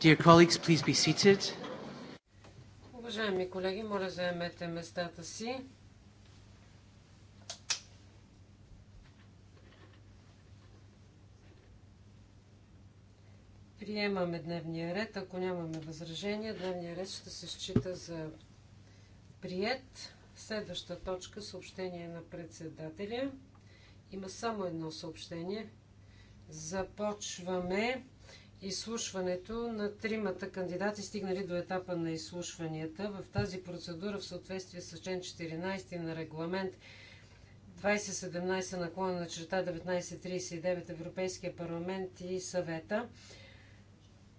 Dear colleagues, please be seated. Уважаеми колеги, моля заемете местата си. Приемаме дневния ред. Ако нямаме възражения, дневния ред ще се счита за прият. Следваща точка съобщение на председателя. Има само едно съобщение. Започваме изслушването на тримата кандидати, стигнали до етапа на изслушванията. В тази процедура, в съответствие с член 14 на регламент 2017 наклона на черта 1939 Европейския парламент и съвета,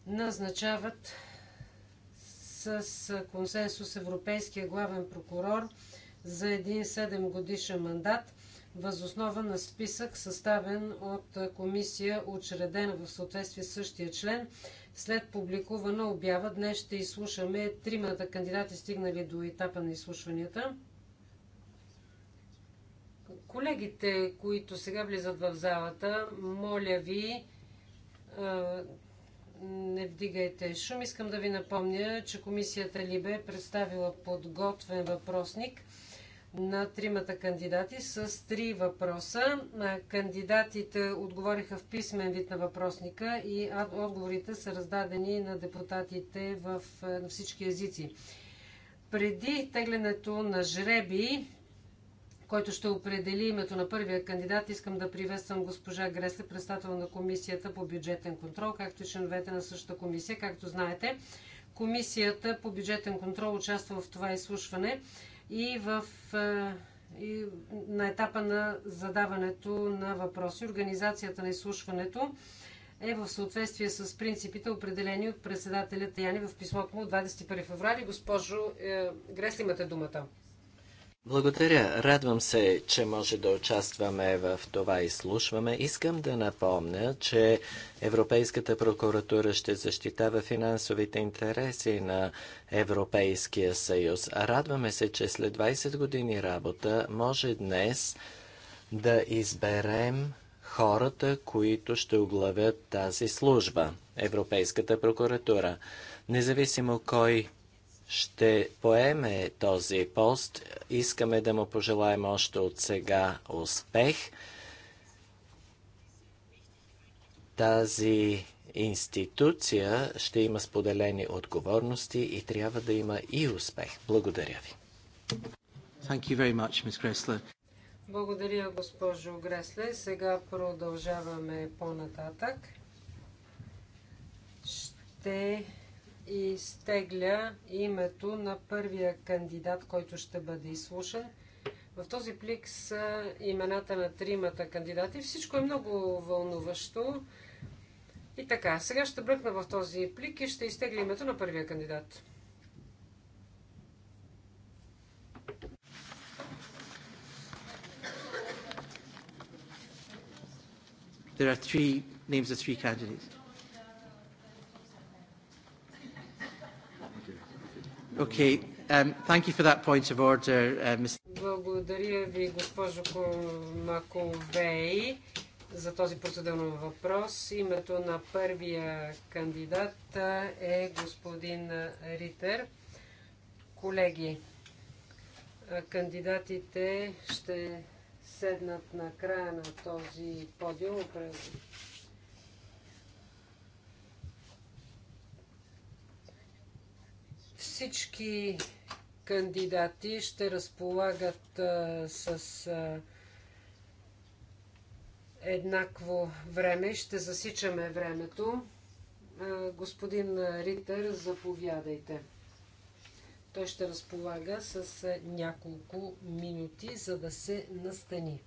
назначават с консенсус Европейския главен прокурор за един 7 годишен мандат – възоснова на списък, съставен от комисия, учредена в съответствие с същия член. След публикувана обява днес ще изслушаме тримата кандидати, стигнали до етапа на изслушванията. Колегите, които сега влизат в залата, моля ви, не вдигайте шум. Искам да ви напомня, че комисията Либе е представила подготвен въпросник – на тримата кандидати с три въпроса. Кандидатите отговориха в писмен вид на въпросника и отговорите са раздадени на депутатите в, на всички езици. Преди теглянето на жреби, който ще определи името на първия кандидат, искам да приветствам госпожа Гресле, председател на Комисията по бюджетен контрол, както и членовете на същата комисия. Както знаете, Комисията по бюджетен контрол участва в това изслушване и в е, и на етапа на задаването на въпроси. Организацията на изслушването е в съответствие с принципите, определени от председателя Таяни в писмото му от 21 феврали. Госпожо е, Грес, имате думата. Благодаря. Радвам се, че може да участваме в това изслушване. Искам да напомня, че Европейската прокуратура ще защитава финансовите интереси на Европейския съюз. Радваме се, че след 20 години работа може днес да изберем хората, които ще оглавят тази служба, Европейската прокуратура. Независимо кой ще поеме този пост. Искаме да му пожелаем още от сега успех. Тази институция ще има споделени отговорности и трябва да има и успех. Благодаря ви. Thank you very much, Ms. Gressler. Благодаря, госпожо Гресле. Сега продължаваме по-нататък. Ще изтегля името на първия кандидат, който ще бъде изслушан. В този плик са имената на тримата кандидати. Всичко е много вълнуващо. И така, сега ще бръкна в този плик и ще изтегля името на първия кандидат. There are three names of three candidates. Благодаря ви, госпожо Маковей, за този процедурен въпрос. Името на първия кандидат е господин Ритер. Колеги, кандидатите ще седнат на края на този подиум. Всички кандидати ще разполагат а, с а, еднакво време. Ще засичаме времето. А, господин Ритър, заповядайте. Той ще разполага с няколко минути, за да се настани.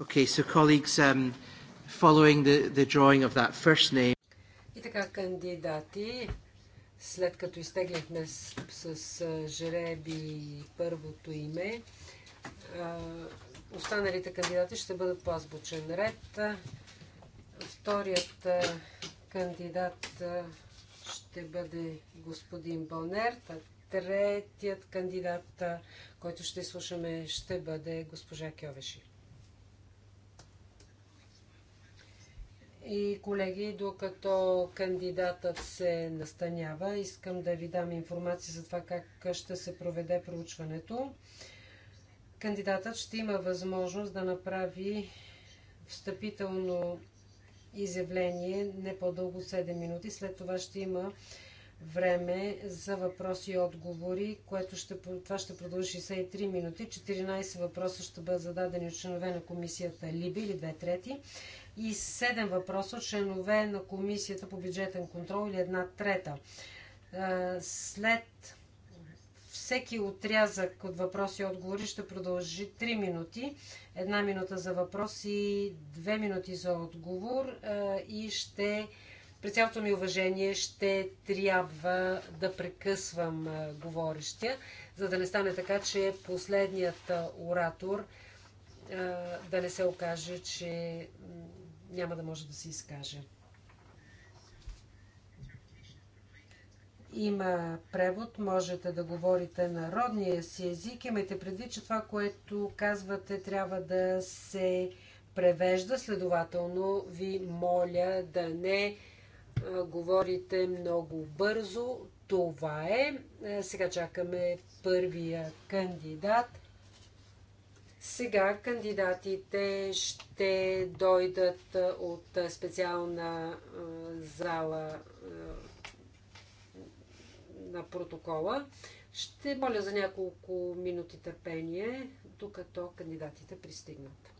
Okay, so colleagues, um, following the, the drawing of that first name. И така, кандидати, след като изтегляхме с, с жреби първото име, останалите кандидати ще бъдат по азбучен ред. Вторият кандидат ще бъде господин Бълнерт, а третият кандидат, който ще слушаме, ще бъде госпожа Кьовеши. И колеги, докато кандидатът се настанява, искам да ви дам информация за това как ще се проведе проучването. Кандидатът ще има възможност да направи встъпително изявление не по-дълго 7 минути. След това ще има време за въпроси и отговори, което ще, това ще продължи 63 минути. 14 въпроса ще бъдат зададени от членове на комисията Либи или 2 трети и седем въпроса от членове на Комисията по бюджетен контрол или една трета. След всеки отрязък от въпроси и отговори ще продължи 3 минути. Една минута за въпрос и 2 минути за отговор. И ще, при цялото ми уважение, ще трябва да прекъсвам говорещия, за да не стане така, че последният оратор да не се окаже, че няма да може да се изкаже. Има превод, можете да говорите на родния си език. Имайте предвид, че това, което казвате, трябва да се превежда. Следователно, ви моля да не говорите много бързо. Това е. е сега чакаме първия кандидат – сега кандидатите ще дойдат от специална зала на протокола. Ще моля за няколко минути търпение, докато кандидатите пристигнат.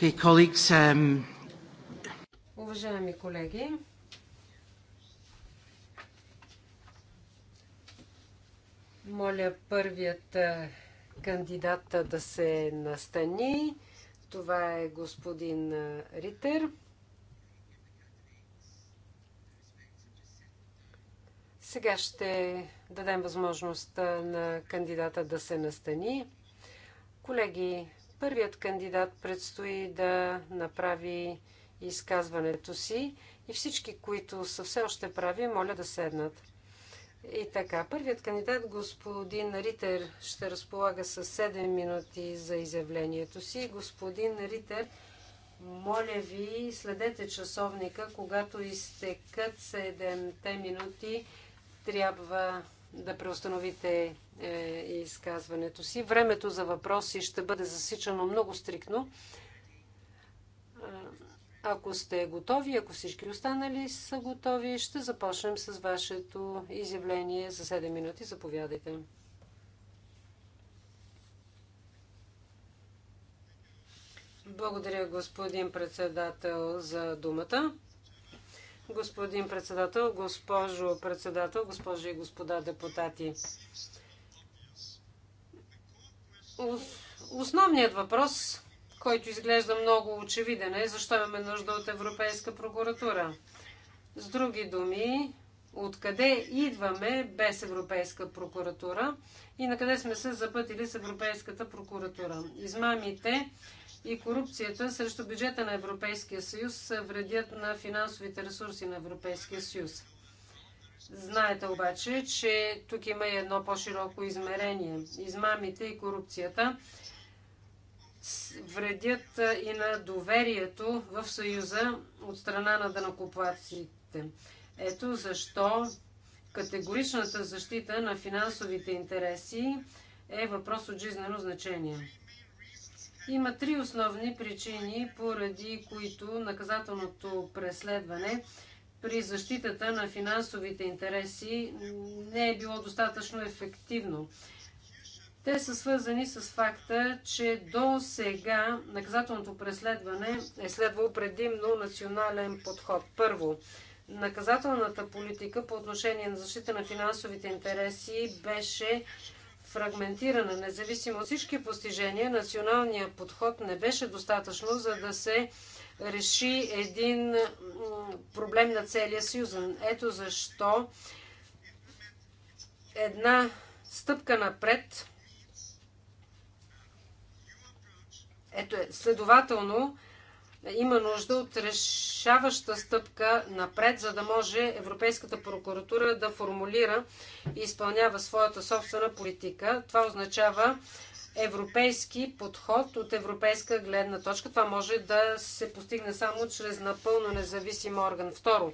Um, Уважаеми колеги, моля първият е, кандидат да се настани. Това е господин е, Ритер. Сега ще дадем възможност е, на кандидата да се настани. Колеги, Първият кандидат предстои да направи изказването си и всички, които са все още прави, моля да седнат. И така, първият кандидат, господин Ритер, ще разполага с 7 минути за изявлението си. Господин Ритер, моля ви, следете часовника, когато изтекат 7 минути, трябва да преустановите е, изказването си. Времето за въпроси ще бъде засичано много стрикно. Ако сте готови, ако всички останали са готови, ще започнем с вашето изявление за 7 минути. Заповядайте. Благодаря, господин председател, за думата. Господин председател, госпожо председател, госпожи и господа депутати. Основният въпрос, който изглежда много очевиден е защо имаме нужда от Европейска прокуратура. С други думи, откъде идваме без Европейска прокуратура и на къде сме се запътили с Европейската прокуратура. Измамите и корупцията срещу бюджета на Европейския съюз е вредят на финансовите ресурси на Европейския съюз. Знаете обаче, че тук има и едно по-широко измерение. Измамите и корупцията вредят и на доверието в Съюза от страна на дънакоплаците. Ето защо категоричната защита на финансовите интереси е въпрос от жизнено значение. Има три основни причини, поради които наказателното преследване при защитата на финансовите интереси не е било достатъчно ефективно. Те са свързани с факта, че до сега наказателното преследване е следвало предимно национален подход. Първо, наказателната политика по отношение на защита на финансовите интереси беше фрагментирана. Независимо от всички постижения, националният подход не беше достатъчно, за да се реши един проблем на целия съюз. Ето защо една стъпка напред. Ето е, следователно, има нужда от решаваща стъпка напред, за да може Европейската прокуратура да формулира и изпълнява своята собствена политика. Това означава европейски подход от европейска гледна точка. Това може да се постигне само чрез напълно независим орган. Второ,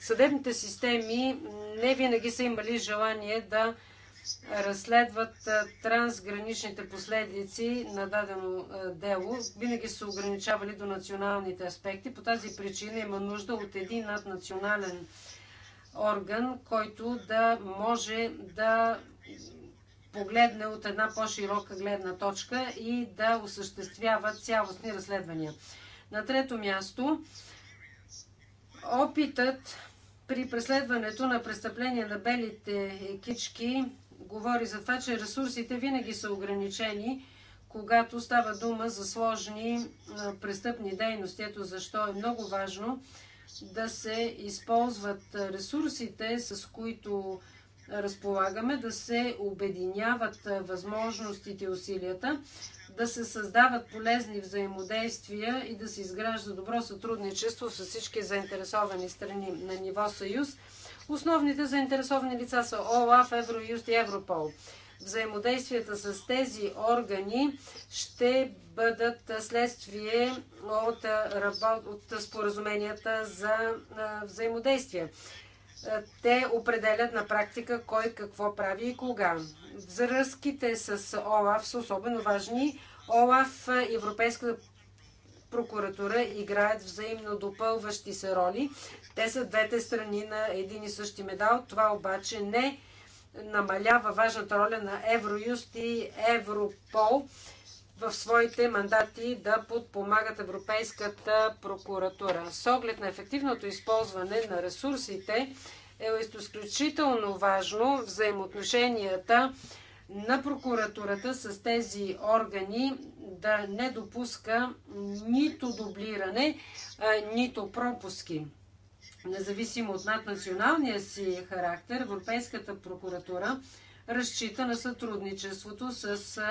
съдебните системи не винаги са имали желание да разследват трансграничните последици на дадено дело, винаги са ограничавали до националните аспекти. По тази причина има нужда от един наднационален орган, който да може да погледне от една по-широка гледна точка и да осъществява цялостни разследвания. На трето място, опитът при преследването на престъпления на белите кички говори за това, че ресурсите винаги са ограничени, когато става дума за сложни престъпни дейности. Ето защо е много важно да се използват ресурсите, с които разполагаме, да се обединяват възможностите и усилията, да се създават полезни взаимодействия и да се изгражда добро сътрудничество с всички заинтересовани страни на ниво Съюз. Основните заинтересовани лица са ОЛАФ, Евроюст и Европол. Взаимодействията с тези органи ще бъдат следствие от, от споразуменията за взаимодействие те определят на практика кой какво прави и кога. Връзките с ОЛАФ са особено важни. ОЛАФ Европейската прокуратура играят взаимно допълващи се роли. Те са двете страни на един и същи медал. Това обаче не намалява важната роля на Евроюст и Европол в своите мандати да подпомагат Европейската прокуратура. С оглед на ефективното използване на ресурсите е изключително важно взаимоотношенията на прокуратурата с тези органи да не допуска нито дублиране, нито пропуски. Независимо от наднационалния си характер, Европейската прокуратура разчита на сътрудничеството с,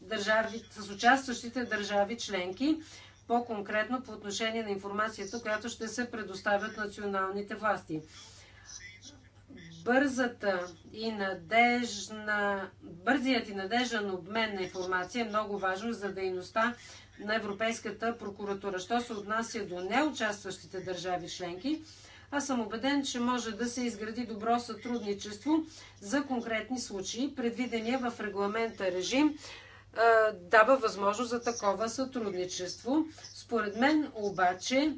държави, с участващите държави членки, по-конкретно по отношение на информацията, която ще се предоставят националните власти бързата и надежна, бързият и надежен обмен на информация е много важно за дейността на Европейската прокуратура. Що се отнася до неучастващите държави членки, аз съм убеден, че може да се изгради добро сътрудничество за конкретни случаи. Предвидения в регламента режим дава възможност за такова сътрудничество. Според мен обаче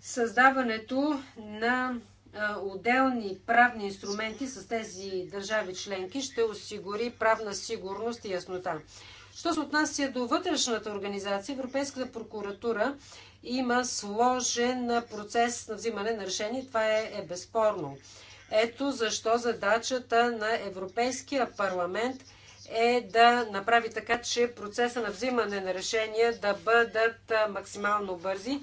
създаването на отделни правни инструменти с тези държави членки ще осигури правна сигурност и яснота. Що се отнася до вътрешната организация, Европейската прокуратура има сложен процес на взимане на решение. Това е, е безспорно. Ето защо задачата на Европейския парламент е да направи така, че процеса на взимане на решения да бъдат максимално бързи,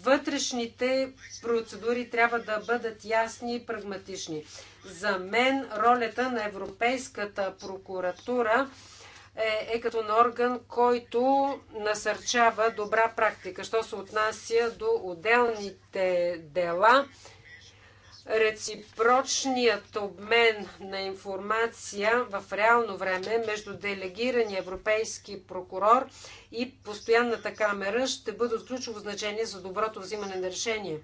Вътрешните процедури трябва да бъдат ясни и прагматични. За мен ролята на Европейската прокуратура е, е като на орган, който насърчава добра практика. Що се отнася до отделните дела, реципрочният обмен на информация в реално време между делегирания европейски прокурор и постоянната камера ще бъде от ключово значение за доброто взимане на решение.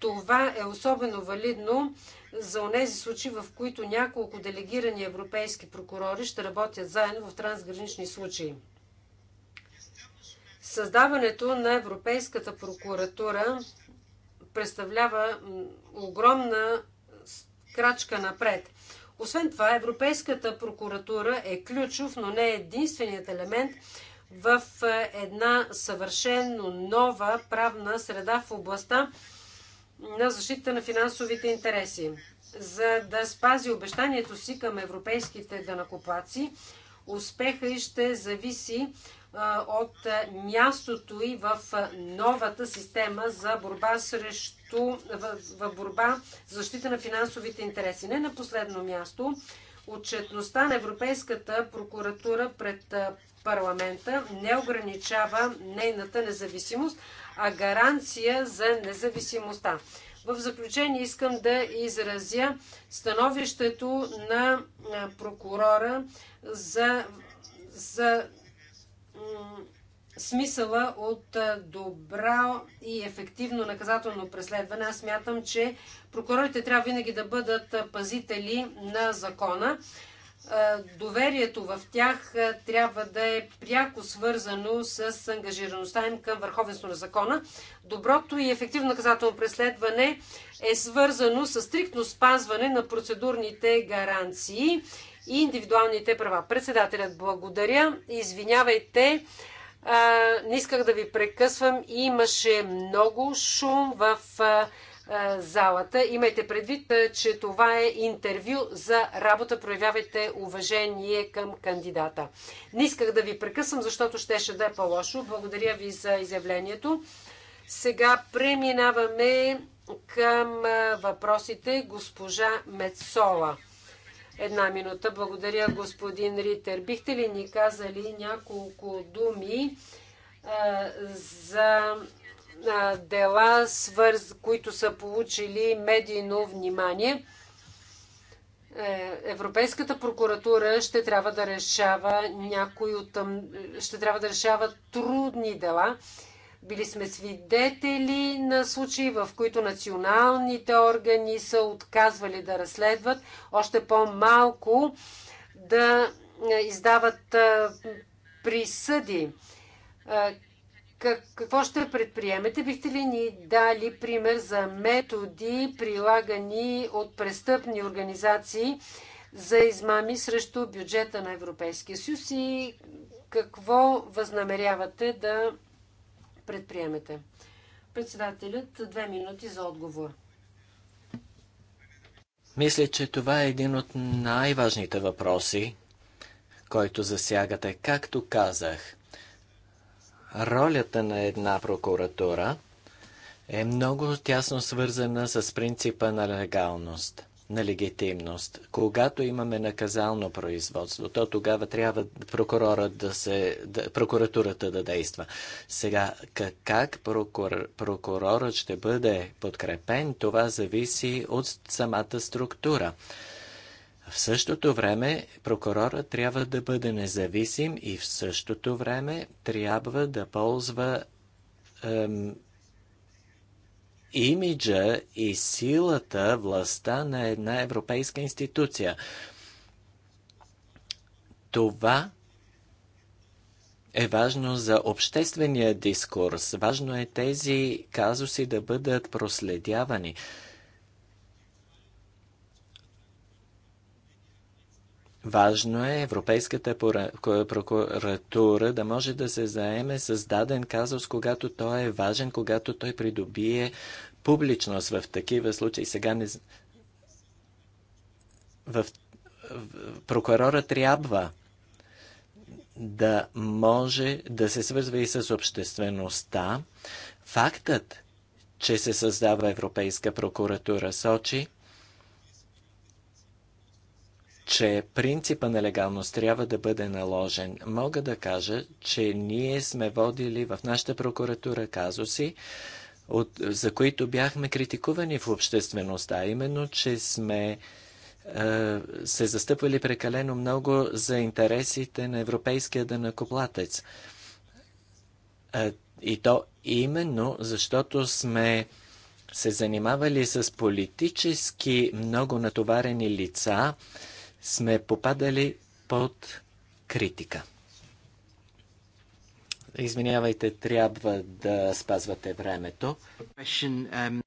Това е особено валидно за онези случаи, в които няколко делегирани европейски прокурори ще работят заедно в трансгранични случаи. Създаването на Европейската прокуратура представлява огромна крачка напред. Освен това, Европейската прокуратура е ключов, но не единственият елемент в е, една съвършенно нова правна среда в областта на защита на финансовите интереси. За да спази обещанието си към европейските данакоплаци, успеха и ще зависи от мястото и в новата система за борба срещу в, в борба за защита на финансовите интереси. Не на последно място, отчетността на Европейската прокуратура пред парламента не ограничава нейната независимост, а гаранция за независимостта. В заключение искам да изразя становището на прокурора за, за смисъла от добра и ефективно наказателно преследване. Аз смятам, че прокурорите трябва винаги да бъдат пазители на закона. Доверието в тях трябва да е пряко свързано с ангажираността им към върховенство на закона. Доброто и ефективно наказателно преследване е свързано с стриктно спазване на процедурните гаранции и индивидуалните права. Председателят, благодаря. Извинявайте, не исках да ви прекъсвам. Имаше много шум в залата. Имайте предвид, че това е интервю за работа. Проявявайте уважение към кандидата. Не исках да ви прекъсвам, защото щеше да е по-лошо. Благодаря ви за изявлението. Сега преминаваме към въпросите госпожа Мецола. Една минута. Благодаря, господин Ритер. Бихте ли ни казали няколко думи а, за а, дела, свърз, които са получили медийно внимание? Е, Европейската прокуратура ще трябва да решава някои от ще трябва да решава трудни дела били сме свидетели на случаи, в които националните органи са отказвали да разследват, още по-малко да е, издават е, присъди. Е, какво ще предприемете? Бихте ли ни дали пример за методи, прилагани от престъпни организации за измами срещу бюджета на Европейския съюз и какво възнамерявате да предприемете? Председателят, две минути за отговор. Мисля, че това е един от най-важните въпроси, който засягате. Както казах, ролята на една прокуратура е много тясно свързана с принципа на легалност. На легитимност. Когато имаме наказално производство, то тогава трябва прокурора да се, да, прокуратурата да действа. Сега, как прокур, прокурорът ще бъде подкрепен, това зависи от самата структура. В същото време прокурорът трябва да бъде независим и в същото време трябва да ползва ем, имиджа и силата, властта на една европейска институция. Това е важно за обществения дискурс. Важно е тези казуси да бъдат проследявани. Важно е Европейската прокуратура да може да се заеме с даден казус, когато той е важен, когато той придобие публичност в такива случаи. Сега не... в... прокурора трябва да може да се свързва и с обществеността. Фактът, че се създава Европейска прокуратура, сочи, че принципа на легалност трябва да бъде наложен. Мога да кажа, че ние сме водили в нашата прокуратура казуси, от, за които бяхме критикувани в обществеността, именно, че сме е, се застъпвали прекалено много за интересите на европейския дънакоплатец. Е, и то именно защото сме се занимавали с политически много натоварени лица, сме попадали под критика. Извинявайте, трябва да спазвате времето. Um,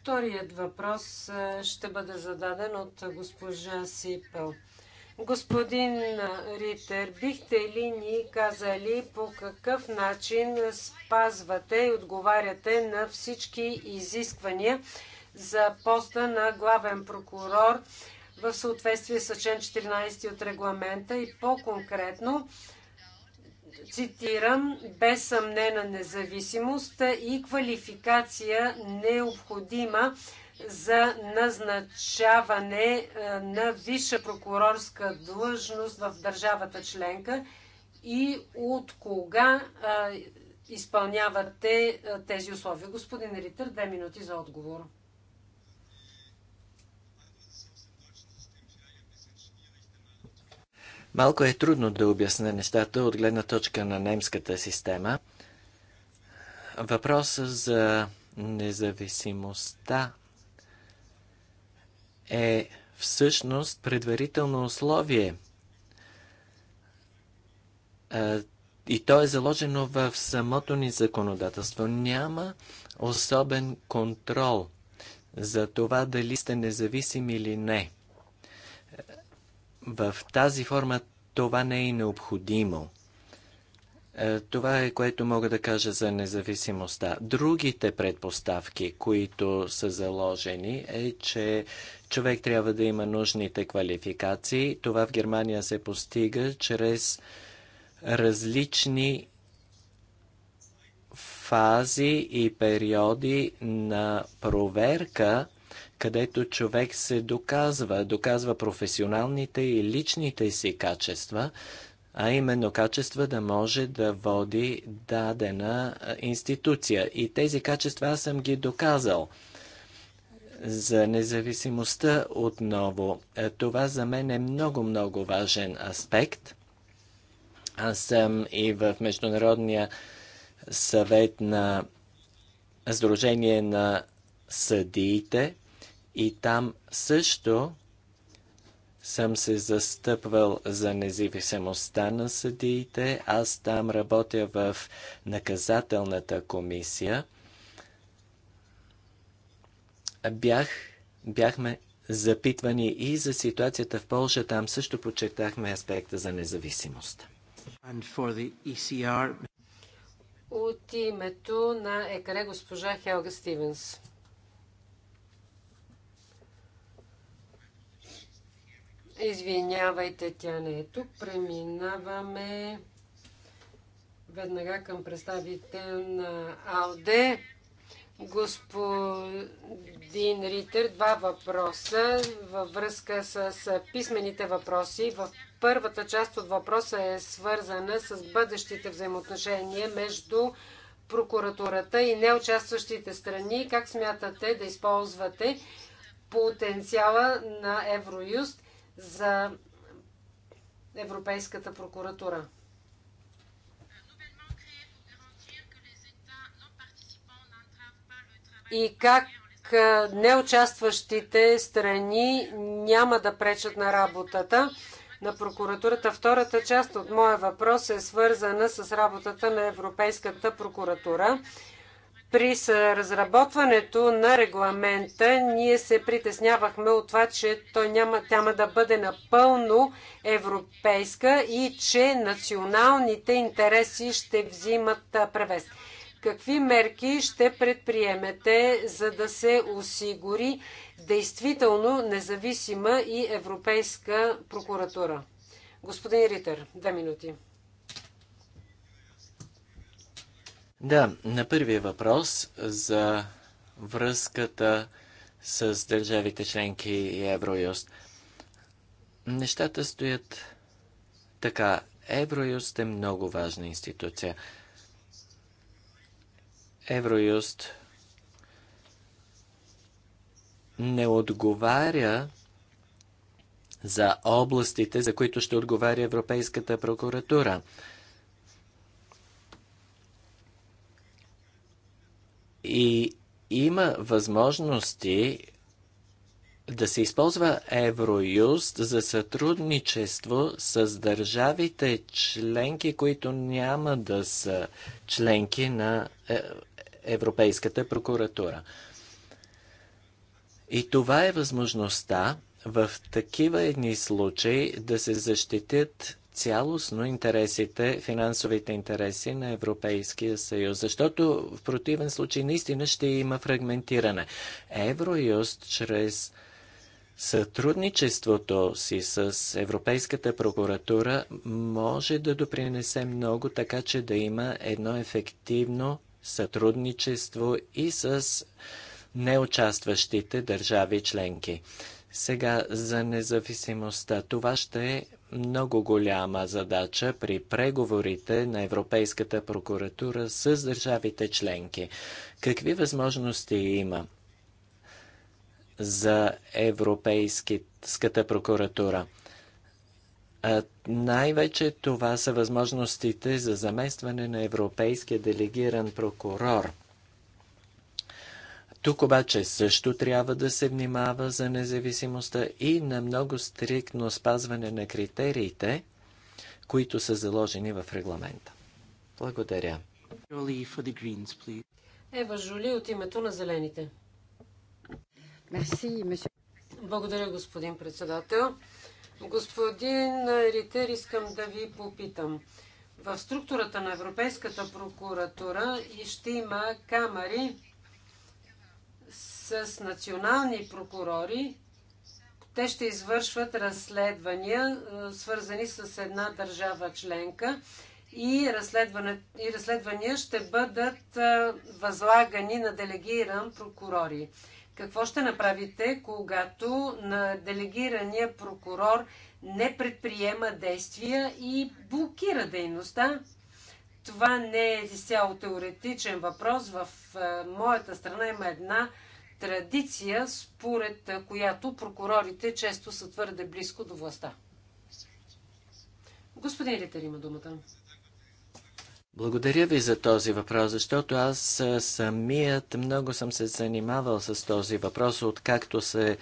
Вторият въпрос ще бъде зададен от госпожа Сипел. Господин Ритер, бихте ли ни казали по какъв начин спазвате и отговаряте на всички изисквания за поста на главен прокурор в съответствие с член 14 от регламента и по-конкретно цитирам, без съмнена независимост и квалификация необходима за назначаване е, на висша прокурорска длъжност в държавата членка и от кога е, изпълнявате е, тези условия. Господин Ритър, две минути за отговор. Малко е трудно да обясня нещата от гледна точка на немската система. Въпросът за независимостта е всъщност предварително условие. И то е заложено в самото ни законодателство. Няма особен контрол за това дали сте независими или не в тази форма това не е необходимо. Е, това е което мога да кажа за независимостта. Другите предпоставки, които са заложени, е, че човек трябва да има нужните квалификации. Това в Германия се постига чрез различни фази и периоди на проверка където човек се доказва, доказва професионалните и личните си качества, а именно качества да може да води дадена институция. И тези качества аз съм ги доказал. За независимостта отново. Е, това за мен е много-много важен аспект. Аз съм и в Международния съвет на Сдружение на съдиите. И там също съм се застъпвал за независимостта на съдиите. Аз там работя в наказателната комисия. Бях, бяхме запитвани и за ситуацията в Польша. Там също подчертахме аспекта за независимост. ECR... E От името на ЕКР госпожа Хелга Стивенс. Извинявайте, тя не е тук. Преминаваме веднага към представител на АЛДЕ. Господин Ритер, два въпроса във връзка с писмените въпроси. В първата част от въпроса е свързана с бъдещите взаимоотношения между прокуратурата и неучастващите страни. Как смятате да използвате потенциала на Евроюст за Европейската прокуратура. И как неучастващите страни няма да пречат на работата на прокуратурата. Втората част от моя въпрос е свързана с работата на Европейската прокуратура. При разработването на регламента ние се притеснявахме от това, че той няма, няма да бъде напълно европейска и че националните интереси ще взимат превес. Какви мерки ще предприемете, за да се осигури действително независима и европейска прокуратура? Господин Ритер, две минути. Да, на първия въпрос за връзката с държавите членки и Евроюст. Нещата стоят така. Евроюст е много важна институция. Евроюст не отговаря за областите, за които ще отговаря Европейската прокуратура. И има възможности да се използва Евроюст за сътрудничество с държавите членки, които няма да са членки на е, Европейската прокуратура. И това е възможността в такива едни случаи да се защитят цялостно интересите, финансовите интереси на Европейския съюз, защото в противен случай наистина ще има фрагментиране. Евроюст чрез сътрудничеството си с Европейската прокуратура може да допринесе много, така че да има едно ефективно сътрудничество и с неучастващите държави членки. Сега за независимостта. Това ще е много голяма задача при преговорите на Европейската прокуратура с държавите членки. Какви възможности има за Европейската прокуратура? най-вече това са възможностите за заместване на европейския делегиран прокурор – тук обаче също трябва да се внимава за независимостта и на много стриктно спазване на критериите, които са заложени в регламента. Благодаря. Ева Жули от името на Зелените. Благодаря, господин председател. Господин Ритер, искам да ви попитам. В структурата на Европейската прокуратура ще има камери, с национални прокурори. Те ще извършват разследвания, е, свързани с една държава членка и, и разследвания ще бъдат е, възлагани на делегиран прокурори. Какво ще направите, когато на делегирания прокурор не предприема действия и блокира дейността? Това не е изцяло теоретичен въпрос. В е, моята страна има една традиция, според която прокурорите често са твърде близко до властта. Господин Ритер има думата. Благодаря ви за този въпрос, защото аз самият много съм се занимавал с този въпрос, откакто се,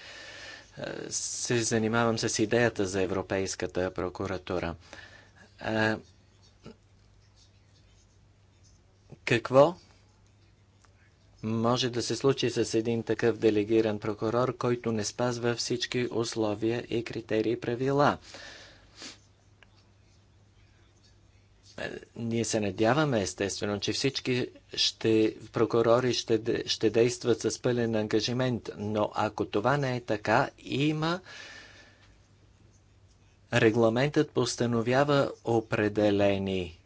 се занимавам с идеята за Европейската прокуратура. Какво може да се случи с един такъв делегиран прокурор, който не спазва всички условия и критерии и правила. Е, ние се надяваме, естествено, че всички ще, прокурори ще, ще действат с пълен ангажимент, но ако това не е така, има регламентът постановява определени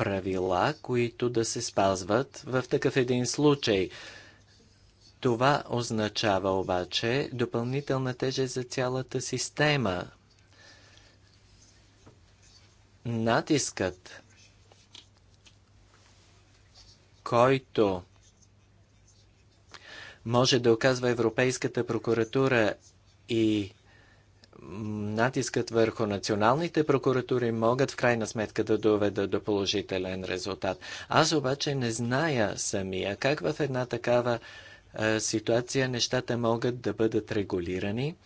правила, които да се спазват в такъв един случай. Това означава обаче допълнителна тежест за цялата система. Натискът, който може да оказва Европейската прокуратура и натискът върху националните прокуратури могат в крайна сметка да доведат до положителен резултат. Аз обаче не зная самия как в една такава а, ситуация нещата могат да бъдат регулирани.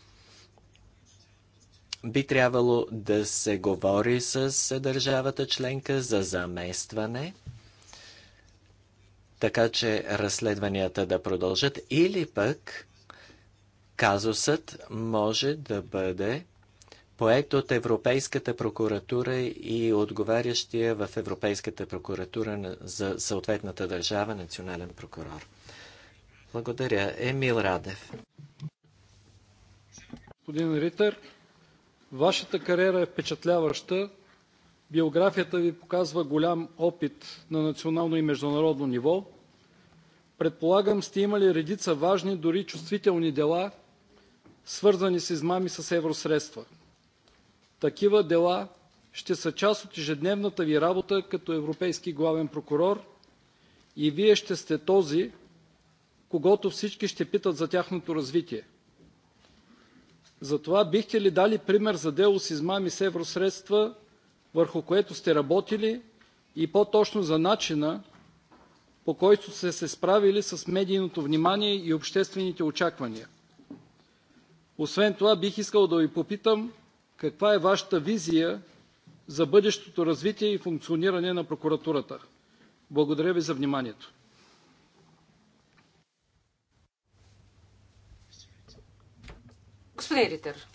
Би трябвало да се говори с държавата членка за заместване така че разследванията да продължат, или пък Казусът може да бъде поет от Европейската прокуратура и отговарящия в Европейската прокуратура за съответната държава национален прокурор. Благодаря. Емил Радев. Господин Ритър, вашата кариера е впечатляваща. Биографията ви показва голям опит на национално и международно ниво. Предполагам сте имали редица важни, дори чувствителни дела – свързани с измами с евросредства. Такива дела ще са част от ежедневната Ви работа като европейски главен прокурор и Вие ще сте този, когато всички ще питат за тяхното развитие. Затова бихте ли дали пример за дело с измами с евросредства, върху което сте работили и по-точно за начина, по който сте се справили с медийното внимание и обществените очаквания? Освен това, бих искал да Ви попитам каква е Вашата визия за бъдещото развитие и функциониране на прокуратурата. Благодаря Ви за вниманието. Господин Ритер.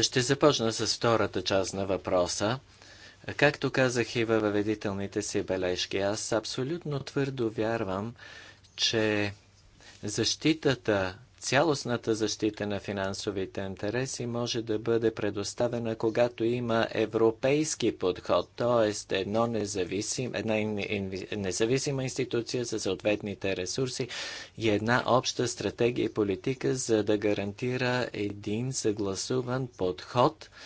Ще започна с втората част на въпроса. Както казах и във ведителните си бележки, аз абсолютно твърдо вярвам, че защитата, цялостната защита на финансовите интереси може да бъде предоставена, когато има европейски подход, т.е. едно независим, една независима институция за съответните ресурси и една обща стратегия и политика, за да гарантира един съгласуван подход –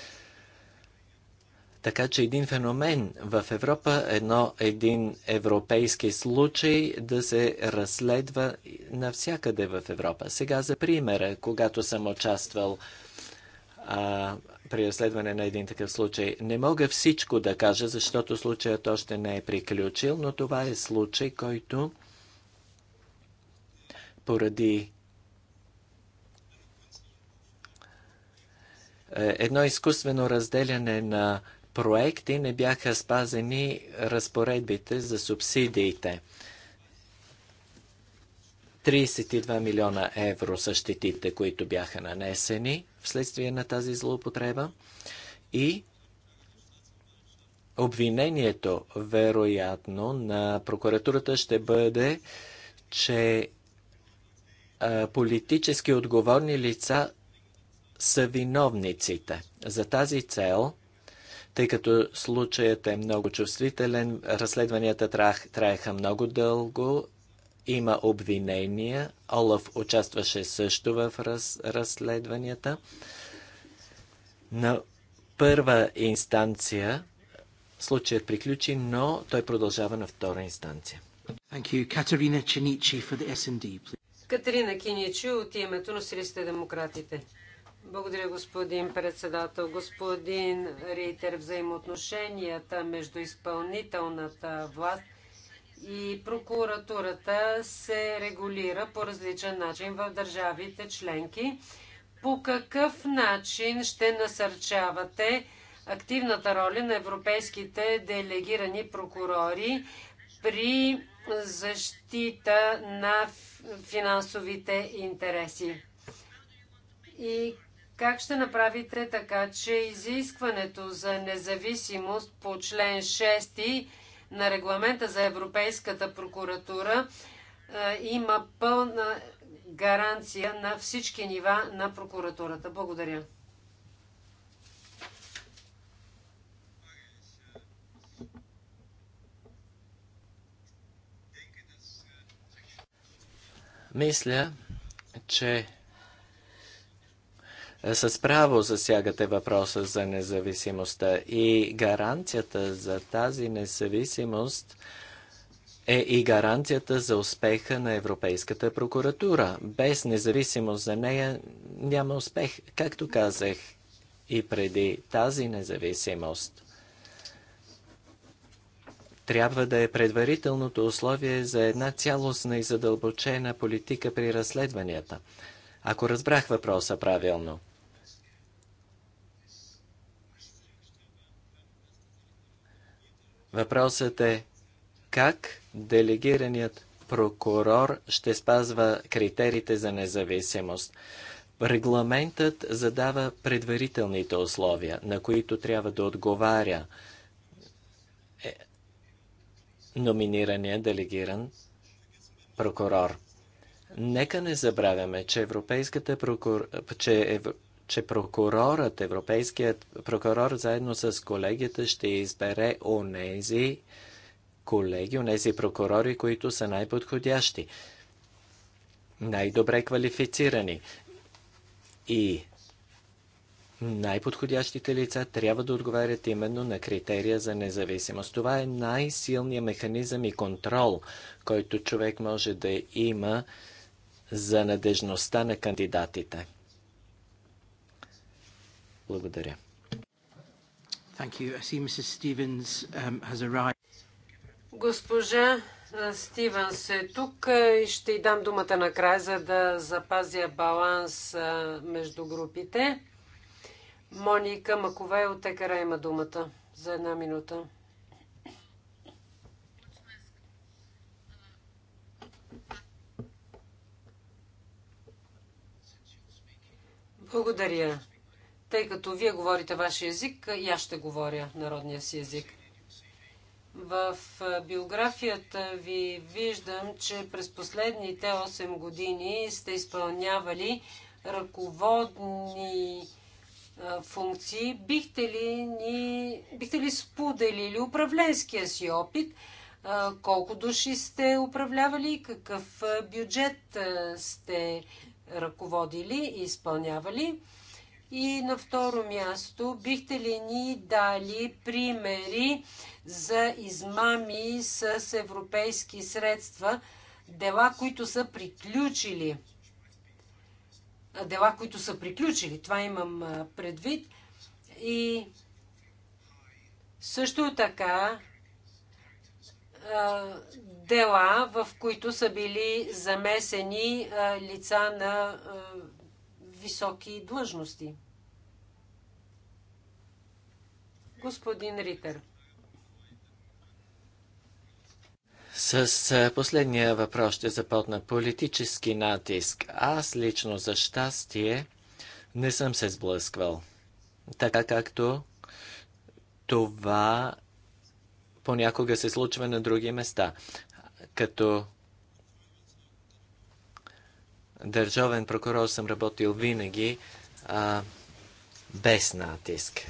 така че един феномен в Европа, едно, един европейски случай да се разследва навсякъде в Европа. Сега за примера, когато съм участвал а, при разследване на един такъв случай. Не мога всичко да кажа, защото случаят още не е приключил, но това е случай, който поради е, едно изкуствено разделяне на проекти не бяха спазени разпоредбите за субсидиите. 32 милиона евро са щетите, които бяха нанесени вследствие на тази злоупотреба. И обвинението, вероятно, на прокуратурата ще бъде, че политически отговорни лица са виновниците. За тази цел – тъй като случаят е много чувствителен, разследванията траеха много дълго, има обвинения, Олаф участваше също в раз, разследванията. На първа инстанция случаят приключи, но той продължава на втора инстанция. Катерина Киничи от името на Силистите демократите. Благодаря, господин председател. Господин Рейтер, взаимоотношенията между изпълнителната власт и прокуратурата се регулира по различен начин в държавите членки. По какъв начин ще насърчавате активната роля на европейските делегирани прокурори при защита на финансовите интереси? И как ще направите така, че изискването за независимост по член 6 на регламента за Европейската прокуратура е, има пълна гаранция на всички нива на прокуратурата? Благодаря. Мисля, че е, с право засягате въпроса за независимостта и гаранцията за тази независимост е и гаранцията за успеха на Европейската прокуратура. Без независимост за нея няма успех. Както казах и преди, тази независимост трябва да е предварителното условие за една цялостна и задълбочена политика при разследванията. Ако разбрах въпроса правилно. Въпросът е как делегираният прокурор ще спазва критериите за независимост. Регламентът задава предварителните условия, на които трябва да отговаря е, номинирания делегиран прокурор. Нека не забравяме, че Европейската прокур... че че прокурорът, европейският прокурор, заедно с колегията ще избере онези колеги, онези прокурори, които са най-подходящи, най-добре квалифицирани. И най-подходящите лица трябва да отговарят именно на критерия за независимост. Това е най-силният механизъм и контрол, който човек може да има за надежността на кандидатите. Благодаря. Um, Госпожа Стивенс е тук и ще й дам думата накрая, за да запазя баланс между групите. Моника Макове от Екара има думата за една минута. Благодаря. Тъй като вие говорите вашия език, и аз ще говоря народния си език. В биографията ви виждам, че през последните 8 години сте изпълнявали ръководни функции. Бихте ли, ни, бихте ли споделили управленския си опит? Колко души сте управлявали? Какъв бюджет сте ръководили и изпълнявали? И на второ място, бихте ли ни дали примери за измами с европейски средства, дела, които са приключили? Дела, които са приключили, това имам предвид. И също така дела, в които са били замесени лица на високи длъжности. Господин Ритер. С последния въпрос ще започна политически натиск. Аз лично за щастие не съм се сблъсквал. Така както това понякога се случва на други места. Като държавен прокурор съм работил винаги а, без натиск.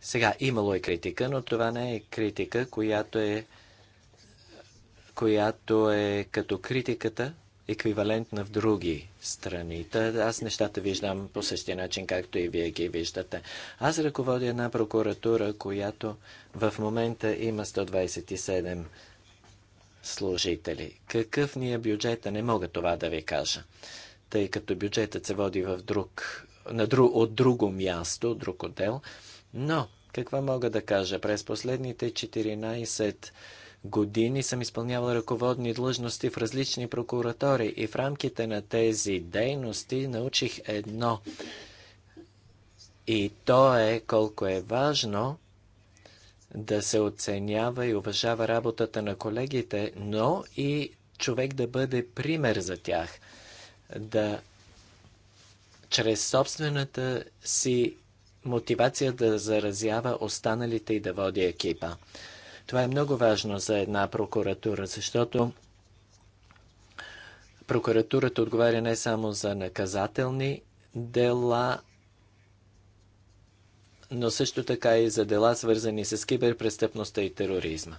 Сега, имало е критика, но това не е критика, която е, която е като критиката, еквивалентна в други страни. Та, аз нещата виждам по същия начин, както и вие ги виждате. Аз ръководя една прокуратура, която в момента има 127 служители. Какъв ни е бюджета, не мога това да ви кажа, тъй като бюджетът се води в друг, на друг, от друго място, друг отдел. Но, каква мога да кажа? През последните 14 години съм изпълнявал ръководни длъжности в различни прокуратори и в рамките на тези дейности научих едно. И то е колко е важно да се оценява и уважава работата на колегите, но и човек да бъде пример за тях, да чрез собствената си мотивация да заразява останалите и да води екипа. Това е много важно за една прокуратура, защото прокуратурата отговаря не само за наказателни дела, но също така и за дела, свързани с киберпрестъпността и тероризма.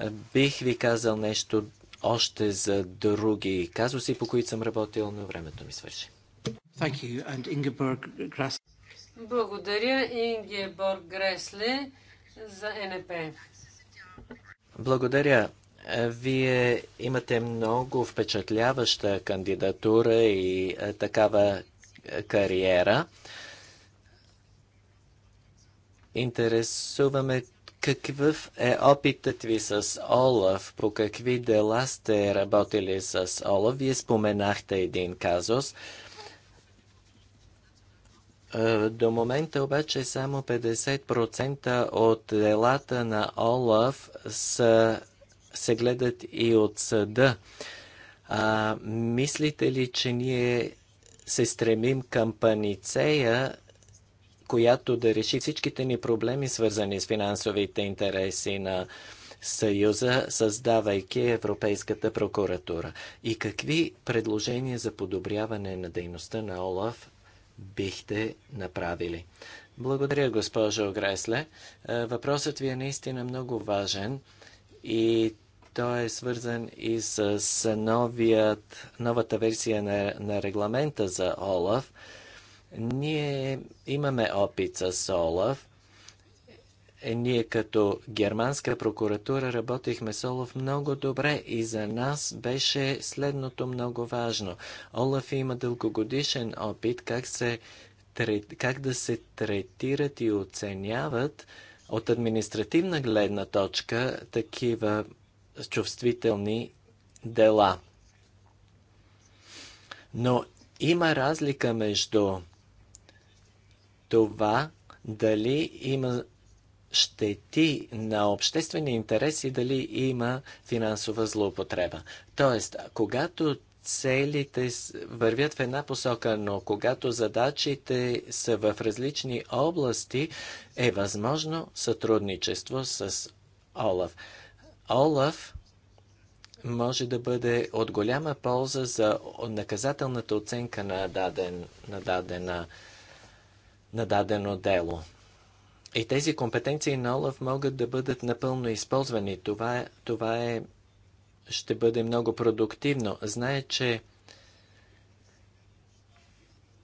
Е, бих ви казал нещо още за други казуси, по които съм работил, но времето ми свърши. Благодаря, Ингеборг Гресле, за НП. Благодаря. Е, вие имате много впечатляваща кандидатура и е, такава кариера интересуваме какъв е опитът ви с Олаф, по какви дела сте работили с Олаф. Вие споменахте един казус. Е, до момента обаче само 50% от делата на Олаф са, се гледат и от съда. А, мислите ли, че ние се стремим към паницея която да реши всичките ни проблеми, свързани с финансовите интереси на Съюза, създавайки Европейската прокуратура? И какви предложения за подобряване на дейността на ОЛАФ бихте направили? Благодаря, госпожо Гресле. Е, въпросът ви е наистина много важен и той е свързан и с новият, новата версия на, на регламента за ОЛАФ. Ние имаме опит с Олаф. Е, ние като германска прокуратура работихме с Олаф много добре и за нас беше следното много важно. Олаф има дългогодишен опит как, се, как да се третират и оценяват от административна гледна точка такива чувствителни дела. Но има разлика между това дали има щети на обществени интереси, дали има финансова злоупотреба. Тоест, когато целите вървят в една посока, но когато задачите са в различни области, е възможно сътрудничество с Олаф. Олаф може да бъде от голяма полза за наказателната оценка на, даден, на дадена на дадено дело. И тези компетенции на Олаф могат да бъдат напълно използвани. Това, е, това е, ще бъде много продуктивно. Знае, че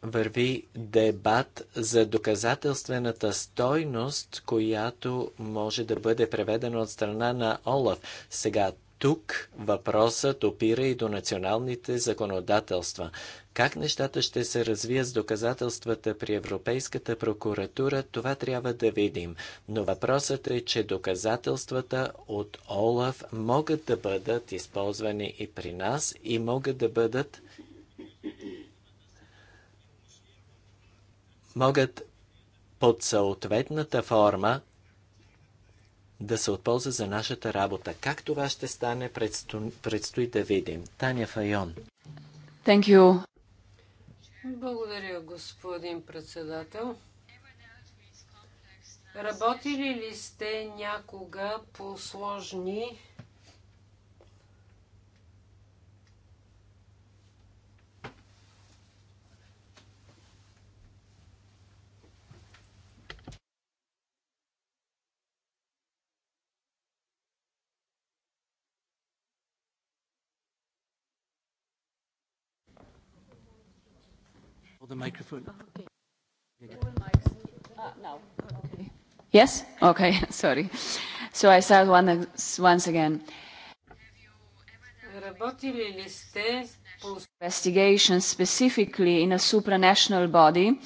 върви дебат за доказателствената стойност, която може да бъде преведена от страна на Олаф. Сега тук въпросът опира и до националните законодателства. Как нещата ще се развият с доказателствата при Европейската прокуратура, това трябва да видим. Но въпросът е, че доказателствата от ОЛАФ могат да бъдат използвани и при нас и могат да бъдат могат под съответната форма да се отползва за нашата работа. Как това ще стане, предсто... предстои да видим. Таня Файон. Thank you. Благодаря, господин председател. Работили ли сте някога по сложни the microphone. Oh, okay. Yes? Okay, sorry. So I start one, once again. investigation specifically in a supranational body?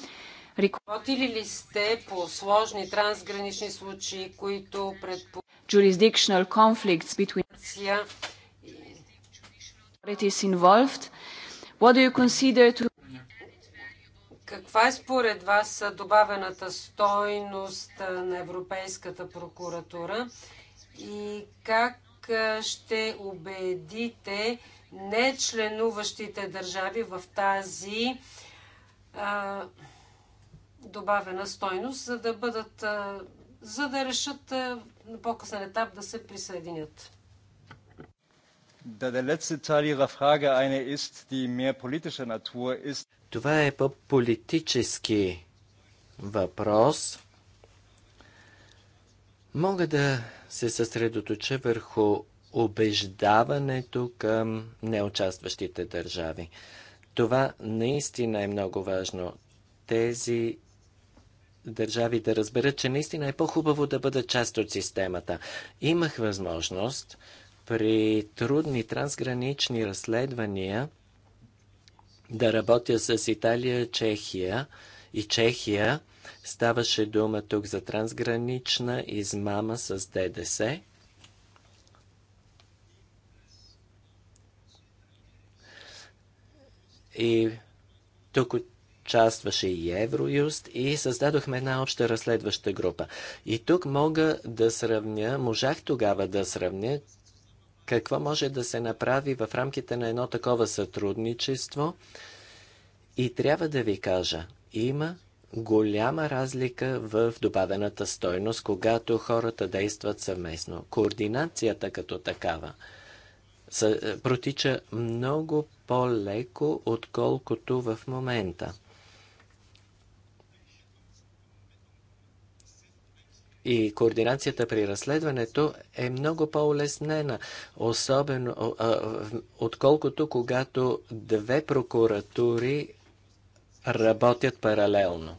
Работили ли сте по сложни трансгранични случаи, които предполагат jurisdictional conflicts between authorities involved? What do you consider to каква е според вас добавената стойност на Европейската прокуратура и как ще убедите нечленуващите държави в тази а, добавена стойност, за да бъдат, а, за да решат а, на по-късен етап да се присъединят? Това е по-политически въпрос. Мога да се съсредоточа върху убеждаването към неучастващите държави. Това наистина е много важно. Тези държави да разберат, че наистина е по-хубаво да бъдат част от системата. Имах възможност при трудни трансгранични разследвания да работя с Италия, Чехия и Чехия. Ставаше дума тук за трансгранична измама с ДДС. И тук участваше и Евроюст и създадохме една обща разследваща група. И тук мога да сравня, можах тогава да сравня какво може да се направи в рамките на едно такова сътрудничество. И трябва да ви кажа, има голяма разлика в добавената стойност, когато хората действат съвместно. Координацията като такава е, протича много по-леко, отколкото в момента. и координацията при разследването е много по-улеснена, особено а, отколкото когато две прокуратури работят паралелно.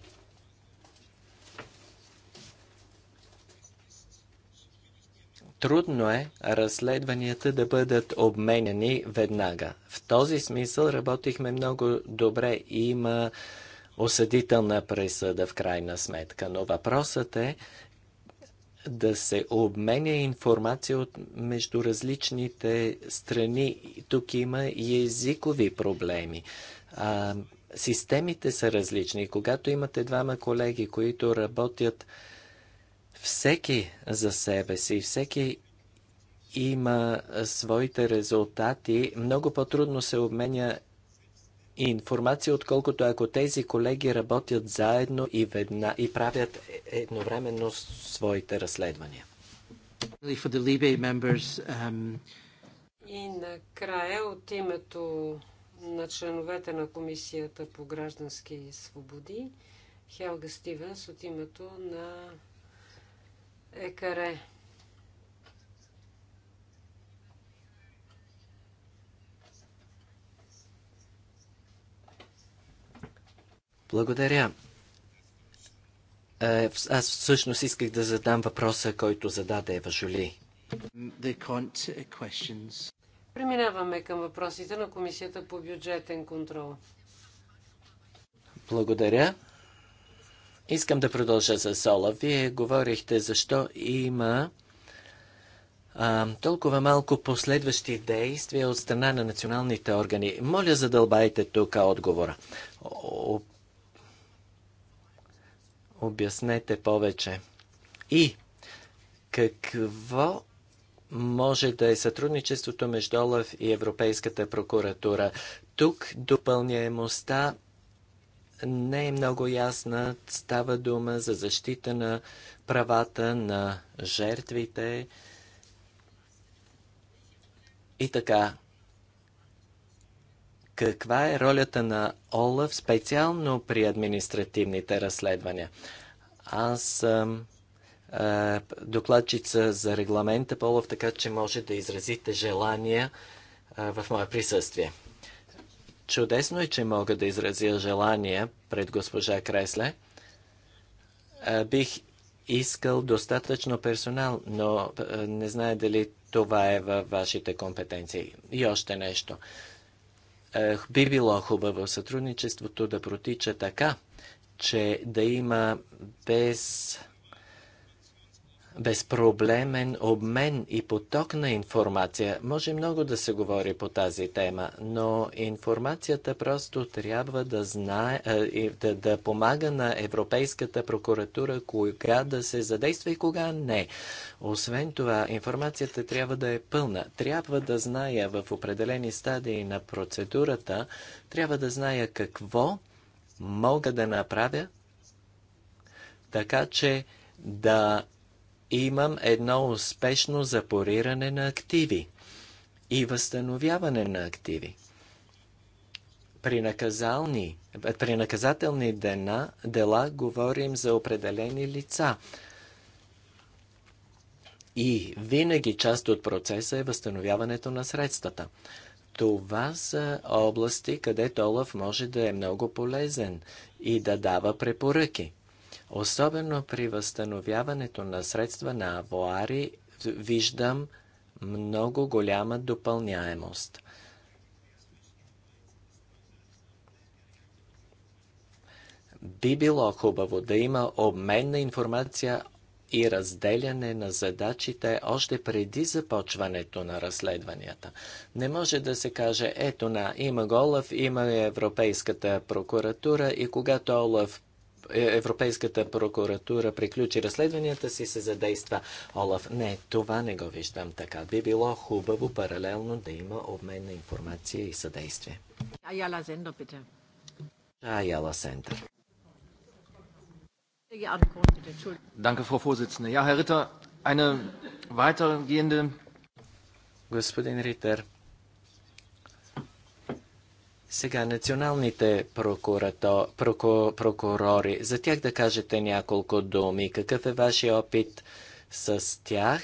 Трудно е разследванията да бъдат обменени веднага. В този смисъл работихме много добре. и Има осъдителна присъда в крайна сметка. Но въпросът е да се обменя информация от между различните страни. Тук има и езикови проблеми. А, системите са различни. Когато имате двама колеги, които работят всеки за себе си, всеки има своите резултати, много по-трудно се обменя и информация, отколкото ако тези колеги работят заедно и, ведна, и правят едновременно своите разследвания. Um, и накрая от името на членовете на Комисията по граждански свободи, Хелга Стивенс от името на ЕКАРЕ. Благодаря. Е, аз всъщност исках да задам въпроса, който зададе Ева Жули. Преминаваме към въпросите на Комисията по бюджетен контрол. Благодаря. Искам да продължа за Сола. Вие говорихте защо има а, толкова малко последващи действия от страна на националните органи. Моля, задълбайте тук отговора обяснете повече. И какво може да е сътрудничеството между ОЛАФ и Европейската прокуратура? Тук допълняемостта не е много ясна. Става дума за защита на правата на жертвите. И така, каква е ролята на ОЛАФ специално при административните разследвания. Аз съм докладчица за регламента по ОЛАФ, така че може да изразите желания в мое присъствие. Чудесно е, че мога да изразя желания пред госпожа Кресле. бих искал достатъчно персонал, но не знае дали това е във вашите компетенции. И още нещо би било хубаво сътрудничеството да протича така, че да има без безпроблемен обмен и поток на информация. Може много да се говори по тази тема, но информацията просто трябва да знае, да, да помага на Европейската прокуратура кога да се задейства и кога не. Освен това, информацията трябва да е пълна. Трябва да зная в определени стадии на процедурата, трябва да зная какво мога да направя, така че да имам едно успешно запориране на активи и възстановяване на активи. При, наказални, при наказателни дена, дела говорим за определени лица. И винаги част от процеса е възстановяването на средствата. Това са области, където Олаф може да е много полезен и да дава препоръки. Особено при възстановяването на средства на авуари виждам много голяма допълняемост. Би било хубаво да има обмен на информация и разделяне на задачите още преди започването на разследванията. Не може да се каже, ето на, има Голав, има Европейската прокуратура и когато Олъв е, Европейската прокуратура приключи разследванията си, се задейства Олаф. Не, това не го виждам така. Би било хубаво паралелно да има обмен на информация и съдействие. Аяла Сендър, пите. Аяла Сендър. Danke, Frau Vorsitzende. Ja, Herr Ritter, eine weitergehende... Господин Ритер, сега, националните прокурато, проку, прокурори, за тях да кажете няколко думи. Какъв е вашия опит с тях?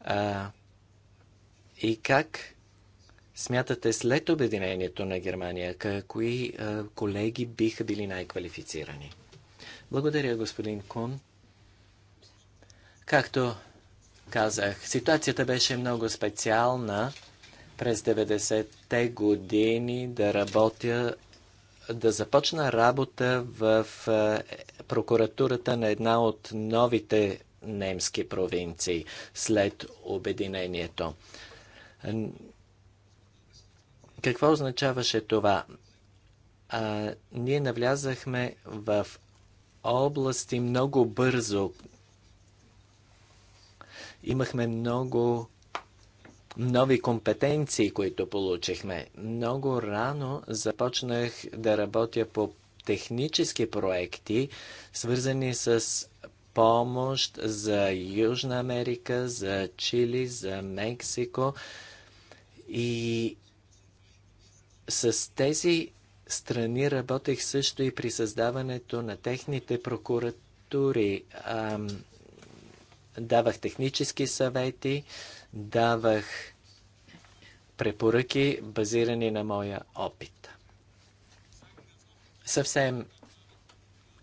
А, и как смятате след обединението на Германия, кои а, колеги биха били най-квалифицирани? Благодаря, господин Кун. Както казах, ситуацията беше много специална през 90-те години да работя, да започна работа в е, прокуратурата на една от новите немски провинции след обединението. Какво означаваше това? А, ние навлязахме в области много бързо. Имахме много нови компетенции, които получихме. Много рано започнах да работя по технически проекти, свързани с помощ за Южна Америка, за Чили, за Мексико. И с тези страни работех също и при създаването на техните прокуратури. давах технически съвети давах препоръки, базирани на моя опит. Съвсем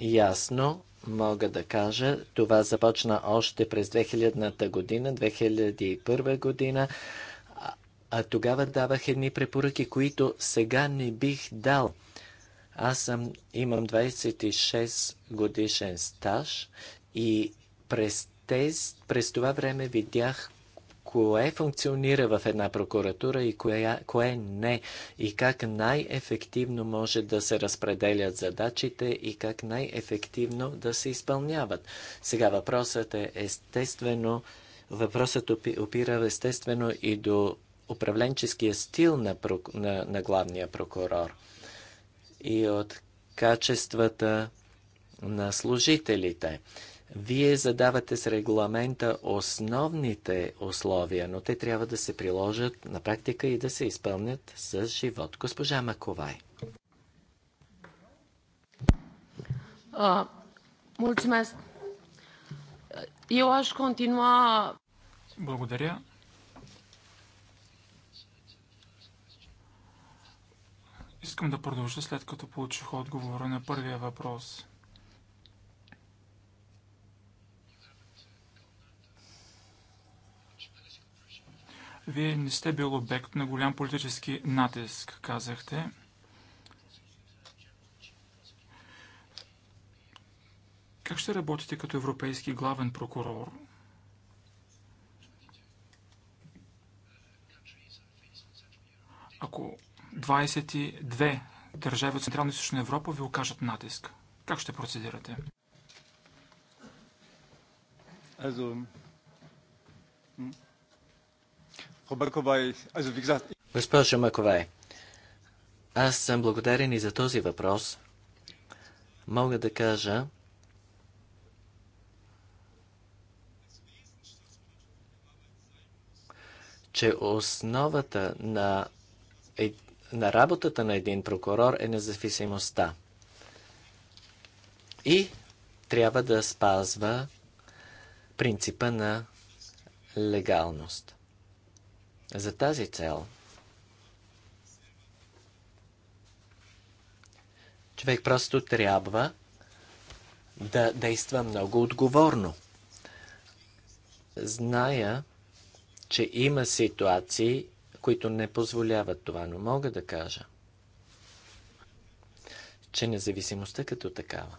ясно мога да кажа, това започна още през 2000-та година, 2001 година, а, а тогава давах едни препоръки, които сега не бих дал. Аз съм, имам 26 годишен стаж и през, тез, през това време видях кое функционира в една прокуратура и кое, кое не, и как най-ефективно може да се разпределят задачите и как най-ефективно да се изпълняват. Сега въпросът е естествено, въпросът опира естествено и до управленческия стил на, на, на главния прокурор и от качествата на служителите. Вие задавате с регламента основните условия, но те трябва да се приложат на практика и да се изпълнят с живот. Госпожа Маковай. Благодаря. Искам да продължа след като получих отговора на първия въпрос. Вие не сте бил обект на голям политически натиск, казахте. Как ще работите като европейски главен прокурор? Ако 22 държави от Централна и Източна Европа ви окажат натиск, как ще процедирате? Also, Госпожо Маковай, аз съм благодарен и за този въпрос. Мога да кажа, че основата на, на работата на един прокурор е независимостта. И трябва да спазва принципа на легалност. За тази цел човек просто трябва да действа много отговорно. Зная, че има ситуации, които не позволяват това, но мога да кажа, че независимостта като такава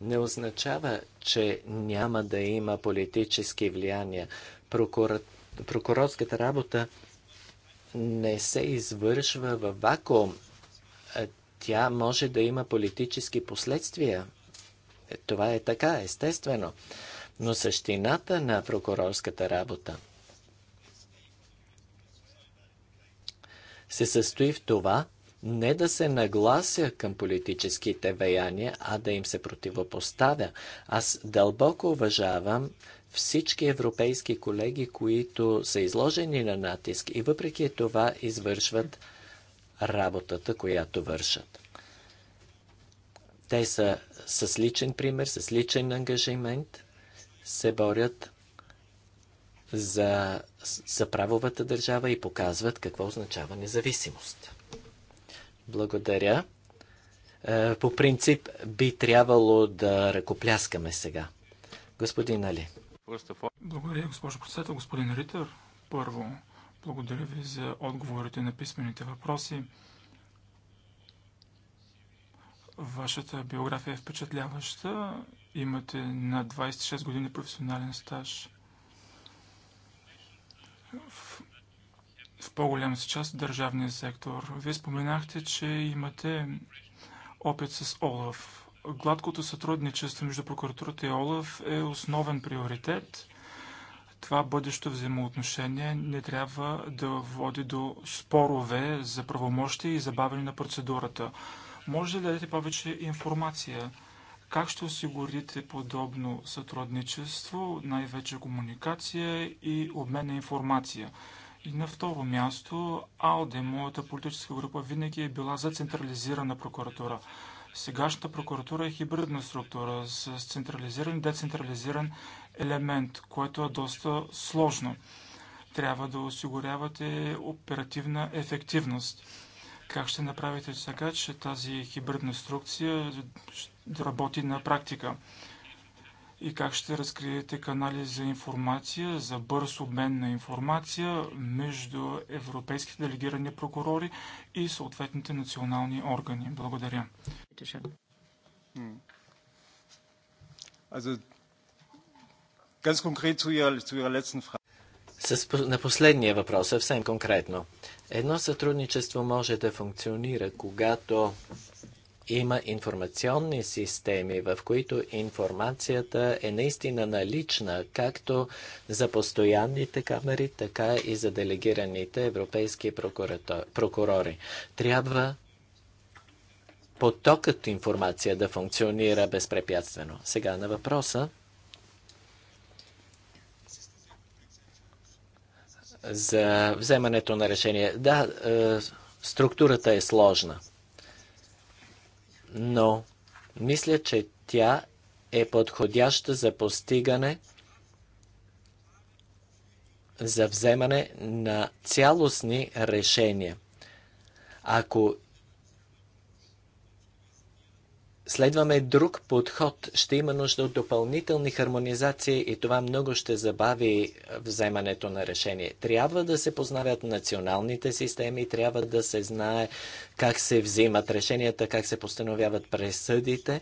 не означава, че няма да има политически влияния. Прокурат прокурорската работа не се извършва в вакуум. Е, тя може да има политически последствия. Е, това е така, естествено. Но същината на прокурорската работа се състои в това не да се наглася към политическите веяния, а да им се противопоставя. Аз дълбоко уважавам всички европейски колеги, които са изложени на натиск и въпреки това извършват работата, която вършат. Те са с личен пример, с личен ангажимент, се борят за, за правовата държава и показват какво означава независимост. Благодаря. Е, по принцип би трябвало да ръкопляскаме сега. Господин Али. Благодаря, госпожо председател, господин Ритър. Първо, благодаря ви за отговорите на писмените въпроси. Вашата биография е впечатляваща. Имате на 26 години професионален стаж. В, в по-голяма си част държавния сектор. Вие споменахте, че имате опит с Олаф гладкото сътрудничество между прокуратурата и ОЛАФ е основен приоритет. Това бъдещо взаимоотношение не трябва да води до спорове за правомощи и забавяне на процедурата. Може ли да дадете повече информация? Как ще осигурите подобно сътрудничество, най-вече комуникация и обмен на информация? И на второ място, АОДЕ, моята политическа група, винаги е била за централизирана прокуратура. Сегашната прокуратура е хибридна структура с централизиран и децентрализиран елемент, което е доста сложно. Трябва да осигурявате оперативна ефективност. Как ще направите сега, че тази хибридна структура работи на практика? и как ще разкриете канали за информация, за бърз обмен на информация между европейските делегирани прокурори и съответните национални органи. Благодаря. С, на последния въпрос, съвсем конкретно. Едно сътрудничество може да функционира, когато има информационни системи, в които информацията е наистина налична, както за постоянните камери, така и за делегираните европейски прокурори. Трябва потокът информация да функционира безпрепятствено. Сега на въпроса за вземането на решение. Да, е, структурата е сложна но мисля, че тя е подходяща за постигане за вземане на цялостни решения. Ако следваме друг подход, ще има нужда от допълнителни хармонизации и това много ще забави вземането на решение. Трябва да се познават националните системи, трябва да се знае как се взимат решенията, как се постановяват пресъдите.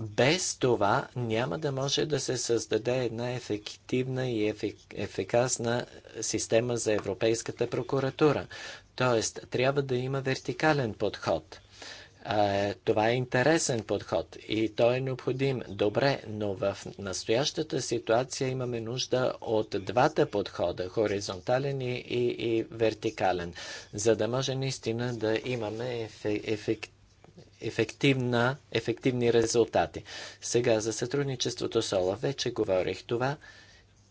Без това няма да може да се създаде една ефективна и ефик... ефикасна система за Европейската прокуратура. Тоест, трябва да има вертикален подход – това е интересен подход и той е необходим. Добре, но в настоящата ситуация имаме нужда от двата подхода, хоризонтален и, и, и вертикален, за да може наистина да имаме ефект, ефективна, ефективни резултати. Сега за сътрудничеството с ОЛА вече говорих това.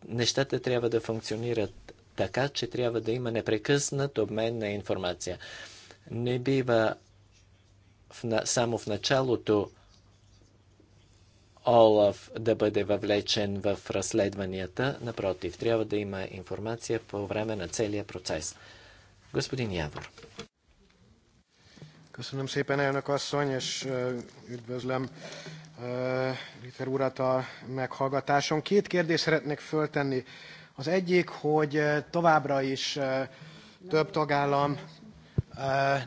Нещата трябва да функционират така, че трябва да има непрекъснат обмен на информация. Не бива в, само в началото Олаф да бъде въвлечен в разследванията. Напротив, трябва да има информация по време на целия процес. Господин Явор. Köszönöm szépen, elnök asszony, és üdvözlöm Ritter urat a meghallgatáson. Két kérdést szeretnék föltenni. Az egyik, hogy továbbra is több tagállam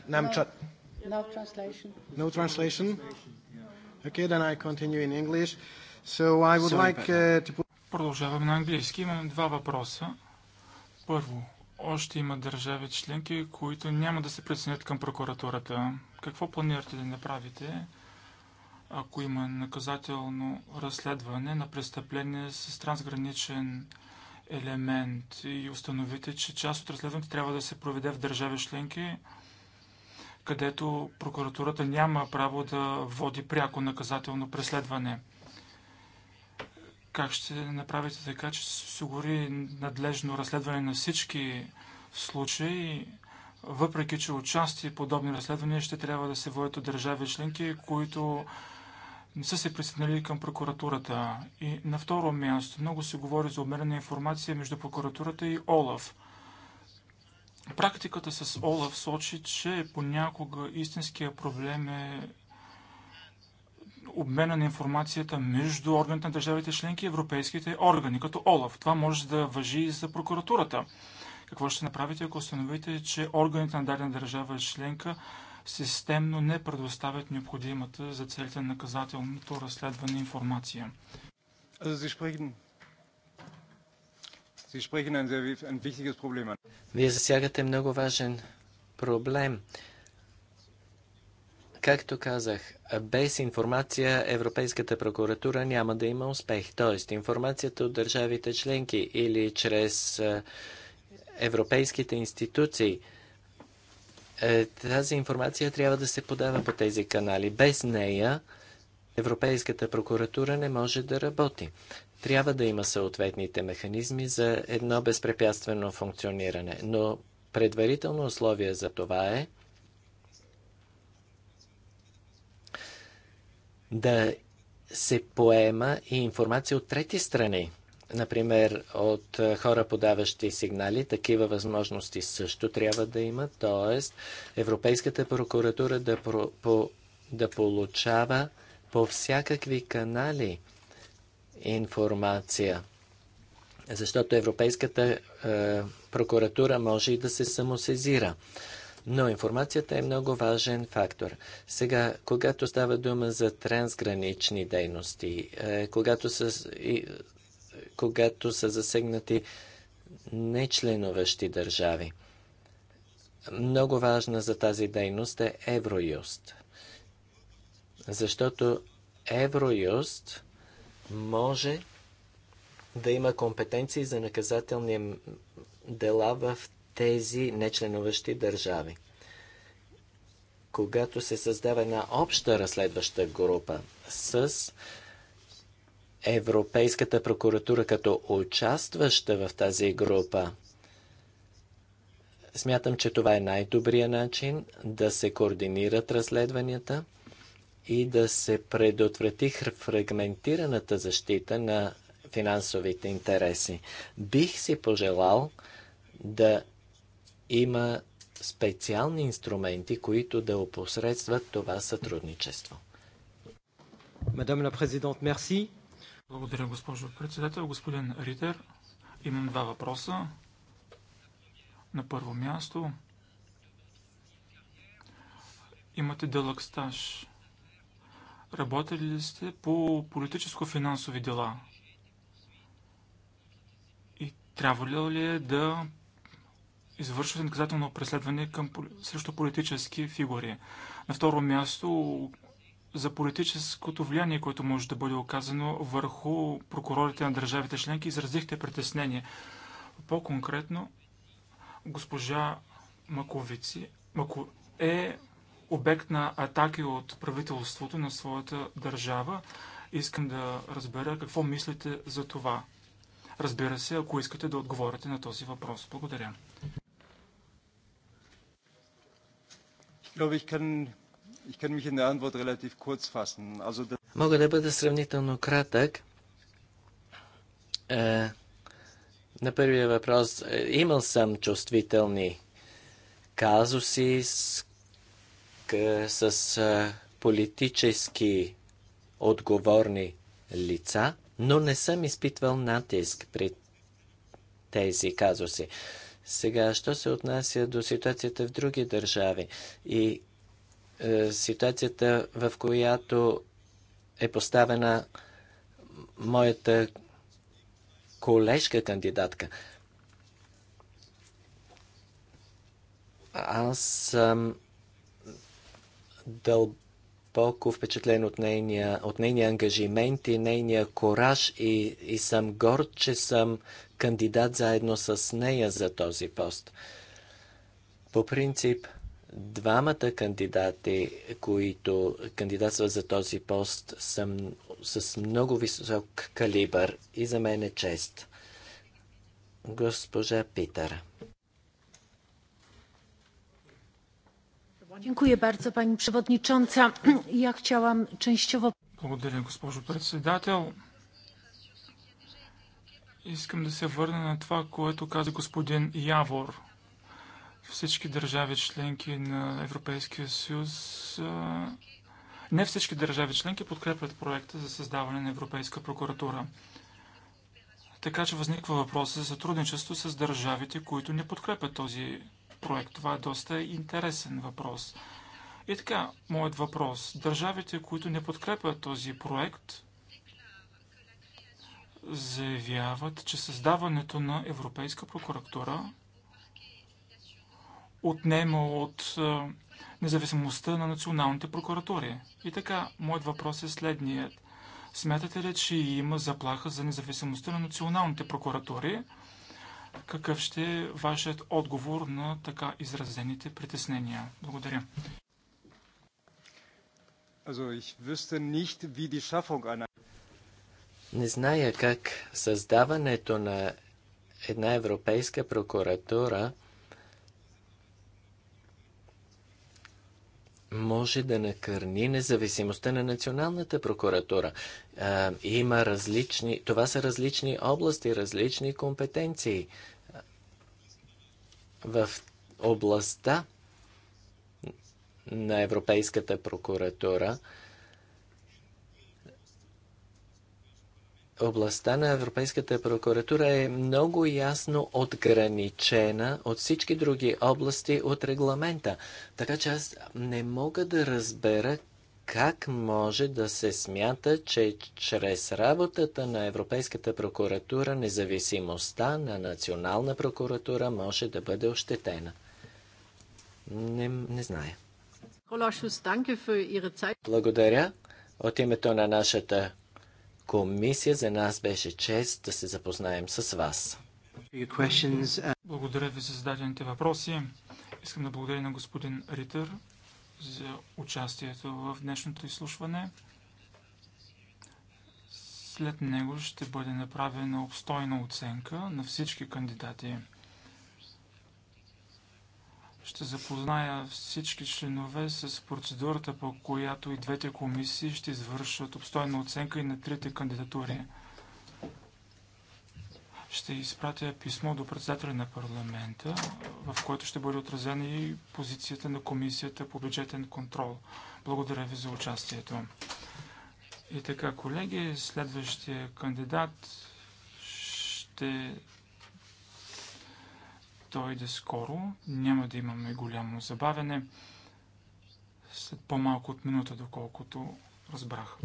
nem csak... No translation. No translation? Okay, then I continue in English. So I would like uh, to put... Продължавам на английски. Имам два въпроса. Първо, още има държави членки, които няма да се присъединят към прокуратурата. Какво планирате да направите, ако има наказателно разследване на престъпление с трансграничен елемент и установите, че част от разследването трябва да се проведе в държави членки, където прокуратурата няма право да води пряко наказателно преследване. Как ще направите така, че се осигури надлежно разследване на всички случаи, въпреки че отчасти подобни разследвания ще трябва да се водят от държави членки, които не са се присъединили към прокуратурата. И на второ място много се говори за обмен на информация между прокуратурата и ОЛАФ – Практиката с Олаф сочи, че понякога истинския проблем е обмена на информацията между органите на държавите членки и европейските органи, като ОЛАФ. Това може да въжи и за прокуратурата. Какво ще направите, ако установите, че органите на дадена държава членка системно не предоставят необходимата за целите на наказателното разследване информация? Äh, вие засягате много важен проблем. Както казах, без информация Европейската прокуратура няма да има успех. Тоест, информацията от държавите членки или чрез е, европейските институции, е, тази информация трябва да се подава по тези канали. Без нея Европейската прокуратура не може да работи. Трябва да има съответните механизми за едно безпрепятствено функциониране, но предварително условие за това е да се поема и информация от трети страни. Например, от хора подаващи сигнали, такива възможности също трябва да има, т.е. Европейската прокуратура да, про, по, да получава по всякакви канали информация. Защото Европейската е, прокуратура може и да се самосезира. Но информацията е много важен фактор. Сега, когато става дума за трансгранични дейности, е, когато, са, и, когато са засегнати нечленуващи държави, много важна за тази дейност е Евроюст. Защото Евроюст може да има компетенции за наказателни дела в тези нечленуващи държави. Когато се създава една обща разследваща група с Европейската прокуратура като участваща в тази група, смятам, че това е най-добрият начин да се координират разследванията и да се предотврати фрагментираната защита на финансовите интереси. Бих си пожелал да има специални инструменти, които да опосредстват това сътрудничество. Мадам ла президент, мерси. Благодаря, госпожо председател. Господин Ритер, имам два въпроса. На първо място, имате дълъг стаж Работили ли сте по политическо-финансови дела? И трябва ли е да извършват наказателно преследване към, срещу политически фигури? На второ място, за политическото влияние, което може да бъде оказано върху прокурорите на държавите членки, изразихте притеснение. По-конкретно, госпожа Маковици е обект на атаки от правителството на своята държава. Искам да разбера какво мислите за това. Разбира се, ако искате да отговорите на този въпрос. Благодаря. Мога да бъда сравнително кратък. Е, на първия въпрос, е, имал съм чувствителни казуси, с с политически отговорни лица, но не съм изпитвал натиск при тези казуси. Сега, що се отнася до ситуацията в други държави и е, ситуацията, в която е поставена моята колежка кандидатка. Аз съм дълбоко впечатлен от нейния, от нейния ангажимент и нейния кораж и, и съм горд, че съм кандидат заедно с нея за този пост. По принцип, двамата кандидати, които кандидатстват за този пост, са с много висок калибър и за мен е чест. Госпожа Питър. Благодаря, госпожо председател. Искам да се върна на това, което каза господин Явор. Всички държави членки на Европейския съюз. Не всички държави членки подкрепят проекта за създаване на Европейска прокуратура. Така че възниква въпроса за сътрудничество с държавите, които не подкрепят този проект. Това е доста интересен въпрос. И така, моят въпрос. Държавите, които не подкрепят този проект, заявяват, че създаването на Европейска прокуратура отнема от е, независимостта на националните прокуратури. И така, моят въпрос е следният. Смятате ли, че има заплаха за независимостта на националните прокуратури? какъв ще е вашият отговор на така изразените притеснения. Благодаря. Не зная как създаването на една европейска прокуратура може да накърни независимостта на националната прокуратура. А, има различни, това са различни области, различни компетенции. В областта на Европейската прокуратура областта на Европейската прокуратура е много ясно отграничена от всички други области от регламента. Така че аз не мога да разбера как може да се смята, че чрез работата на Европейската прокуратура независимостта на Национална прокуратура може да бъде ощетена. Не, не зная. Благодаря от името на нашата комисия. За нас беше чест да се запознаем с вас. Благодаря ви за зададените въпроси. Искам да благодаря на господин Ритър за участието в днешното изслушване. След него ще бъде направена обстойна оценка на всички кандидати. Ще запозная всички членове с процедурата, по която и двете комисии ще извършат обстойна оценка и на трите кандидатури. Ще изпратя писмо до председателя на парламента, в което ще бъде отразена и позицията на комисията по бюджетен контрол. Благодаря ви за участието. И така, колеги, следващия кандидат ще той иде скоро, няма да имаме голямо забавене. След по-малко от минута, доколкото разбрах.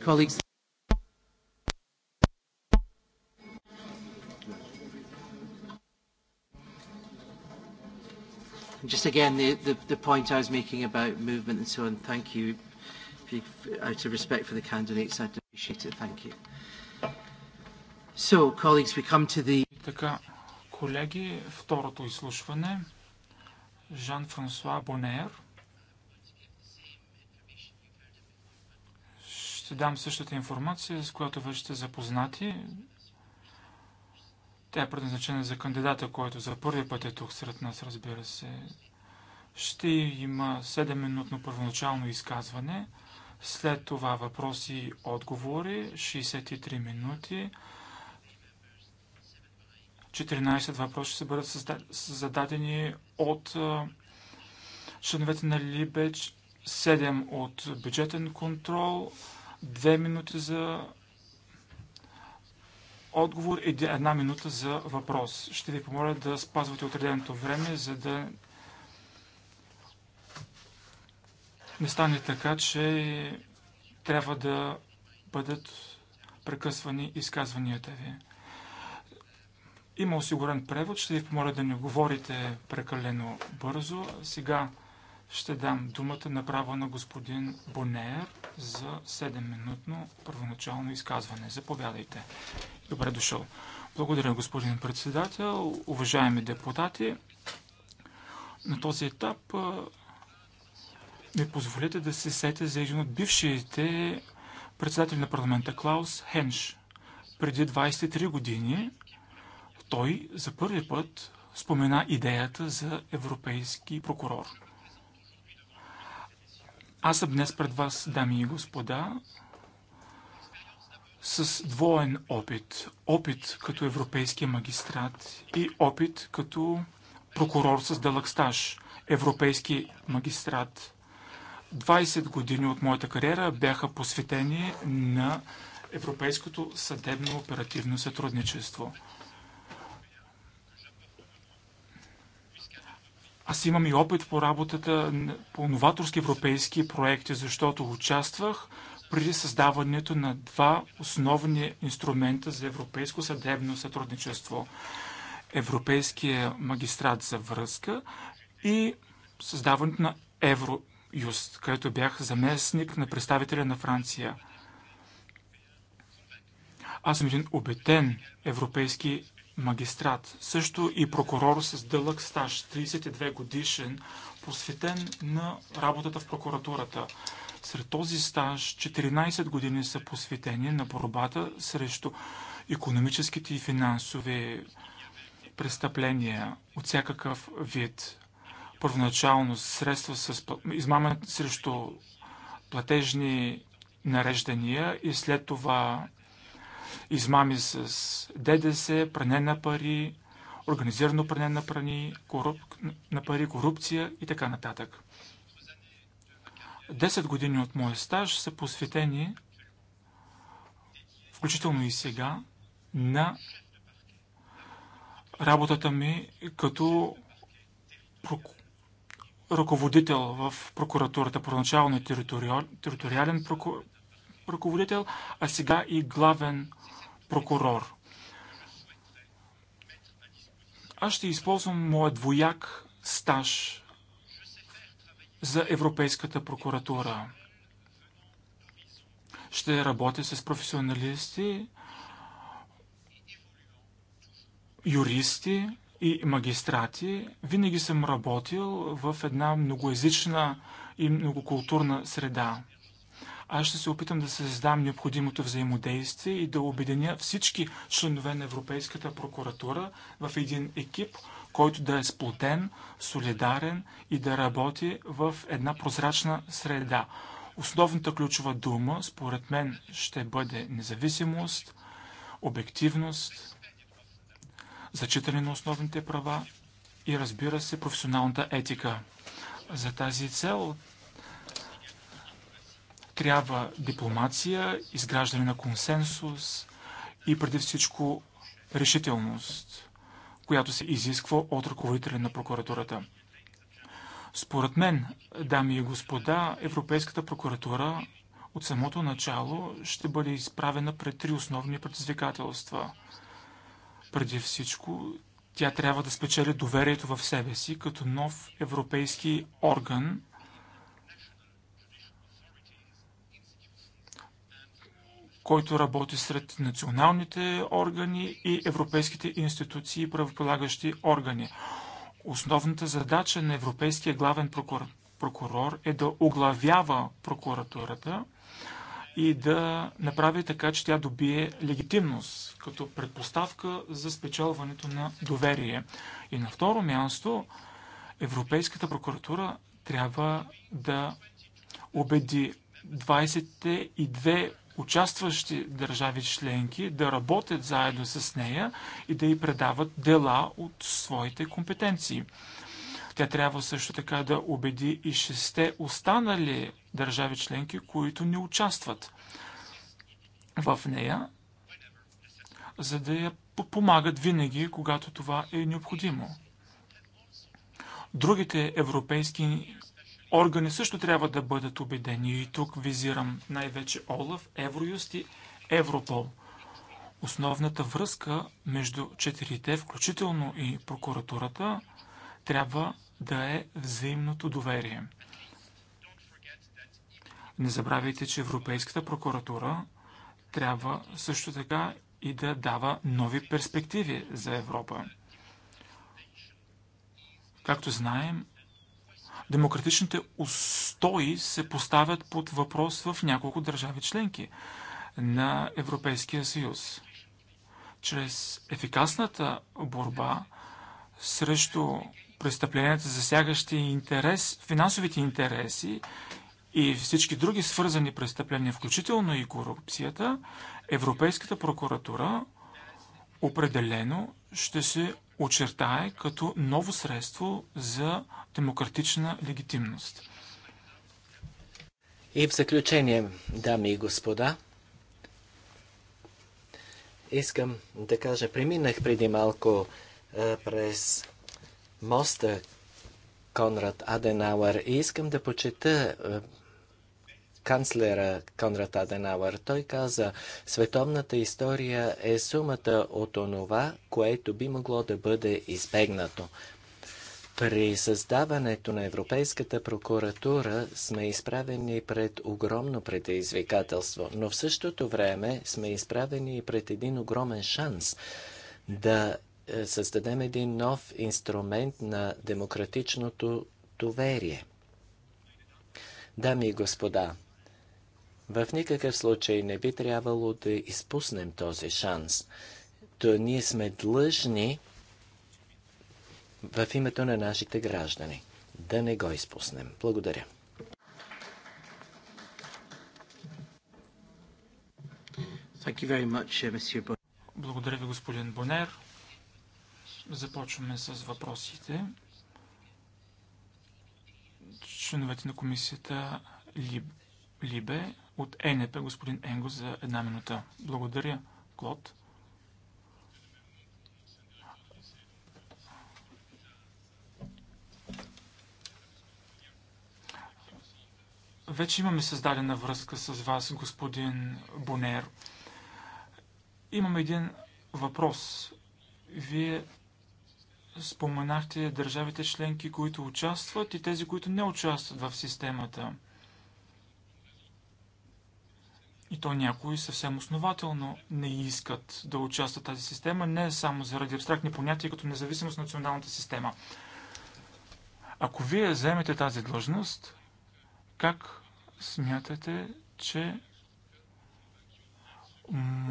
Colleagues. Just again, the, the, the point I was making about movement and so on, thank you. If you out of respect for the candidates, I'd appreciate it. Thank you. So, colleagues, we come to the... Така, колеги, второто изслушване. Жан-Франсуа Бонер. дам същата информация, с която вече сте запознати. Тя е предназначена за кандидата, който за първи път е тук сред нас, разбира се. Ще има 7-минутно първоначално изказване, след това въпроси и отговори, 63 минути. 14 въпроса ще бъдат зададени от членовете на Либеч, 7 от бюджетен контрол, две минути за отговор и една минута за въпрос. Ще ви помоля да спазвате отреденото време, за да не стане така, че трябва да бъдат прекъсвани изказванията ви. Има осигурен превод, ще ви помоля да не говорите прекалено бързо. Сега ще дам думата направо на господин Бонеер за 7-минутно първоначално изказване. Заповядайте. Добре дошъл. Благодаря, господин председател, уважаеми депутати. На този етап ми позволете да се сете за един от бившите председатели на парламента Клаус Хенш. Преди 23 години той за първи път спомена идеята за европейски прокурор. Аз съм днес пред вас, дами и господа, с двоен опит. Опит като европейски магистрат и опит като прокурор с дълъг стаж. Европейски магистрат. 20 години от моята кариера бяха посветени на европейското съдебно оперативно сътрудничество – Аз имам и опит по работата по новаторски европейски проекти, защото участвах преди създаването на два основни инструмента за европейско съдебно сътрудничество. Европейския магистрат за връзка и създаването на Евроюст, където бях заместник на представителя на Франция. Аз съм един обетен европейски магистрат, също и прокурор с дълъг стаж, 32 годишен, посветен на работата в прокуратурата. Сред този стаж 14 години са посветени на борбата срещу економическите и финансови престъпления от всякакъв вид. Първоначално средства с измамен срещу платежни нареждания и след това измами с ДДС, пране на пари, организирано пране на, прани, коруп... на пари, корупция и така нататък. Десет години от моя стаж са посветени, включително и сега, на работата ми като ръководител в прокуратурата, първоначално е териториален проку... ръководител, а сега и главен прокурор. Аз ще използвам моят двояк стаж за Европейската прокуратура. Ще работя с професионалисти, юристи и магистрати. Винаги съм работил в една многоязична и многокултурна среда. Аз ще се опитам да създам необходимото взаимодействие и да обединя всички членове на Европейската прокуратура в един екип, който да е сплотен, солидарен и да работи в една прозрачна среда. Основната ключова дума, според мен, ще бъде независимост, обективност, зачитане на основните права и, разбира се, професионалната етика. За тази цел трябва дипломация, изграждане на консенсус и преди всичко решителност, която се изисква от ръководителя на прокуратурата. Според мен, дами и господа, Европейската прокуратура от самото начало ще бъде изправена пред три основни предизвикателства. Преди всичко, тя трябва да спечели доверието в себе си като нов европейски орган, който работи сред националните органи и европейските институции и правополагащи органи. Основната задача на Европейския главен прокурор, прокурор е да оглавява прокуратурата и да направи така, че тя добие легитимност като предпоставка за спечелването на доверие. И на второ място, Европейската прокуратура трябва да убеди 22 участващи държави членки да работят заедно с нея и да й предават дела от своите компетенции. Тя трябва също така да убеди и шесте останали държави членки, които не участват в нея, за да я помагат винаги, когато това е необходимо. Другите европейски органи също трябва да бъдат убедени. И тук визирам най-вече ОЛАФ, Евроюст и Европол. Основната връзка между четирите, включително и прокуратурата, трябва да е взаимното доверие. Не забравяйте, че Европейската прокуратура трябва също така и да дава нови перспективи за Европа. Както знаем, Демократичните устои се поставят под въпрос в няколко държави членки на Европейския съюз. Чрез ефикасната борба срещу престъпленията, засягащи интерес, финансовите интереси и всички други свързани престъпления, включително и корупцията, Европейската прокуратура определено ще се очертае като ново средство за демократична легитимност. И в заключение, дами и господа, искам да кажа, преминах преди малко а, е, през моста Конрад Аденауер и искам да почета е, канцлера Конрад Аденауър. Той каза, световната история е сумата от онова, което би могло да бъде избегнато. При създаването на Европейската прокуратура сме изправени пред огромно предизвикателство, но в същото време сме изправени и пред един огромен шанс да е, създадем един нов инструмент на демократичното доверие. Дами и господа, в никакъв случай не би трябвало да изпуснем този шанс. То ние сме длъжни в името на нашите граждани да не го изпуснем. Благодаря. Uh, Благодаря ви, господин Бонер. Започваме с въпросите. Членовете на комисията Либе от ЕНП господин Енго за една минута. Благодаря, Клод. Вече имаме създадена връзка с вас, господин Бонер. Имам един въпрос. Вие споменахте държавите членки, които участват и тези, които не участват в системата. И то някои съвсем основателно не искат да участват в тази система, не само заради абстрактни понятия като независимост на националната система. Ако вие вземете тази длъжност, как смятате, че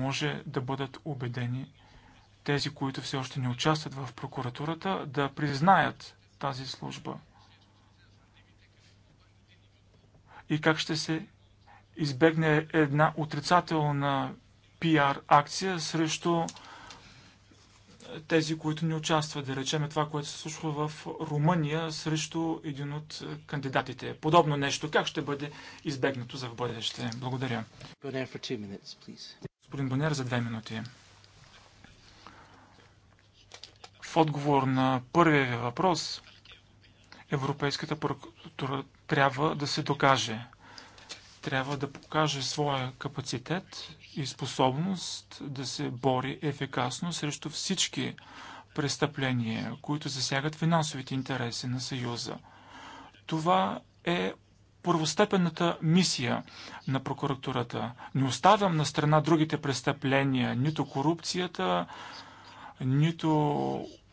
може да бъдат убедени тези, които все още не участват в прокуратурата, да признаят тази служба? И как ще се избегне една отрицателна пиар акция срещу тези, които не участват. Да речем това, което се случва в Румъния срещу един от кандидатите. Подобно нещо. Как ще бъде избегнато за в бъдеще? Благодаря. Господин Бонер, за две минути. В отговор на първия ви въпрос, Европейската прокуратура трябва да се докаже – трябва да покаже своя капацитет и способност да се бори ефикасно срещу всички престъпления, които засягат финансовите интереси на Съюза. Това е първостепенната мисия на прокуратурата. Не оставям на страна другите престъпления, нито корупцията, нито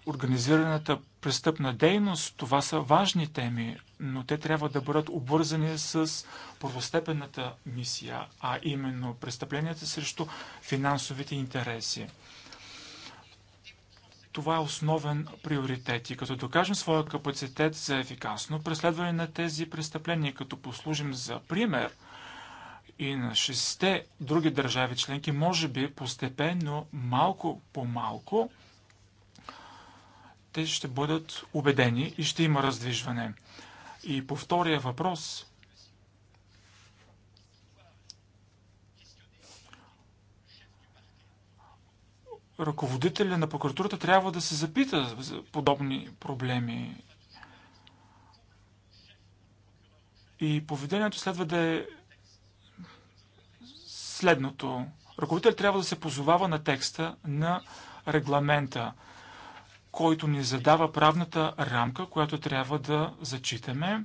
организираната престъпна дейност, това са важни теми, но те трябва да бъдат обвързани с първостепенната мисия, а именно престъпленията срещу финансовите интереси. Това е основен приоритет и като докажем своя капацитет за ефикасно преследване на тези престъпления, като послужим за пример и на шесте други държави членки, може би постепенно, малко по малко, те ще бъдат убедени и ще има раздвижване. И по втория въпрос, ръководителя на прокуратурата трябва да се запита за подобни проблеми. И поведението следва да е следното. Ръководител трябва да се позовава на текста на регламента който ни задава правната рамка, която трябва да зачитаме.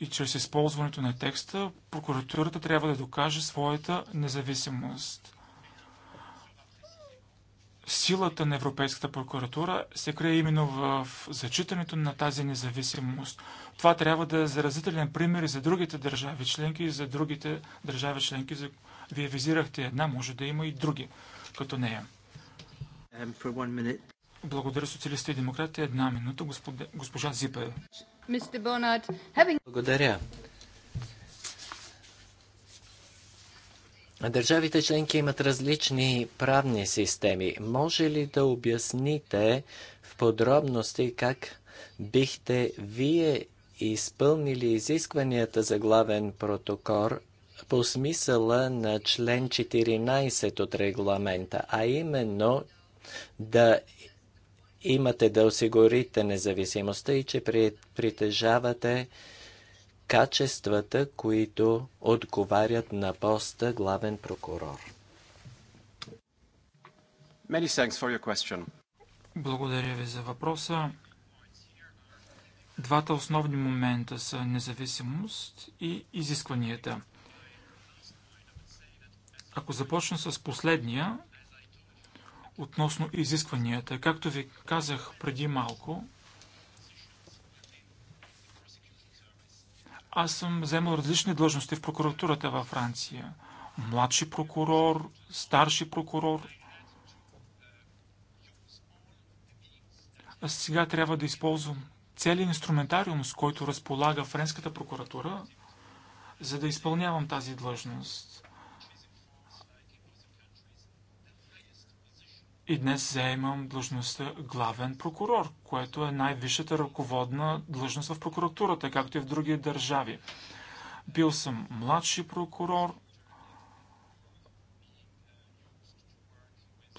И чрез използването на текста, прокуратурата трябва да докаже своята независимост. Силата на Европейската прокуратура се крие именно в зачитането на тази независимост. Това трябва да е заразителен пример и за другите държави членки, и за другите държави членки. За... Вие визирахте една, може да има и други като нея. Um, Благодаря социалистите и демократите. Една минута, госпожа Зипе. Благодаря. Държавите членки имат различни правни системи. Може ли да обясните в подробности как бихте вие изпълнили изискванията за главен протокол по смисъла на член 14 от регламента, а именно, да имате да осигурите независимостта и че притежавате качествата, които отговарят на поста главен прокурор. Благодаря ви за въпроса. Двата основни момента са независимост и изискванията. Ако започна с последния, относно изискванията. Както ви казах преди малко, аз съм вземал различни длъжности в прокуратурата във Франция. Младши прокурор, старши прокурор. аз сега трябва да използвам целият инструментариум, с който разполага Френската прокуратура, за да изпълнявам тази длъжност. И днес заемам длъжността главен прокурор, което е най-висшата ръководна длъжност в прокуратурата, както и в други държави. Бил съм младши прокурор,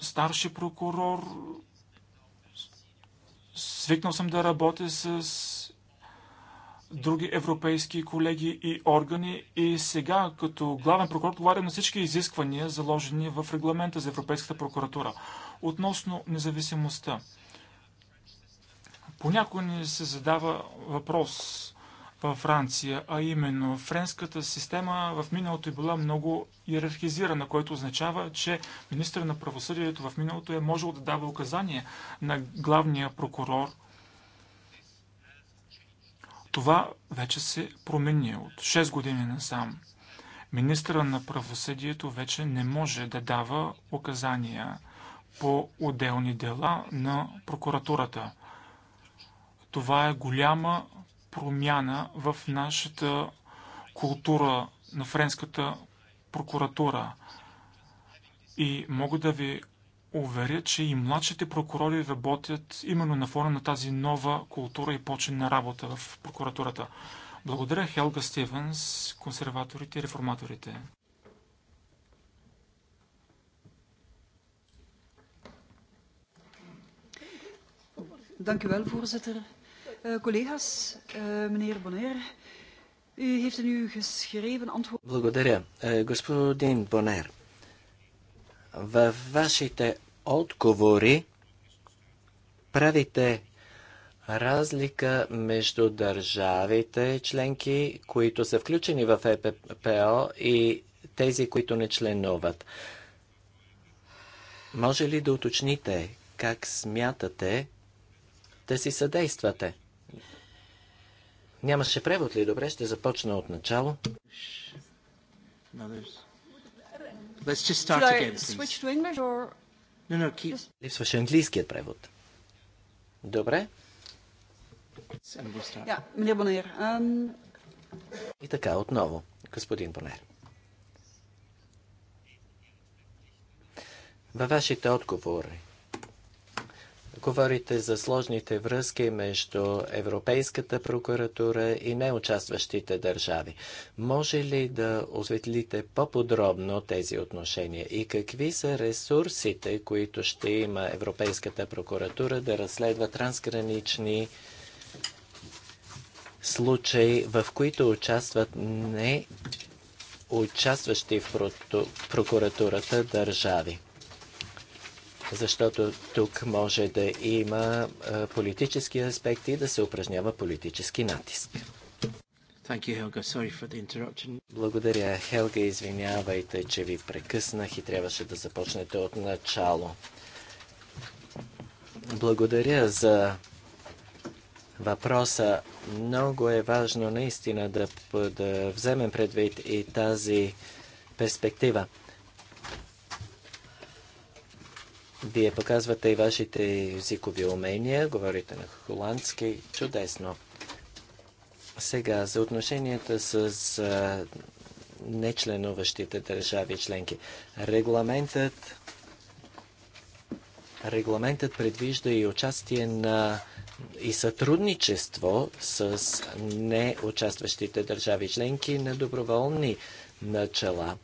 старши прокурор, свикнал съм да работя с други европейски колеги и органи и сега като главен прокурор отговарям на всички изисквания, заложени в регламента за Европейската прокуратура. Относно независимостта. Понякога ни се задава въпрос във Франция, а именно френската система в миналото е била много иерархизирана, което означава, че министър на правосъдието в миналото е можел да дава указания на главния прокурор. Това вече се промени от 6 години насам. Министъра на правосъдието вече не може да дава указания по отделни дела на прокуратурата. Това е голяма промяна в нашата култура на френската прокуратура. И мога да ви уверя, че и младшите прокурори работят именно на фона на тази нова култура и почин на работа в прокуратурата. Благодаря Хелга Стивенс, консерваторите и реформаторите. Dank u wel, voorzitter. Eh, collega's, eh, meneer Bonaire, u heeft in uw geschreven antwoord... Благодаря. Е, господин Бонер, във вашите отговори правите разлика между държавите членки, които са включени в ЕППО и тези, които не членуват. Може ли да уточните как смятате да си съдействате. Нямаше превод ли? Добре, ще започна от начало. Липсваше английският превод. Добре. Ehm, И така, отново, господин Бонер. Във вашите отговори Говорите за сложните връзки между Европейската прокуратура и неучастващите държави. Може ли да осветлите по-подробно тези отношения и какви са ресурсите, които ще има Европейската прокуратура да разследва трансгранични случаи, в които участват не участващи в прокуратурата държави? защото тук може да има политически аспекти и да се упражнява политически натиск. You, Благодаря, Хелга. Извинявайте, че ви прекъснах и трябваше да започнете от начало. Благодаря за въпроса. Много е важно наистина да, да вземем предвид и тази перспектива. Вие показвате и вашите езикови умения, говорите на холандски, чудесно. Сега, за отношенията с а, нечленуващите държави членки. Регламентът, регламентът предвижда и участие на и сътрудничество с неучастващите държави членки на доброволни начала.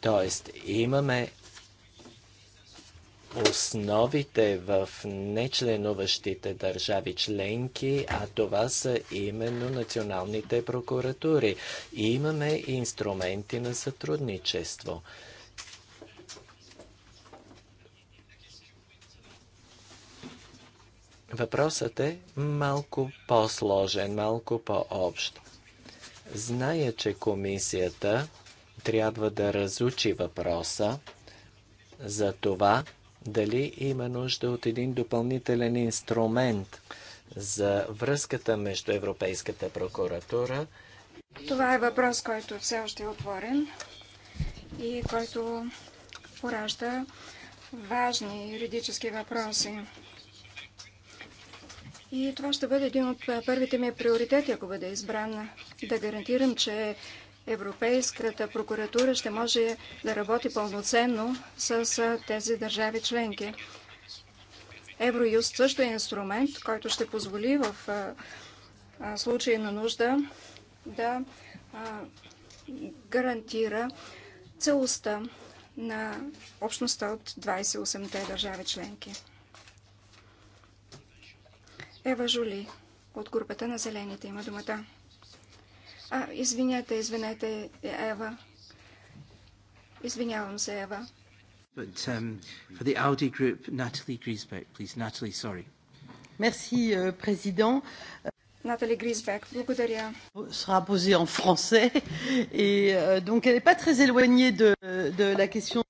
Тоест, имаме основите в нечленуващите държави членки, а това са именно националните прокуратури. И имаме инструменти на сътрудничество. Въпросът е малко по-сложен, малко по-общ. Зная, че комисията трябва да разучи въпроса за това дали има нужда от един допълнителен инструмент за връзката между Европейската прокуратура. Това е въпрос, който все още е отворен и който поражда важни юридически въпроси. И това ще бъде един от първите ми приоритети, ако бъде избран, да гарантирам, че Европейската прокуратура ще може да работи пълноценно с тези държави членки. Евроюст също е инструмент, който ще позволи в случай на нужда да гарантира целостта на общността от 28-те държави членки. Ева Жули от групата на Зелените има думата. А, извинете, извинете, Ева. Извинявам се, Ева. But um, for the Audi group, Natalie Griesbeck, please. Natalie, sorry. Merci, uh, Président. Nathalie Griesbeck, благодаря. Sera posée en français et uh, donc elle n'est pas très éloignée de, de la question.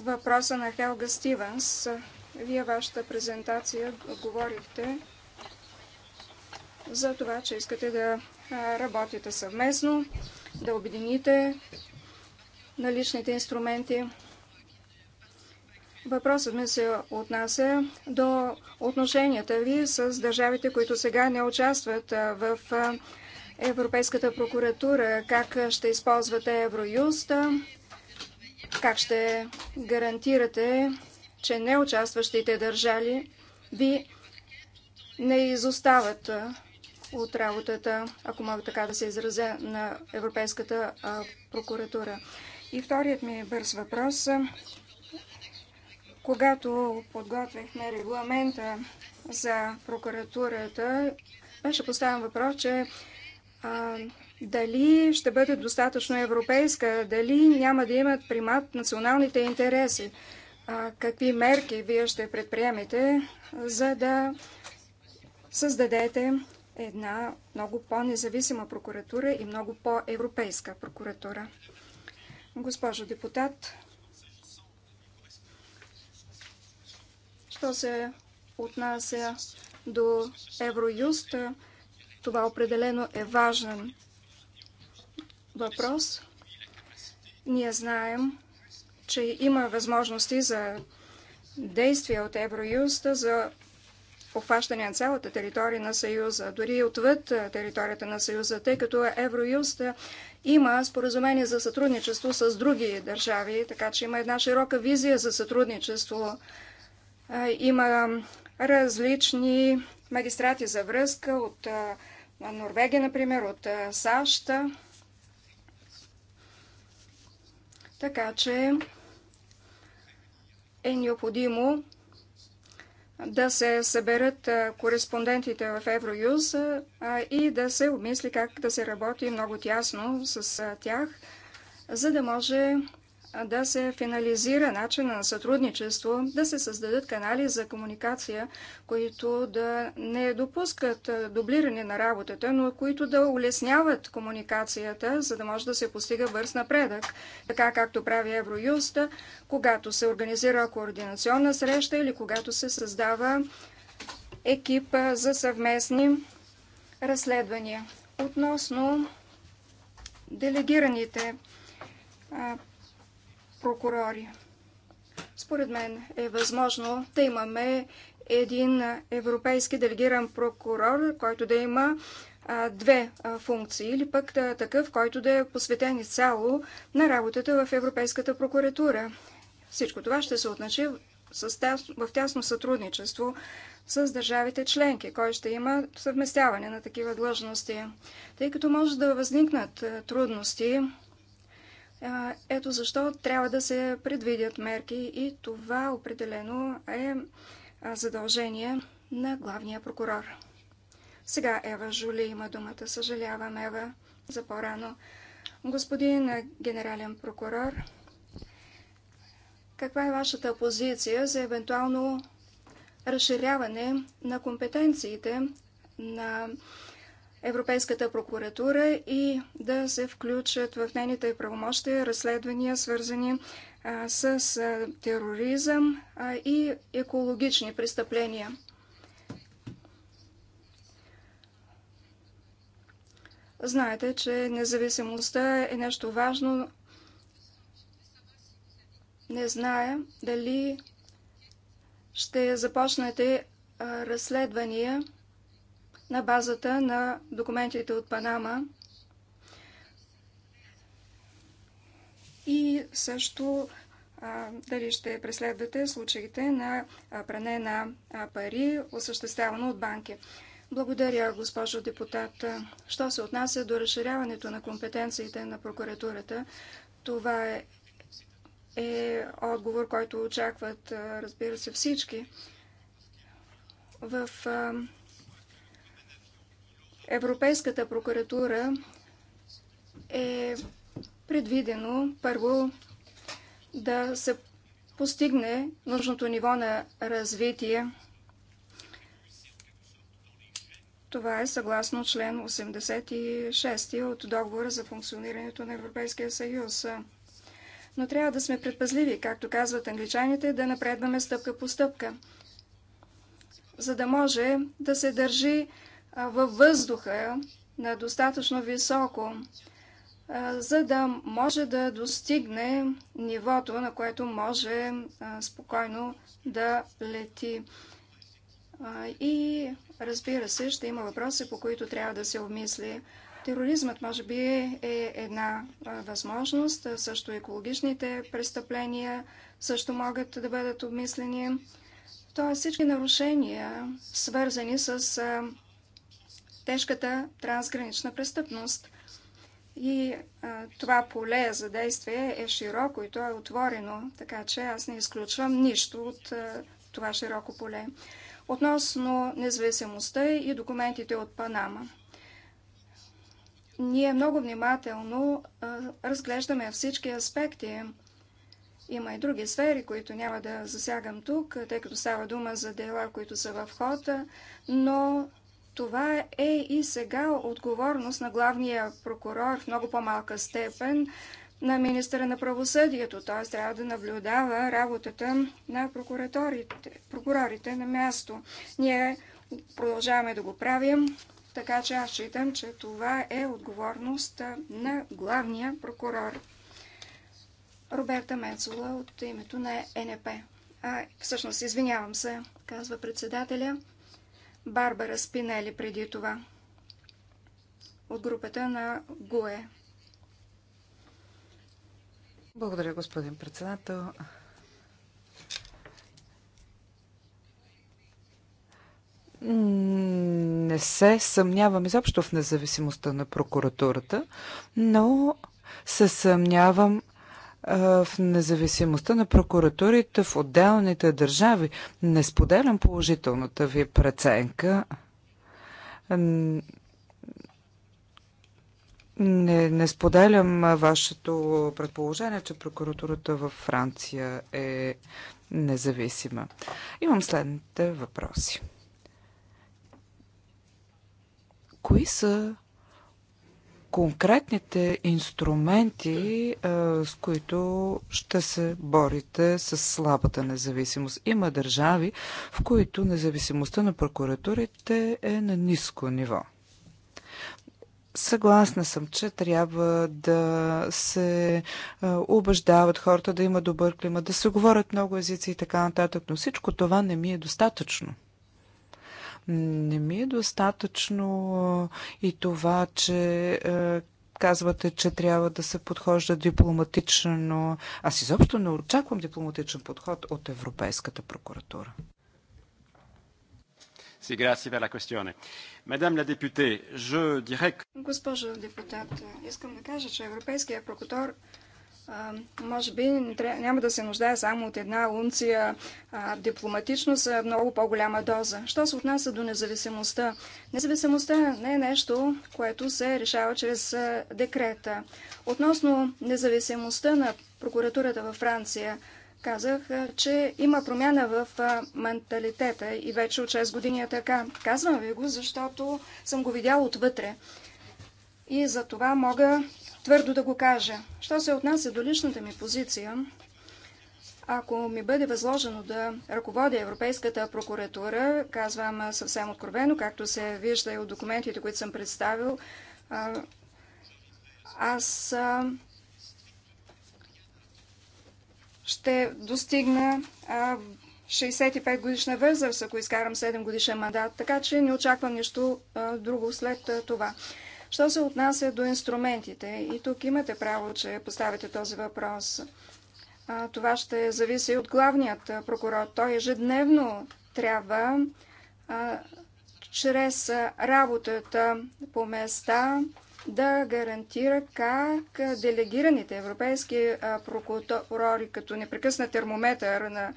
Въпроса на Хелга Стивенс. Вие вашата презентация говорихте за това, че искате да работите съвместно, да обедините наличните инструменти. Въпросът ми се отнася до отношенията ви с държавите, които сега не участват в Европейската прокуратура. Как ще използвате Евроюст? Как ще гарантирате, че неучастващите държави ви не изостават от работата, ако мога така да се изразя, на Европейската прокуратура. И вторият ми бърз въпрос. Когато подготвихме регламента за прокуратурата, беше поставен въпрос, че а, дали ще бъде достатъчно европейска, дали няма да имат примат националните интереси. А, какви мерки вие ще предприемете, за да създадете една много по-независима прокуратура и много по-европейска прокуратура. Госпожо депутат, що се отнася до Евроюст, това определено е важен въпрос. Ние знаем, че има възможности за действия от Евроюста за обхващане на цялата територия на Съюза, дори и отвъд територията на Съюза, тъй като Евроюст има споразумение за сътрудничество с други държави, така че има една широка визия за сътрудничество. Има различни магистрати за връзка от Норвегия, например, от САЩ. Така че е необходимо да се съберат кореспондентите в Евроюз и да се обмисли как да се работи много тясно с тях, за да може да се финализира начина на сътрудничество, да се създадат канали за комуникация, които да не допускат дублиране на работата, но които да улесняват комуникацията, за да може да се постига бърз напредък, така както прави Евроюст, когато се организира координационна среща или когато се създава екип за съвместни разследвания. Относно делегираните прокурори. Според мен е възможно да имаме един европейски делегиран прокурор, който да има а, две а, функции, или пък да, такъв, който да е посветен изцяло на работата в Европейската прокуратура. Всичко това ще се отначи в тясно сътрудничество с държавите членки, кой ще има съвместяване на такива длъжности. Тъй като може да възникнат трудности ето защо трябва да се предвидят мерки и това определено е задължение на главния прокурор. Сега Ева Жули има думата. Съжалявам, Ева, за по-рано. Господин генерален прокурор, каква е вашата позиция за евентуално разширяване на компетенциите на Европейската прокуратура и да се включат в нейните правомощия разследвания, свързани с тероризъм и екологични престъпления. Знаете, че независимостта е нещо важно. Не зная дали ще започнете разследвания на базата на документите от Панама и също дали ще преследвате случаите на пране на пари, осъществявано от банки. Благодаря, госпожо депутат. Що се отнася до разширяването на компетенциите на прокуратурата, това е, е отговор, който очакват, разбира се, всички. В Европейската прокуратура е предвидено първо да се постигне нужното ниво на развитие. Това е съгласно член 86 от договора за функционирането на Европейския съюз. Но трябва да сме предпазливи, както казват англичаните, да напредваме стъпка по стъпка, за да може да се държи във въздуха на достатъчно високо, за да може да достигне нивото, на което може спокойно да лети. И разбира се, ще има въпроси, по които трябва да се обмисли. Тероризмът може би е една възможност, също екологичните престъпления също могат да бъдат обмислени. Тоест всички нарушения, свързани с тежката трансгранична престъпност. И а, това поле за действие е широко и то е отворено, така че аз не изключвам нищо от а, това широко поле. Относно независимостта и документите от Панама. Ние много внимателно а, разглеждаме всички аспекти. Има и други сфери, които няма да засягам тук, тъй като става дума за дела, които са в хода, но това е и сега отговорност на главния прокурор в много по-малка степен на министра на правосъдието. Т.е. трябва да наблюдава работата на прокурорите на място. Ние продължаваме да го правим, така че аз считам, че това е отговорност на главния прокурор. Роберта Мецола от името на ЕНП. А, всъщност, извинявам се, казва председателя. Барбара Спинели преди това от групата на ГУЕ. Благодаря, господин председател. Не се съмнявам изобщо в независимостта на прокуратурата, но се съмнявам в независимостта на прокуратурите в отделните държави. Не споделям положителната ви преценка. Не, не споделям вашето предположение, че прокуратурата във Франция е независима. Имам следните въпроси. Кои са конкретните инструменти, с които ще се борите с слабата независимост. Има държави, в които независимостта на прокуратурите е на ниско ниво. Съгласна съм, че трябва да се убеждават хората да има добър климат, да се говорят много езици и така нататък, но всичко това не ми е достатъчно. Не ми е достатъчно и това, че казвате, че трябва да се подхожда дипломатично. Аз изобщо не очаквам дипломатичен подход от Европейската прокуратура. Госпожо депутат, искам да кажа, че Европейския прокурор може би няма да се нуждае само от една унция а, дипломатичност, а много по-голяма доза. Що се отнася до независимостта? Независимостта не е нещо, което се решава чрез декрета. Относно независимостта на прокуратурата във Франция, казах, че има промяна в менталитета и вече от 6 години е така. Казвам ви го, защото съм го видял отвътре. И за това мога твърдо да го кажа. Що се отнася до личната ми позиция, ако ми бъде възложено да ръководя Европейската прокуратура, казвам съвсем откровено, както се вижда и от документите, които съм представил, аз ще достигна 65 годишна възраст, ако изкарам 7 годишен мандат, така че не очаквам нищо друго след това. Що се отнася до инструментите, и тук имате право, че поставите този въпрос. Това ще зависи от главният прокурор. Той ежедневно трябва чрез работата по места да гарантира как делегираните европейски прокурори, като непрекъснат термометър на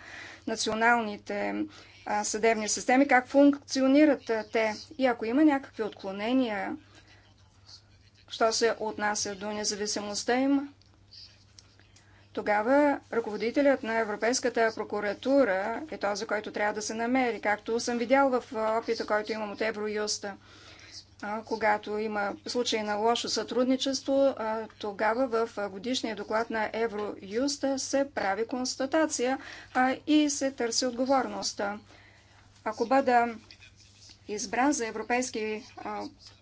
националните съдебни системи, как функционират те. И ако има някакви отклонения Що се отнася до независимостта им, тогава ръководителят на Европейската прокуратура е този, който трябва да се намери, както съм видял в опита, който имам от Евроюста. Когато има случай на лошо сътрудничество, тогава в годишния доклад на Евроюста се прави констатация и се търси отговорността. Ако бъда избран за европейски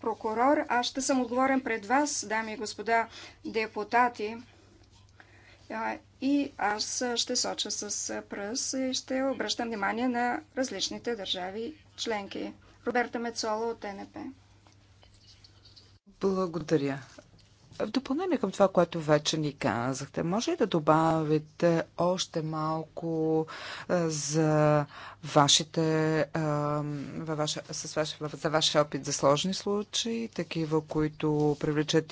прокурор, аз ще съм отговорен пред вас, дами и господа депутати. и аз ще соча с пръс и ще обръщам внимание на различните държави членки. Роберта Мецола от НП. Благодаря. В допълнение към това, което вече ни казахте, може ли да добавите още малко за вашите, ваша, с ваш, за вашия опит за сложни случаи, такива, които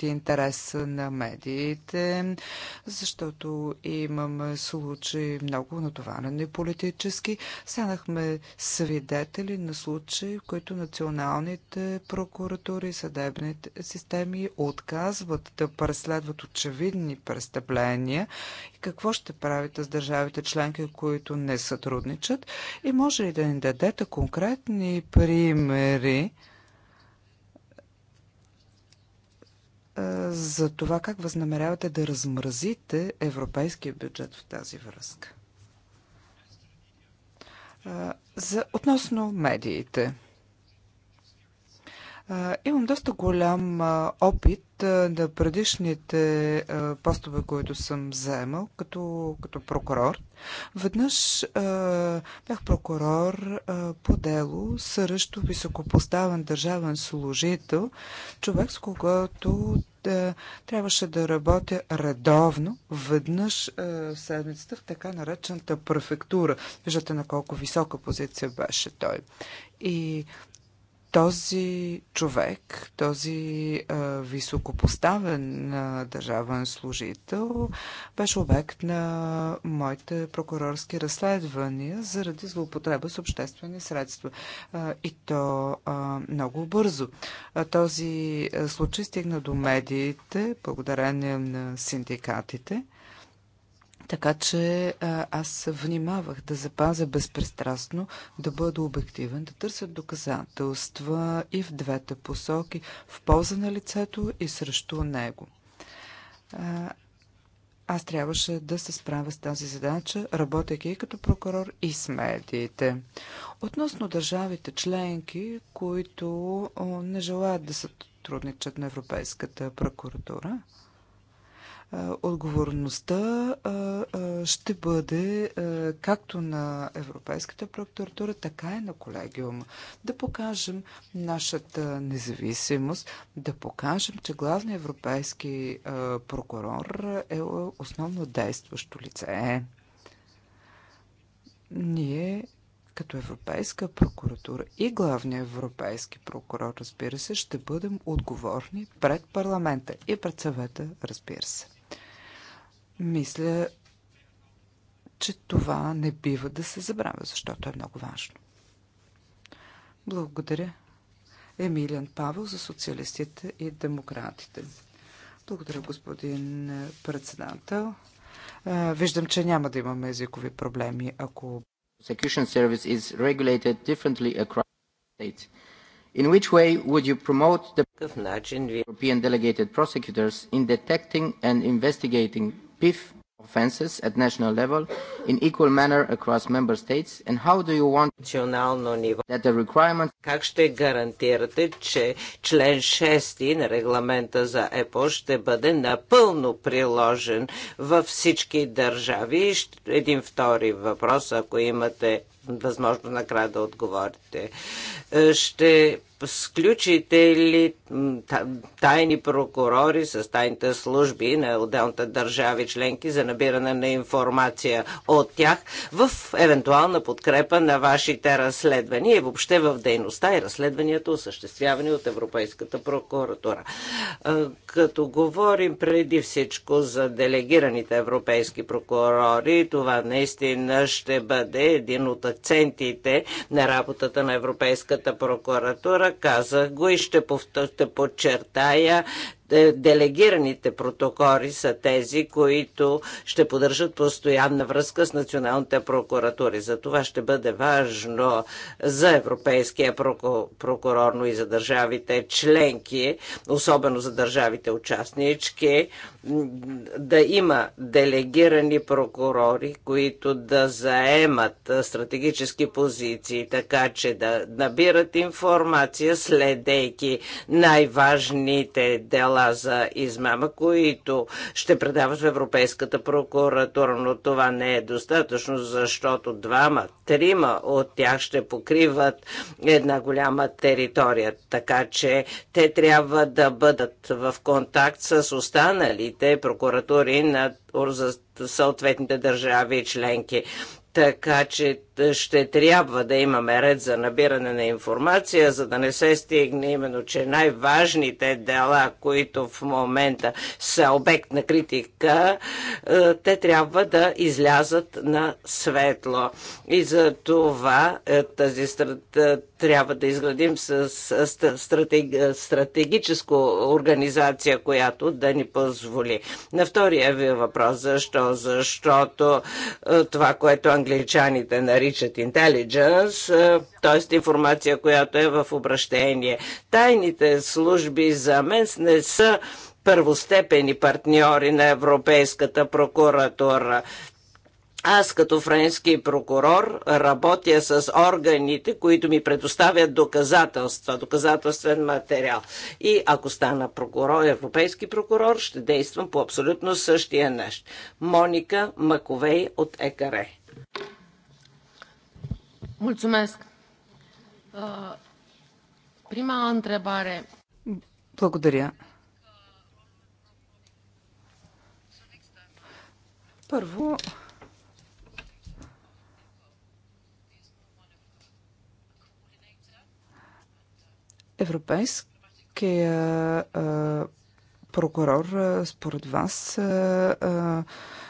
и интерес на медиите, защото имаме случаи много натоварени политически. Станахме свидетели на случаи, в които националните прокуратури, съдебните системи отказват да преследват очевидни престъпления и какво ще правите с държавите членки, които не сътрудничат и може ли да ни дадете конкретни примери е, за това как възнамерявате да размразите европейския бюджет в тази връзка. Е, за, относно медиите. Имам доста голям опит на предишните постове, които съм заемал като, като прокурор. Веднъж бях прокурор по дело срещу високопоставен държавен служител, човек с когото да, трябваше да работя редовно, веднъж в седмицата в така наречената префектура. Виждате на колко висока позиция беше той. И този човек, този а, високопоставен а, държавен служител, беше обект на моите прокурорски разследвания заради злоупотреба с обществени средства. А, и то а, много бързо. А, този случай стигна до медиите, благодарение на синдикатите. Така че аз внимавах да запазя безпристрастно, да бъда обективен, да търся доказателства и в двете посоки, в полза на лицето и срещу него. Аз трябваше да се справя с тази задача, работейки и като прокурор и с медиите. Относно държавите членки, които не желаят да сътрудничат на Европейската прокуратура, Отговорността ще бъде както на Европейската прокуратура, така и на колегиума. Да покажем нашата независимост, да покажем, че главният европейски прокурор е основно действащо лице. Ние като Европейска прокуратура и главния европейски прокурор, разбира се, ще бъдем отговорни пред парламента и пред съвета, разбира се. Мисля, че това не бива да се забравя, защото е много важно. Благодаря. Емилиан Павел за социалистите и демократите. Благодаря, господин председател. Виждам, че няма да имаме езикови проблеми, ако... Execution service is regulated differently across states. In which way would you promote the European delegated prosecutors in detecting and investigating PIF offenses at national level in equal manner across member states and how do you want национално ниво that the requirement как ще гарантирате, че член 6 на регламента за ЕПО ще бъде напълно приложен във всички държави? Един втори въпрос, ако имате възможно накрая да отговорите. Е, ще сключите ли тайни прокурори с тайните служби на отделните държави членки за набиране на информация от тях в евентуална подкрепа на вашите разследвания и въобще в дейността и разследванията, осъществявани от Европейската прокуратура. Е, като говорим преди всичко за делегираните европейски прокурори, това наистина ще бъде един от акцентите на работата на Европейската прокуратура. Казах го и ще повторя да подчертая, е, делегираните протоколи са тези, които ще поддържат постоянна връзка с националните прокуратури. За това ще бъде важно за Европейския прокурор, но и за държавите членки, особено за държавите участнички, да има делегирани прокурори, които да заемат стратегически позиции, така че да набират информация, следейки най-важните дела дела за измама, които ще предават в Европейската прокуратура, но това не е достатъчно, защото двама, трима от тях ще покриват една голяма територия, така че те трябва да бъдат в контакт с останалите прокуратури на съответните държави и членки. Така че ще трябва да имаме ред за набиране на информация, за да не се стигне именно, че най-важните дела, които в момента са обект на критика, е, те трябва да излязат на светло. И за това е, тази е, трябва да изградим с стратегическа организация, която да ни позволи. На втория ви въпрос, защо? Защото това, което англичаните наричат наричат интелидженс, т.е. информация, която е в обращение. Тайните служби за мен не са първостепени партньори на Европейската прокуратура. Аз като френски прокурор работя с органите, които ми предоставят доказателства, доказателствен материал. И ако стана прокурор, европейски прокурор, ще действам по абсолютно същия нещ. Моника Маковей от ЕКАРЕ. Mulțumesc! Uh, prima întrebare. Благодаря. Първо, Европейския прокурор, според вас,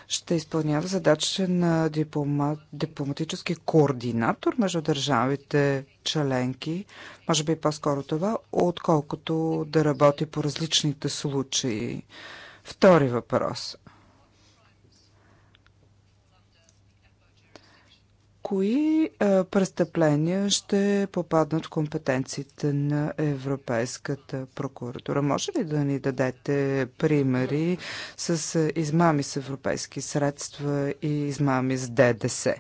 ще изпълнява задача на дипломат, дипломатически координатор между държавите членки, може би по-скоро това, отколкото да работи по различните случаи. Втори въпрос. кои е, престъпления ще попаднат в компетенциите на Европейската прокуратура? Може ли да ни дадете примери с е, измами с европейски средства и измами с ДДС?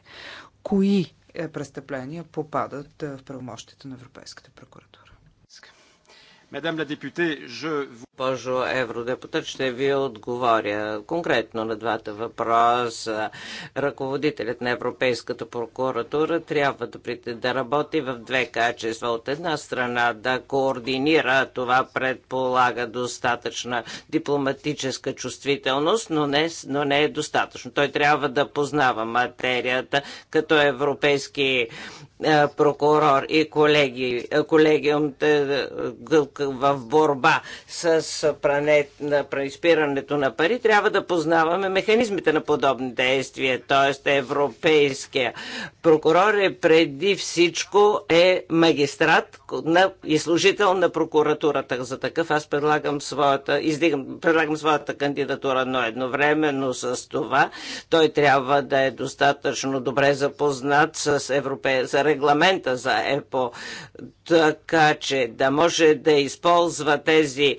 Кои е, престъпления попадат в правомощите на Европейската прокуратура? Госпожо евродепутат, ще ви отговоря конкретно на двата въпроса. Ръководителят на Европейската прокуратура трябва да, да работи в две качества. От една страна да координира, това предполага достатъчна дипломатическа чувствителност, но не, но не е достатъчно. Той трябва да познава материята като европейски е, прокурор и колеги, колегиум е, е, в борба с пранет, на изпирането на пари, трябва да познаваме механизмите на подобни действия, т.е. европейския прокурор е преди всичко е магистрат на, и служител на прокуратурата. За такъв аз предлагам своята, издигам, предлагам своята кандидатура, но едновременно с това той трябва да е достатъчно добре запознат с европей, за регламента за ЕПО, така че да може да използва тези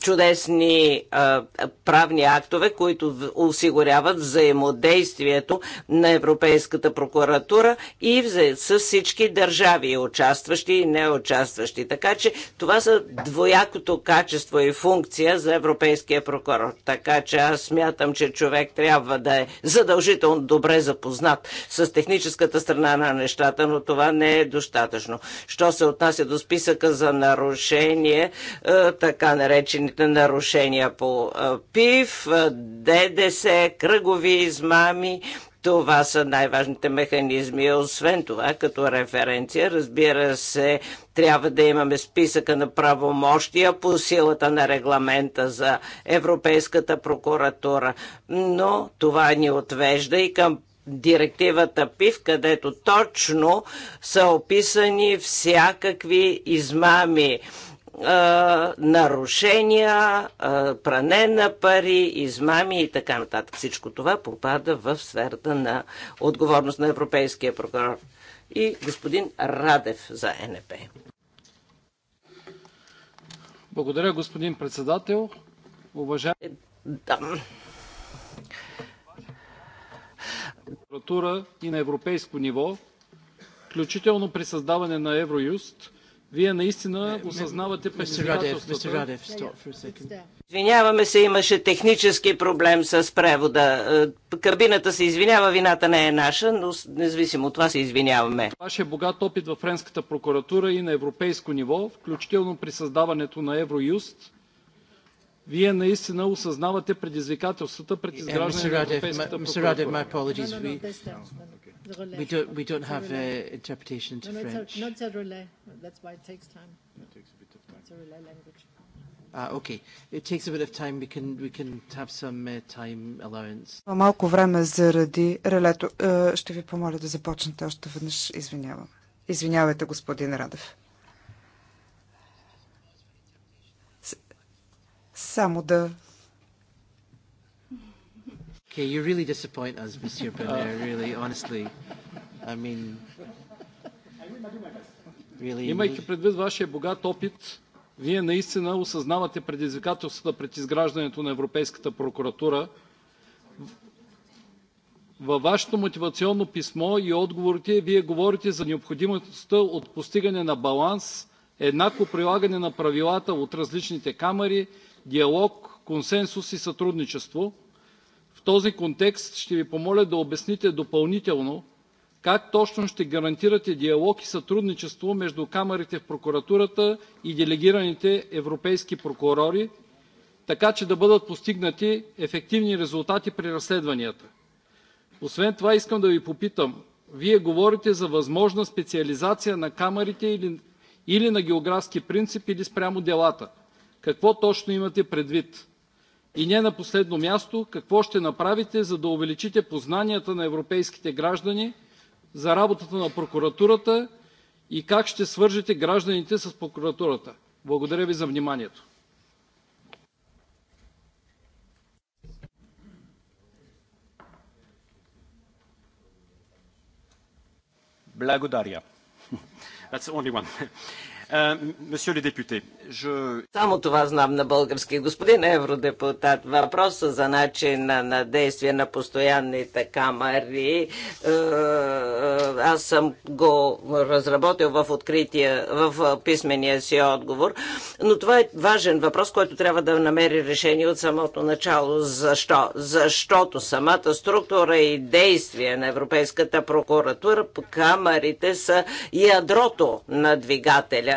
чудесни а, правни актове, които осигуряват взаимодействието на Европейската прокуратура и вза... с всички държави, участващи и неучастващи. Така че това са двоякото качество и функция за Европейския прокурор. Така че аз смятам, че човек трябва да е задължително добре запознат с техническата страна на нещата, но това не е достатъчно. Що се отнася до списъка за нарушение, а, така наречено наречените нарушения по ПИВ, ДДС, кръгови измами. Това са най-важните механизми. Освен това, като референция, разбира се, трябва да имаме списъка на правомощия по силата на регламента за Европейската прокуратура. Но това ни отвежда и към директивата ПИВ, където точно са описани всякакви измами нарушения, пране на пари, измами и така нататък. Всичко това попада в сферата на отговорност на Европейския прокурор. И господин Радев за НП. Благодаря, господин председател. Уважаеми... Е, да. и на европейско ниво, включително при създаване на Евроюст – вие наистина осъзнавате предизвикателствата. Извиняваме се, имаше технически проблем с превода. Е, кабината се извинява, вината не е наша, но независимо от това се извиняваме. Вашия е богат опит в Френската прокуратура и на европейско ниво, включително при създаването на Евроюст, вие наистина осъзнавате предизвикателствата пред е, изграждане на Европейската прокуратура. We don't, we don't have uh, interpretation to no, no, French. No, it's a Zerolais. That's why it takes time. It takes a bit of time. It's a Zerolais language. А, okay. It takes a bit of time. We can, we can have some uh, time allowance. Малко време заради релето. Ще ви помоля да започнете още веднъж. Извинявам. Извинявайте, господин Радев. Само да Okay, you really disappoint us, Monsieur Bernard, really, honestly. I mean... Really... Имайки предвид вашия богат опит, вие наистина осъзнавате предизвикателствата пред изграждането на Европейската прокуратура. Във вашето мотивационно писмо и отговорите вие говорите за необходимостта от постигане на баланс, еднакво прилагане на правилата от различните камери, диалог, консенсус и сътрудничество – в този контекст ще Ви помоля да обясните допълнително как точно ще гарантирате диалог и сътрудничество между камарите в прокуратурата и делегираните европейски прокурори, така че да бъдат постигнати ефективни резултати при разследванията. Освен това искам да Ви попитам, Вие говорите за възможна специализация на камарите или, или на географски принцип, или спрямо делата. Какво точно имате предвид? И не на последно място, какво ще направите, за да увеличите познанията на европейските граждани за работата на прокуратурата и как ще свържете гражданите с прокуратурата? Благодаря ви за вниманието. Благодаря. That's the only one. Само това знам на български. Господин евродепутат, въпроса за начина на действие на постоянните камери, е, е, аз съм го разработил в открития, в писмения си отговор, но това е важен въпрос, който трябва да намери решение от самото начало. Защо? Защото самата структура и действие на Европейската прокуратура, камерите са ядрото на двигателя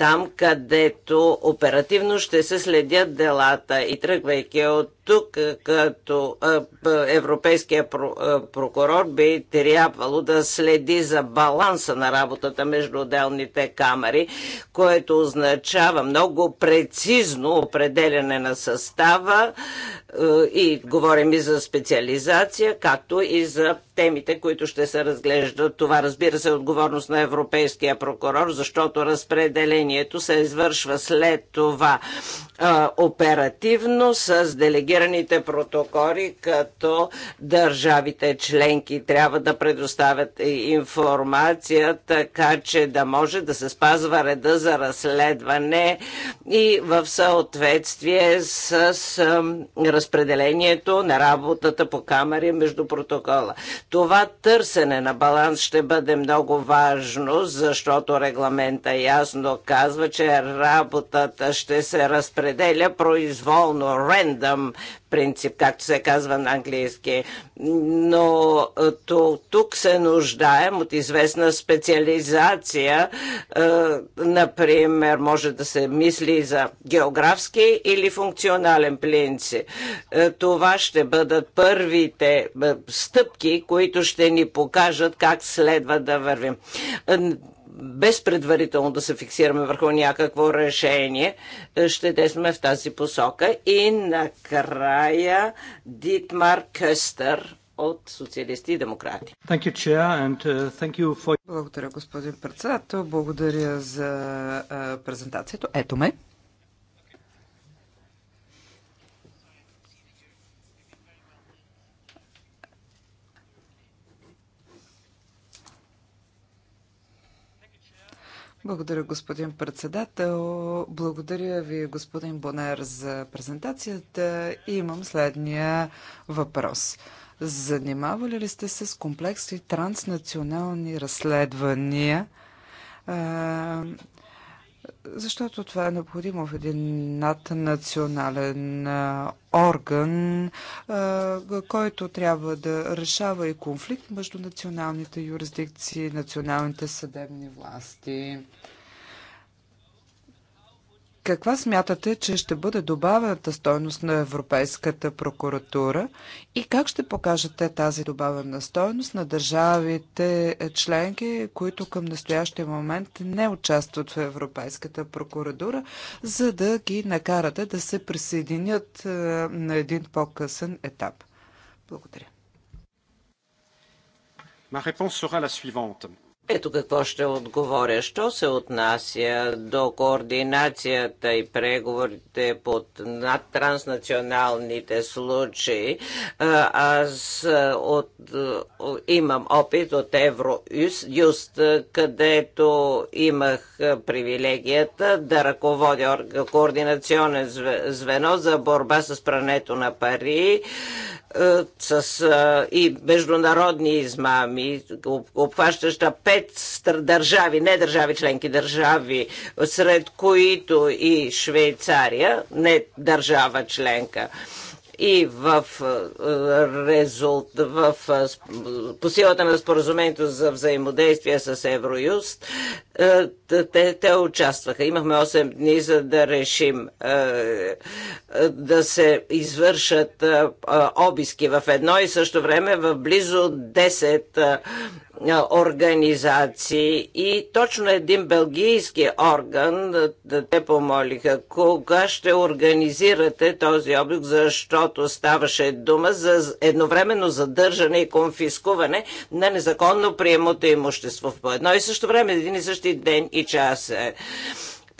там, където оперативно ще се следят делата. И тръгвайки от тук, е, като е, европейския е, прокурор би трябвало да следи за баланса на работата между отделните камери, което означава много прецизно определяне на състава и говорим и за специализация, както и за темите, които ще се разглеждат. Това разбира се е отговорност на европейския прокурор, защото разпределение изпълнението се извършва след това а, оперативно с делегираните протоколи, като държавите членки трябва да предоставят информация, така че да може да се спазва реда за разследване и в съответствие с а, разпределението на работата по камери между протокола. Това търсене на баланс ще бъде много важно, защото регламента ясно казва, казва, че работата ще се разпределя произволно, рендъм принцип, както се казва на английски. Но е, то, тук се нуждаем от известна специализация. Е, например, може да се мисли за географски или функционален принцип. Е, това ще бъдат първите е, стъпки, които ще ни покажат как следва да вървим. Е, без предварително да се фиксираме върху някакво решение, е, ще действаме в тази посока. И накрая Дитмар Къстър от социалисти и демократи. Uh, Благодаря, господин председател. Благодаря за презентацията. Ето ме. Благодаря, господин председател. Благодаря ви, господин Бонер, за презентацията. И имам следния въпрос. Занимавали ли сте се с комплексни транснационални разследвания? защото това е необходимо в един наднационален орган, който трябва да решава и конфликт между националните юрисдикции, националните съдебни власти каква смятате, че ще бъде добавената стойност на Европейската прокуратура и как ще покажете тази добавена стойност на държавите е, членки, които към настоящия момент не участват в Европейската прокуратура, за да ги накарате да се присъединят е, на един по-късен етап? Благодаря. Ma réponse sera la suivante. Ето какво ще отговоря. Що се отнася до координацията и преговорите под над транснационалните случаи, аз от, имам опит от Евроюст, където имах привилегията да ръководя координационен звено за борба с прането на пари с, и международни измами, обхващаща 5 пет държави, не държави членки, държави, сред които и Швейцария, не държава членка и в, е, резулт, в, е, по силата на споразумението за взаимодействие с Евроюст, е, те, те участваха. Имахме 8 дни, за да решим да се извършат обиски в едно и също време в близо 10 организации и точно един белгийски орган да те помолиха кога ще организирате този обик, защото ставаше дума за едновременно задържане и конфискуване на незаконно приемото имущество в по едно и също време, един и същи ден и час.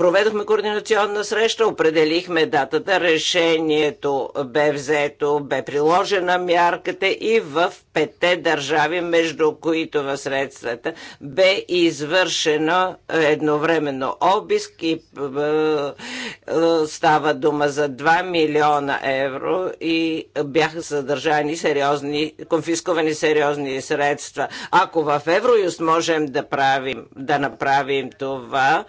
Проведохме координационна среща, определихме датата, решението бе взето, бе приложена мярката и в пете държави, между които в средствата, бе извършено едновременно обиск и е, е, става дума за 2 милиона евро и бяха съдържани, сериозни, конфискувани сериозни средства. Ако в Евроюст можем да правим, да направим това,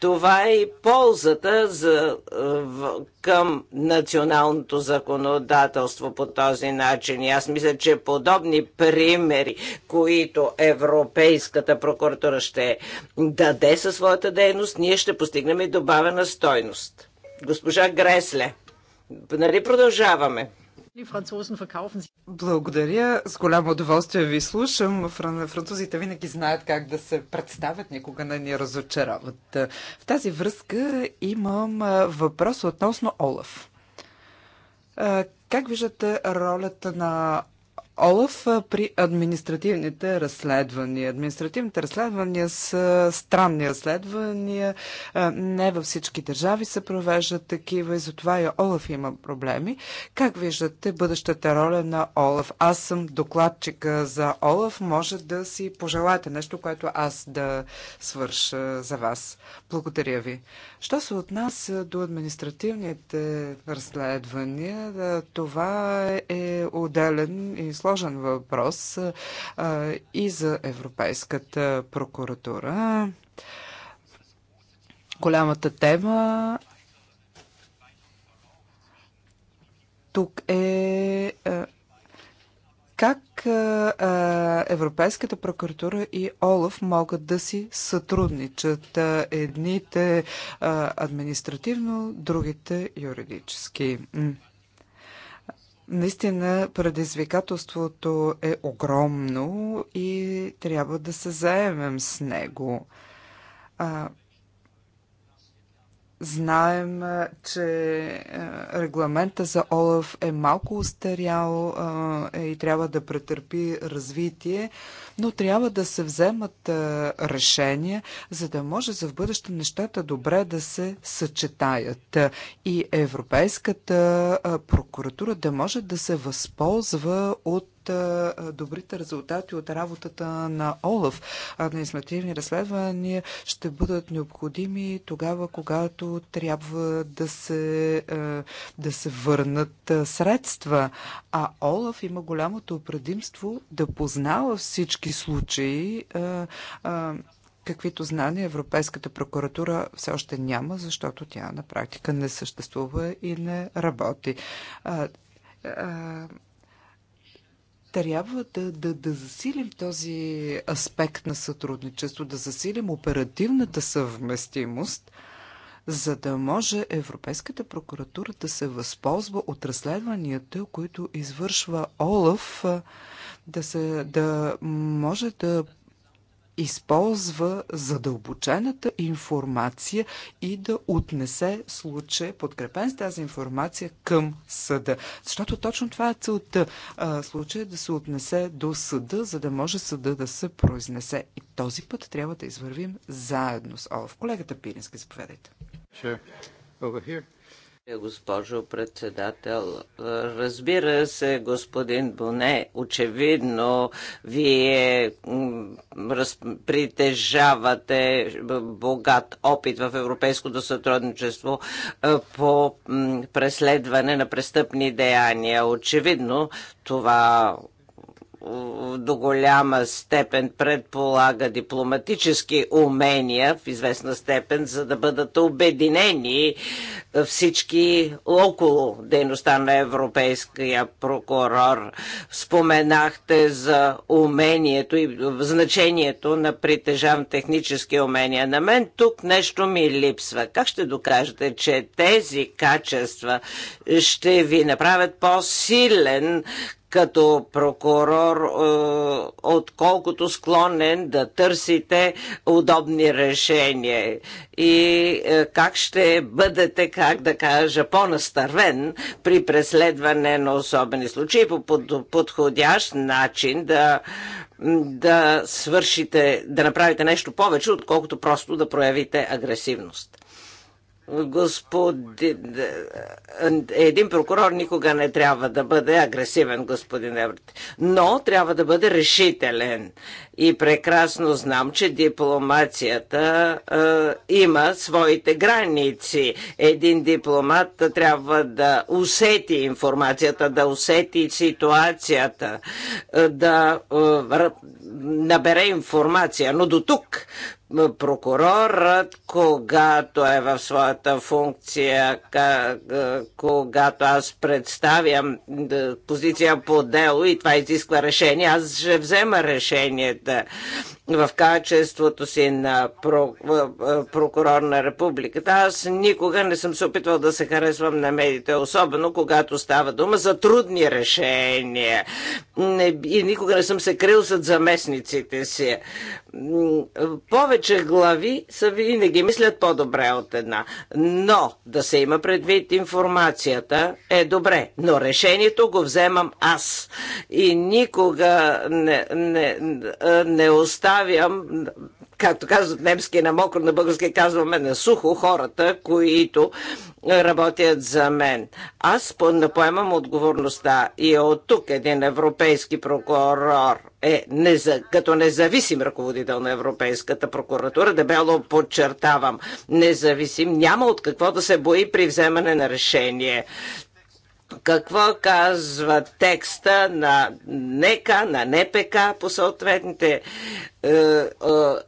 това е и ползата за, е, в, към националното законодателство по този начин. И аз мисля, че подобни примери, които Европейската прокуратура ще даде със своята дейност, ние ще постигнем и добавена стойност. Госпожа Гресле, нали продължаваме? Благодаря. С голямо удоволствие ви слушам. Французите винаги знаят как да се представят, никога не ни разочароват. В тази връзка имам въпрос относно Олаф. Как виждате ролята на Олаф при административните разследвания. Административните разследвания са странни разследвания. Не във всички държави се провеждат такива и затова и Олаф има проблеми. Как виждате бъдещата роля на Олаф? Аз съм докладчика за Олаф. Може да си пожелаете нещо, което аз да свърша за вас. Благодаря ви. Що се отнася до административните разследвания, това е, е отделен и сложен въпрос и за Европейската прокуратура. Голямата тема тук е как Европейската прокуратура и ОЛАФ могат да си сътрудничат едните административно, другите юридически. Наистина предизвикателството е огромно и трябва да се заемем с него. А, знаем, че регламента за ОЛАФ е малко устарял а, е, и трябва да претърпи развитие, но трябва да се вземат решения, за да може за в бъдеще нещата добре да се съчетаят и Европейската прокуратура да може да се възползва от добрите резултати от работата на ОЛАФ. Административни разследвания ще бъдат необходими тогава, когато трябва да се, да се върнат средства. А ОЛАФ има голямото предимство да познава всички всички случаи, каквито знания Европейската прокуратура все още няма, защото тя на практика не съществува и не работи. Трябва да, да, да засилим този аспект на сътрудничество, да засилим оперативната съвместимост – за да може Европейската прокуратура да се възползва от разследванията, които извършва Олаф, да, се, да може да използва задълбочената информация и да отнесе случай, подкрепен с тази информация, към съда. Защото точно това е целта. Случай да се отнесе до съда, за да може съда да се произнесе. И този път трябва да извървим заедно с Олаф. Колегата Пирински, заповядайте. Е, госпожо председател, разбира се, господин Боне, очевидно вие притежавате богат опит в европейското сътрудничество е, по преследване на престъпни деяния. Очевидно това до голяма степен предполага дипломатически умения в известна степен, за да бъдат обединени всички около дейността на европейския прокурор. Споменахте за умението и значението на притежавам технически умения. На мен тук нещо ми липсва. Как ще докажете, че тези качества ще ви направят по-силен като прокурор, е, отколкото склонен да търсите удобни решения. И е, как ще бъдете, как да кажа, по-настървен при преследване на особени случаи по подходящ начин да, да свършите, да направите нещо повече, отколкото просто да проявите агресивност господин... Е, един прокурор никога не трябва да бъде агресивен, господин Еврот, но трябва да бъде решителен. И прекрасно знам, че дипломацията е, има своите граници. Един дипломат трябва да усети информацията, да усети ситуацията, е, да е, набере информация. Но до тук прокурорът, когато е в своята функция, е, когато аз представям е, позиция по дело и това изисква решение, аз ще взема да в качеството си на прокурор на републиката. Аз никога не съм се опитвал да се харесвам на медиите, особено когато става дума за трудни решения. и никога не съм се крил зад заместниците си. Повече глави са винаги мислят по-добре от една. Но да се има предвид информацията е добре. Но решението го вземам аз. И никога не, не, не остава оставям, както казват немски на мокро, на български казваме на сухо хората, които работят за мен. Аз поемам отговорността и е от тук един европейски прокурор е неза, като независим ръководител на Европейската прокуратура, дебело подчертавам, независим, няма от какво да се бои при вземане на решение какво казва текста на НЕКА, на НПК по съответните е, е,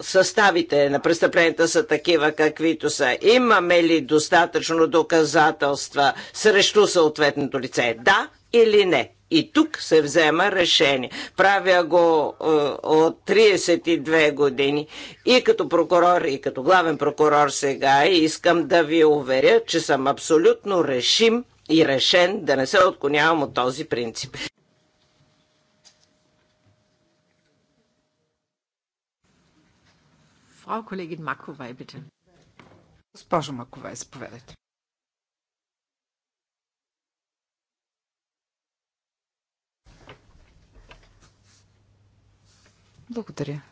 съставите на престъпленията са такива каквито са. Имаме ли достатъчно доказателства срещу съответното лице? Да или не? И тук се взема решение. Правя го е, от 32 години и като прокурор, и като главен прокурор сега и искам да ви уверя, че съм абсолютно решим и решен да не се отклонявам от този принцип. Фрау колегин Маковай, бите. Госпожо Маковай, заповядайте. Благодаря.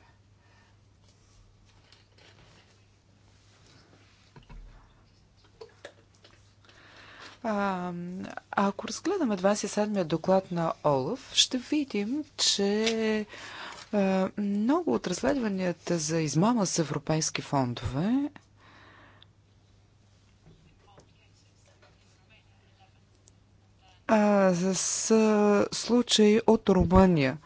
А, ако разгледаме 27-я доклад на Олаф, ще видим, че а, много от разследванията за измама с европейски фондове а, с случаи от Румъния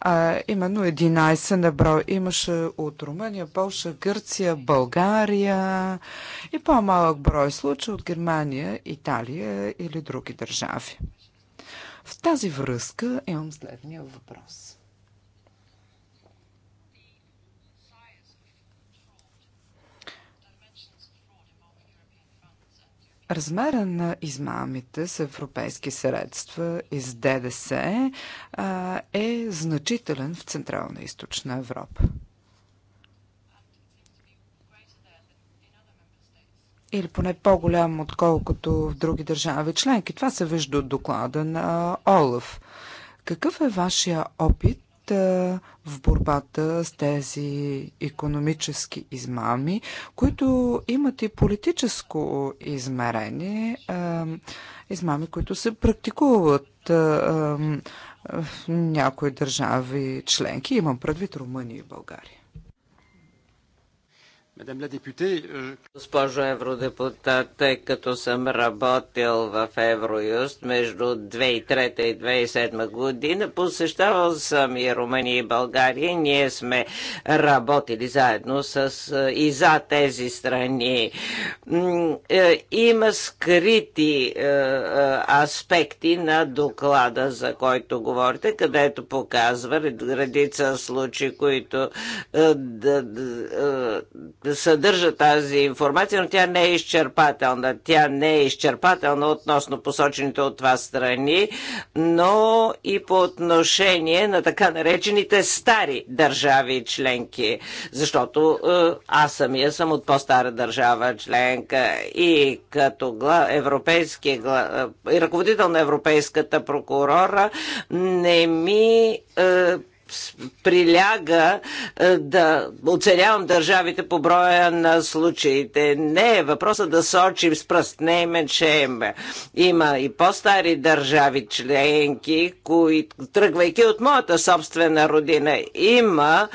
а, именно 11 на брой. Имаше от Румъния, Полша, Гърция, България и по-малък брой случаи от Германия, Италия или други държави. В тази връзка имам следния въпрос. Размера на измамите с европейски средства и с ДДС е значителен в Централна и Източна Европа. или поне по-голям, отколкото в други държави членки. Това се вижда от доклада на Олаф. Какъв е вашия опит в борбата с тези економически измами, които имат и политическо измерение, измами, които се практикуват в някои държави членки, имам предвид Румъния и България. Euh, Госпожо евродепутат, тъй като съм работил в Евроюст между 2003 и 2007 година, посещавал съм и Румъния и България. Ние сме работили заедно с, и за тези страни. Е, има скрити е, е, аспекти на доклада, за който говорите, където показва редица случаи, които съдържа тази информация, но тя не е изчерпателна. Тя не е изчерпателна относно посочените от вас страни, но и по отношение на така наречените стари държави членки. Защото е, аз самия съм от по-стара държава членка и като гла, европейски, гла, е, и ръководител на Европейската прокурора не ми е, приляга е, да оценявам държавите по броя на случаите. Не е въпроса да сочим с пръст, не е че има и по-стари държави членки, кои, тръгвайки от моята собствена родина, има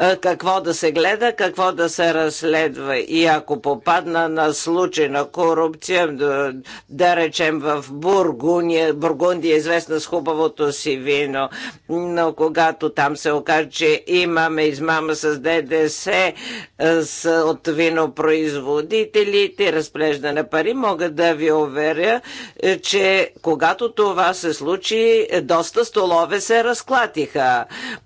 е, какво да се гледа, какво да се разследва. И ако попадна на случай на корупция, да, да речем в Бургундия, Бургундия, е известна с хубавото си вино, но когато там се окаже, че имаме измама с ДДС е, с, от винопроизводителите, разплеждане пари. Мога да ви уверя, е, че когато това се случи, доста столове се разклатиха. Е,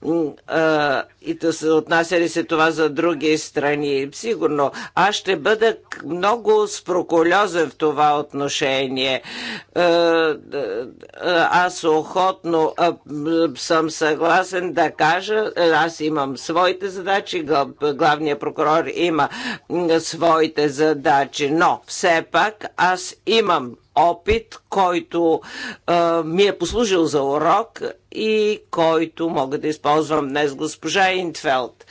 и то се отнася ли се това за други страни? Сигурно. Аз ще бъда много спроколезен в това отношение. Е, е, е, аз охотно съм съгласен да кажа, аз имам своите задачи, главният прокурор има своите задачи, но все пак аз имам опит, който а, ми е послужил за урок и който мога да използвам днес госпожа Интфелд.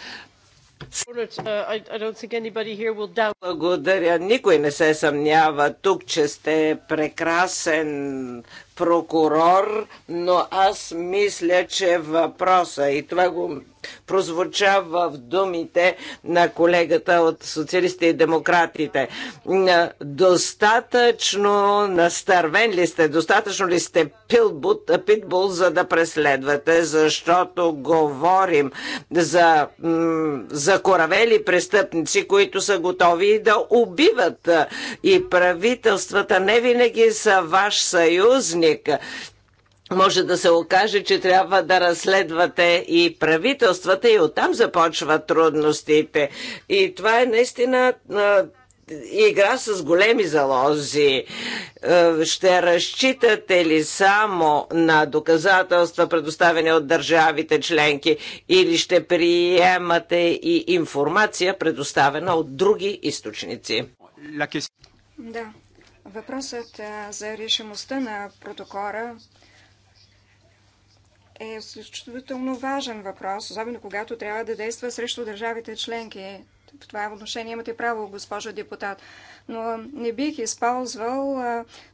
Благодаря. Никой не се съмнява тук, че сте прекрасен прокурор, но аз мисля, че въпроса и това го прозвуча в думите на колегата от социалистите и демократите. Достатъчно настървен ли сте, достатъчно ли сте питбул, за да преследвате, защото говорим за, за коравели престъпници, които са готови да убиват и правителствата не винаги са ваш съюзник може да се окаже, че трябва да разследвате и правителствата и оттам започват трудностите. И това е наистина игра с големи залози. Е, ще разчитате ли само на доказателства, предоставени от държавите членки, или ще приемате и информация, предоставена от други източници? Да. Въпросът за решимостта на протокола е изключително важен въпрос, особено когато трябва да действа срещу държавите членки. В това отношение имате право, госпожо депутат. Но не бих използвал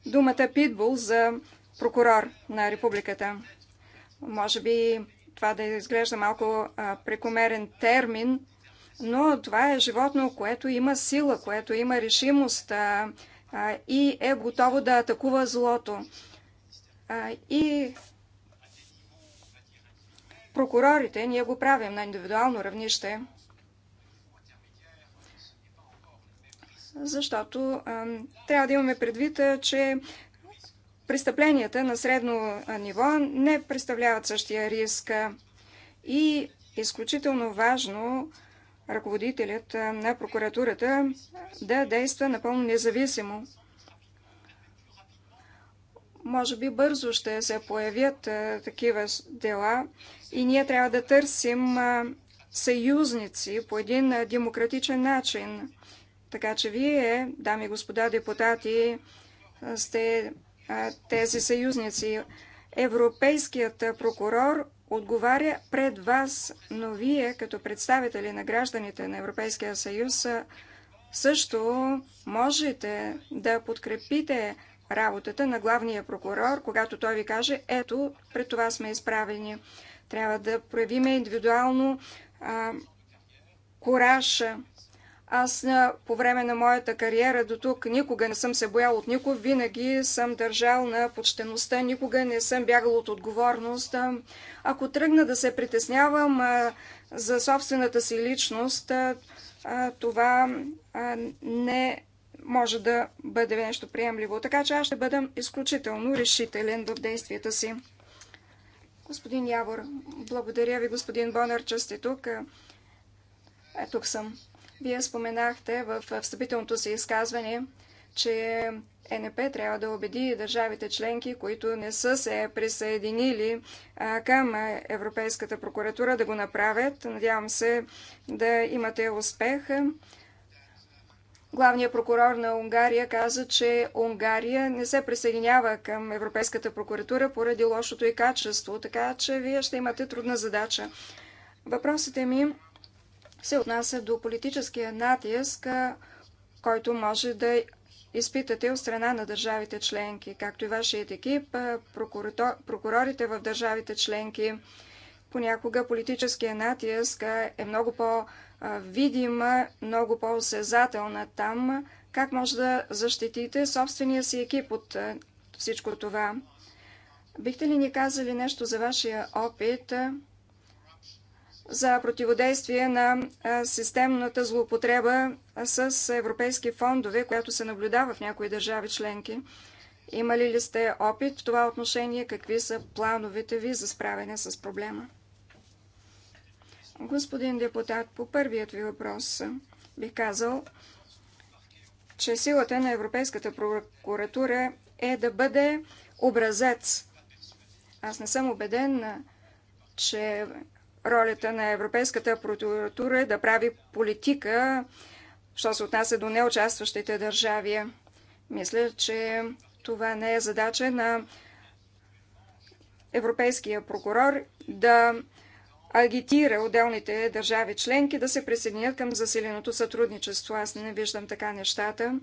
думата питбул за прокурор на републиката. Може би това да изглежда малко прекомерен термин, но това е животно, което има сила, което има решимост и е готово да атакува злото. И прокурорите, ние го правим на индивидуално равнище, защото а, трябва да имаме предвид, че престъпленията на средно ниво не представляват същия риск. И изключително важно ръководителят на прокуратурата да действа напълно независимо. Може би бързо ще се появят такива дела и ние трябва да търсим съюзници по един демократичен начин. Така че вие, дами и господа депутати, сте тези съюзници. Европейският прокурор отговаря пред вас, но вие, като представители на гражданите на Европейския съюз, също можете да подкрепите работата на главния прокурор, когато той ви каже, ето, пред това сме изправени. Трябва да проявиме индивидуално а, кураша. Аз на, по време на моята кариера до тук никога не съм се боял от никой, винаги съм държал на почтеността, никога не съм бягал от отговорност. Ако тръгна да се притеснявам а, за собствената си личност, а, а, това а, не може да бъде нещо приемливо. Така че аз ще бъда изключително решителен в действията си. Господин Явор, благодаря ви, господин Бонар, че сте тук. Е, тук съм. Вие споменахте в встъпителното си изказване, че ЕНП трябва да убеди държавите членки, които не са се присъединили към Европейската прокуратура да го направят. Надявам се да имате успех. Главният прокурор на Унгария каза, че Унгария не се присъединява към Европейската прокуратура поради лошото и качество, така че вие ще имате трудна задача. Въпросите ми се отнася до политическия натиск, който може да изпитате от страна на държавите членки, както и вашият екип, прокурорите в държавите членки. Понякога политическия натиск е много по- видима, много по-осезателна там. Как може да защитите собствения си екип от всичко това? Бихте ли ни казали нещо за вашия опит за противодействие на системната злоупотреба с европейски фондове, която се наблюдава в някои държави членки? Имали ли сте опит в това отношение? Какви са плановете ви за справяне с проблема? Господин депутат, по първият ви въпрос бих казал, че силата на Европейската прокуратура е да бъде образец. Аз не съм убеден, че ролята на Европейската прокуратура е да прави политика, що се отнася до неучастващите държави. Мисля, че това не е задача на европейския прокурор да агитира отделните държави членки да се присъединят към засиленото сътрудничество. Аз не виждам така нещата.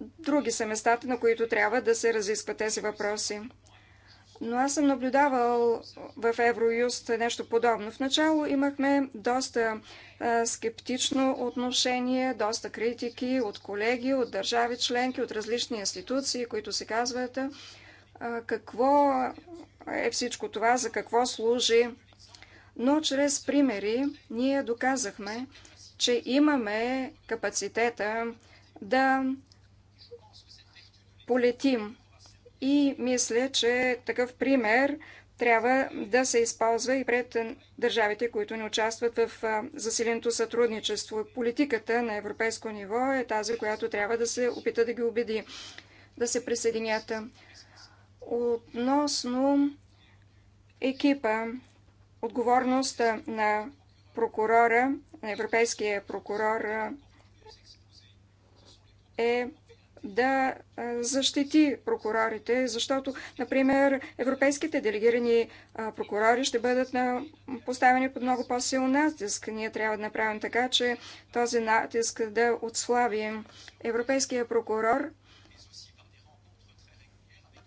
Други са местата, на които трябва да се разискват тези въпроси. Но аз съм наблюдавал в Евроюст нещо подобно. В начало имахме доста скептично отношение, доста критики от колеги, от държави членки, от различни институции, които се казват какво е всичко това, за какво служи. Но чрез примери ние доказахме, че имаме капацитета да полетим. И мисля, че такъв пример трябва да се използва и пред държавите, които не участват в засиленото сътрудничество. Политиката на европейско ниво е тази, която трябва да се опита да ги убеди да се присъединят относно екипа, отговорност на прокурора, на европейския прокурор е да защити прокурорите, защото, например, европейските делегирани прокурори ще бъдат поставени под много по-силен натиск. Ние трябва да направим така, че този натиск да отслаби. Европейския прокурор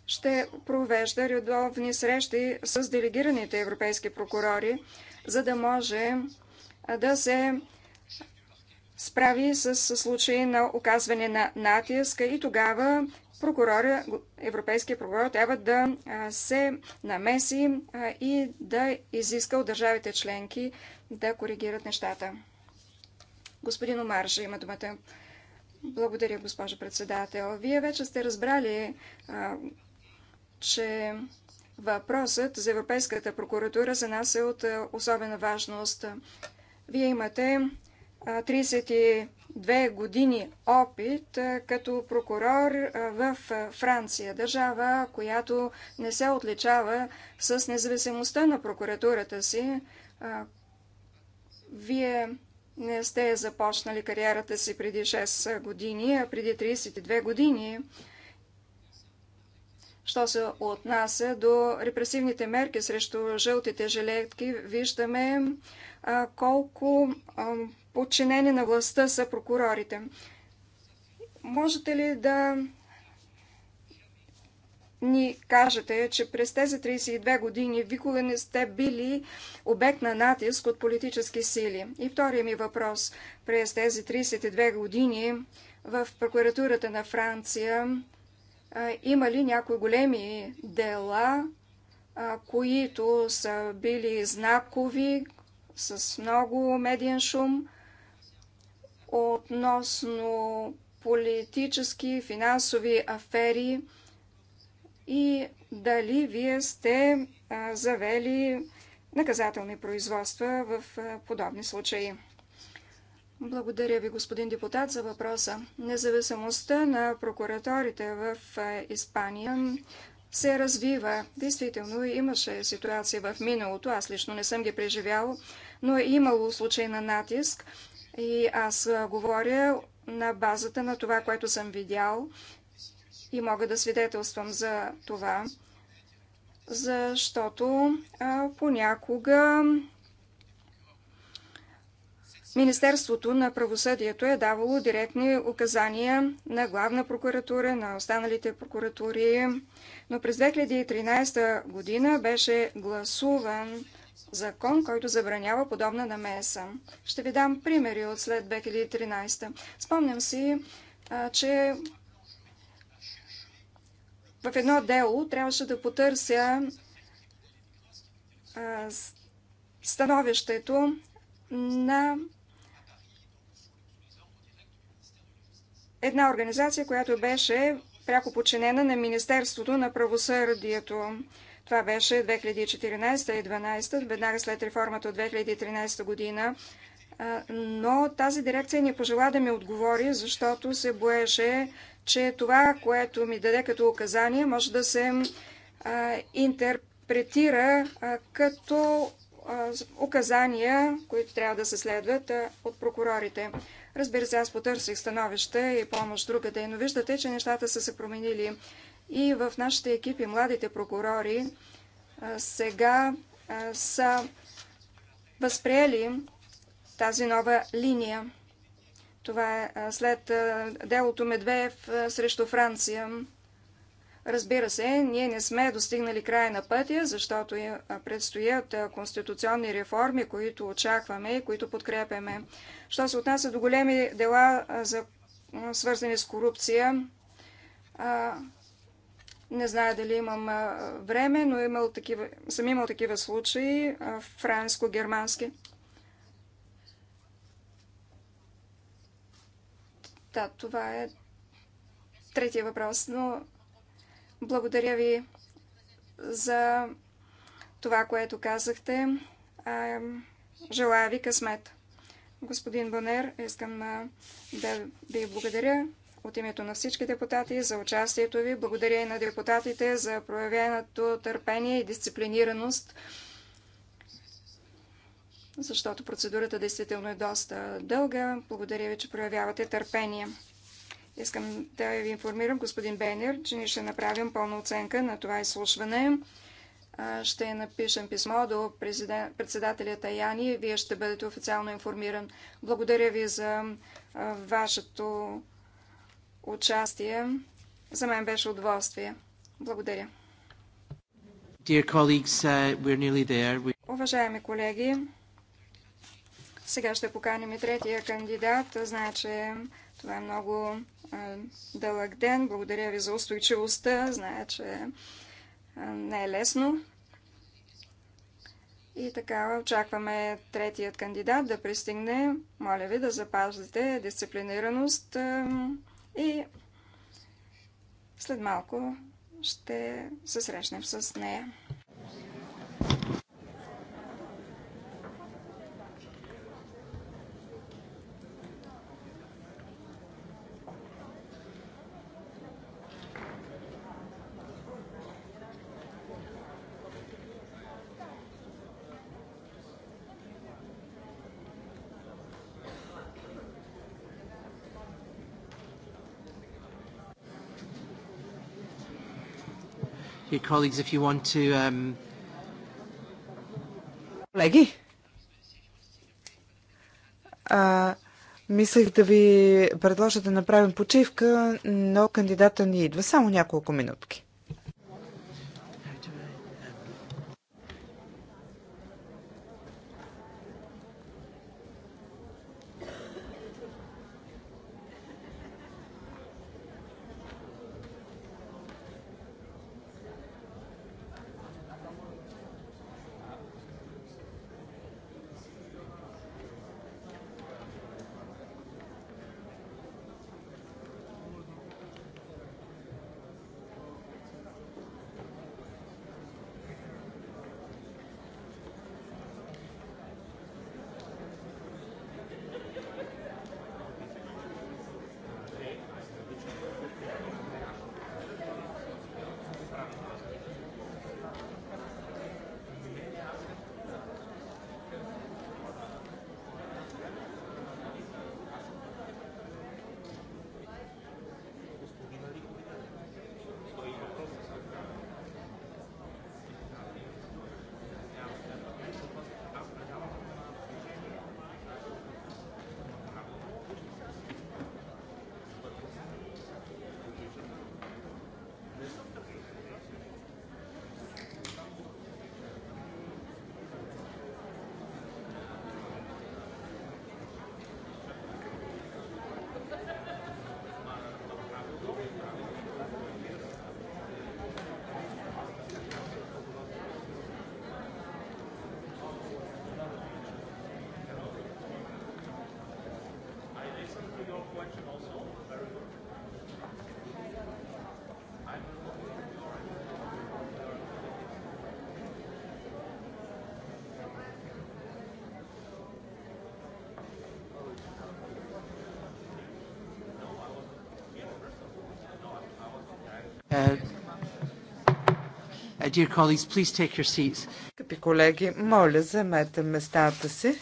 ще провежда редовни срещи с делегираните европейски прокурори, за да може да се справи с случаи на оказване на натиска и тогава европейския прокурор трябва да се намеси и да изиска от държавите членки да коригират нещата. Господин Омаржа има думата. Благодаря, госпожо председател. Вие вече сте разбрали че въпросът за Европейската прокуратура за нас е от е, особена важност. Вие имате 32 години опит като прокурор в Франция, държава, която не се отличава с независимостта на прокуратурата си. Вие не сте започнали кариерата си преди 6 години, а преди 32 години. Що се отнася до репресивните мерки срещу жълтите жилетки, виждаме а, колко а, подчинени на властта са прокурорите. Можете ли да ни кажете, че през тези 32 години викога не сте били обект на натиск от политически сили? И втория ми въпрос. През тези 32 години в прокуратурата на Франция има ли някои големи дела, които са били знакови, с много медиен шум, относно политически, финансови афери и дали вие сте завели наказателни производства в подобни случаи. Благодаря ви, господин депутат, за въпроса. Независимостта на прокураторите в Испания се развива. Действително имаше ситуация в миналото, аз лично не съм ги преживял, но е имало случай на натиск и аз говоря на базата на това, което съм видял и мога да свидетелствам за това, защото а, понякога Министерството на правосъдието е давало директни указания на главна прокуратура, на останалите прокуратури, но през 2013 година беше гласуван закон, който забранява подобна намеса. Ще ви дам примери от след 2013. Спомням си, че в едно дело трябваше да потърся становището на една организация, която беше пряко подчинена на Министерството на правосърдието. Това беше 2014 и 2012, веднага след реформата от 2013 година. Но тази дирекция не пожела да ми отговори, защото се боеше, че това, което ми даде като указание, може да се интерпретира като указания, които трябва да се следват от прокурорите. Разбира се, аз потърсих становище и помощ другаде, но виждате, че нещата са се променили. И в нашите екипи младите прокурори а, сега а, са възприели тази нова линия. Това е след делото Медвеев срещу Франция. Разбира се, ние не сме достигнали края на пътя, защото предстоят конституционни реформи, които очакваме и които подкрепяме. Що се отнася до големи дела, за, свързани с корупция, не зная дали имам време, но имал такива, съм имал такива случаи, франско-германски. Да, това е третия въпрос, но благодаря ви за това, което казахте. Желая ви късмет. Господин Бонер, искам да ви благодаря от името на всички депутати за участието ви. Благодаря и на депутатите за проявеното търпение и дисциплинираност, защото процедурата действително е доста дълга. Благодаря ви, че проявявате търпение. Искам да ви информирам, господин Бейнер, че ние ще направим пълна оценка на това изслушване. Ще напишем писмо до председателя Таяни и вие ще бъдете официално информиран. Благодаря ви за вашето участие. За мен беше удоволствие. Благодаря. Uh, Уважаеми колеги, сега ще поканим и третия кандидат. Знае, че това е много дълъг ден. Благодаря ви за устойчивостта. Зная, че не е лесно. И така, очакваме третият кандидат да пристигне. Моля ви да запазите дисциплинираност и след малко ще се срещнем с нея. colleagues, if you want to... Um... Колеги, а, мислех да ви предложа да направим почивка, но кандидата ни идва. Само няколко минутки. dear colleagues, please take your seats. Скъпи колеги, моля, заемете местата си.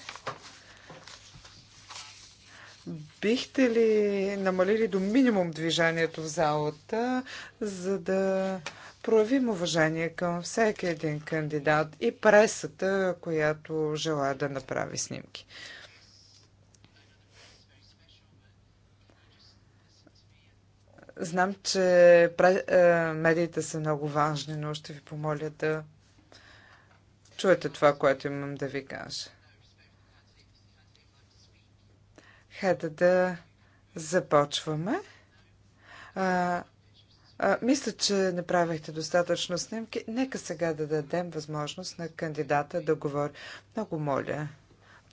Бихте ли намалили до минимум движението в залата, за да проявим уважение към всеки един кандидат и пресата, която желая да направи снимки? Знам, че е, медиите са много важни, но ще ви помоля да чуете това, което имам да ви кажа. Хайде да започваме. А, а, мисля, че направихте достатъчно снимки. Нека сега да дадем възможност на кандидата да говори. Много моля,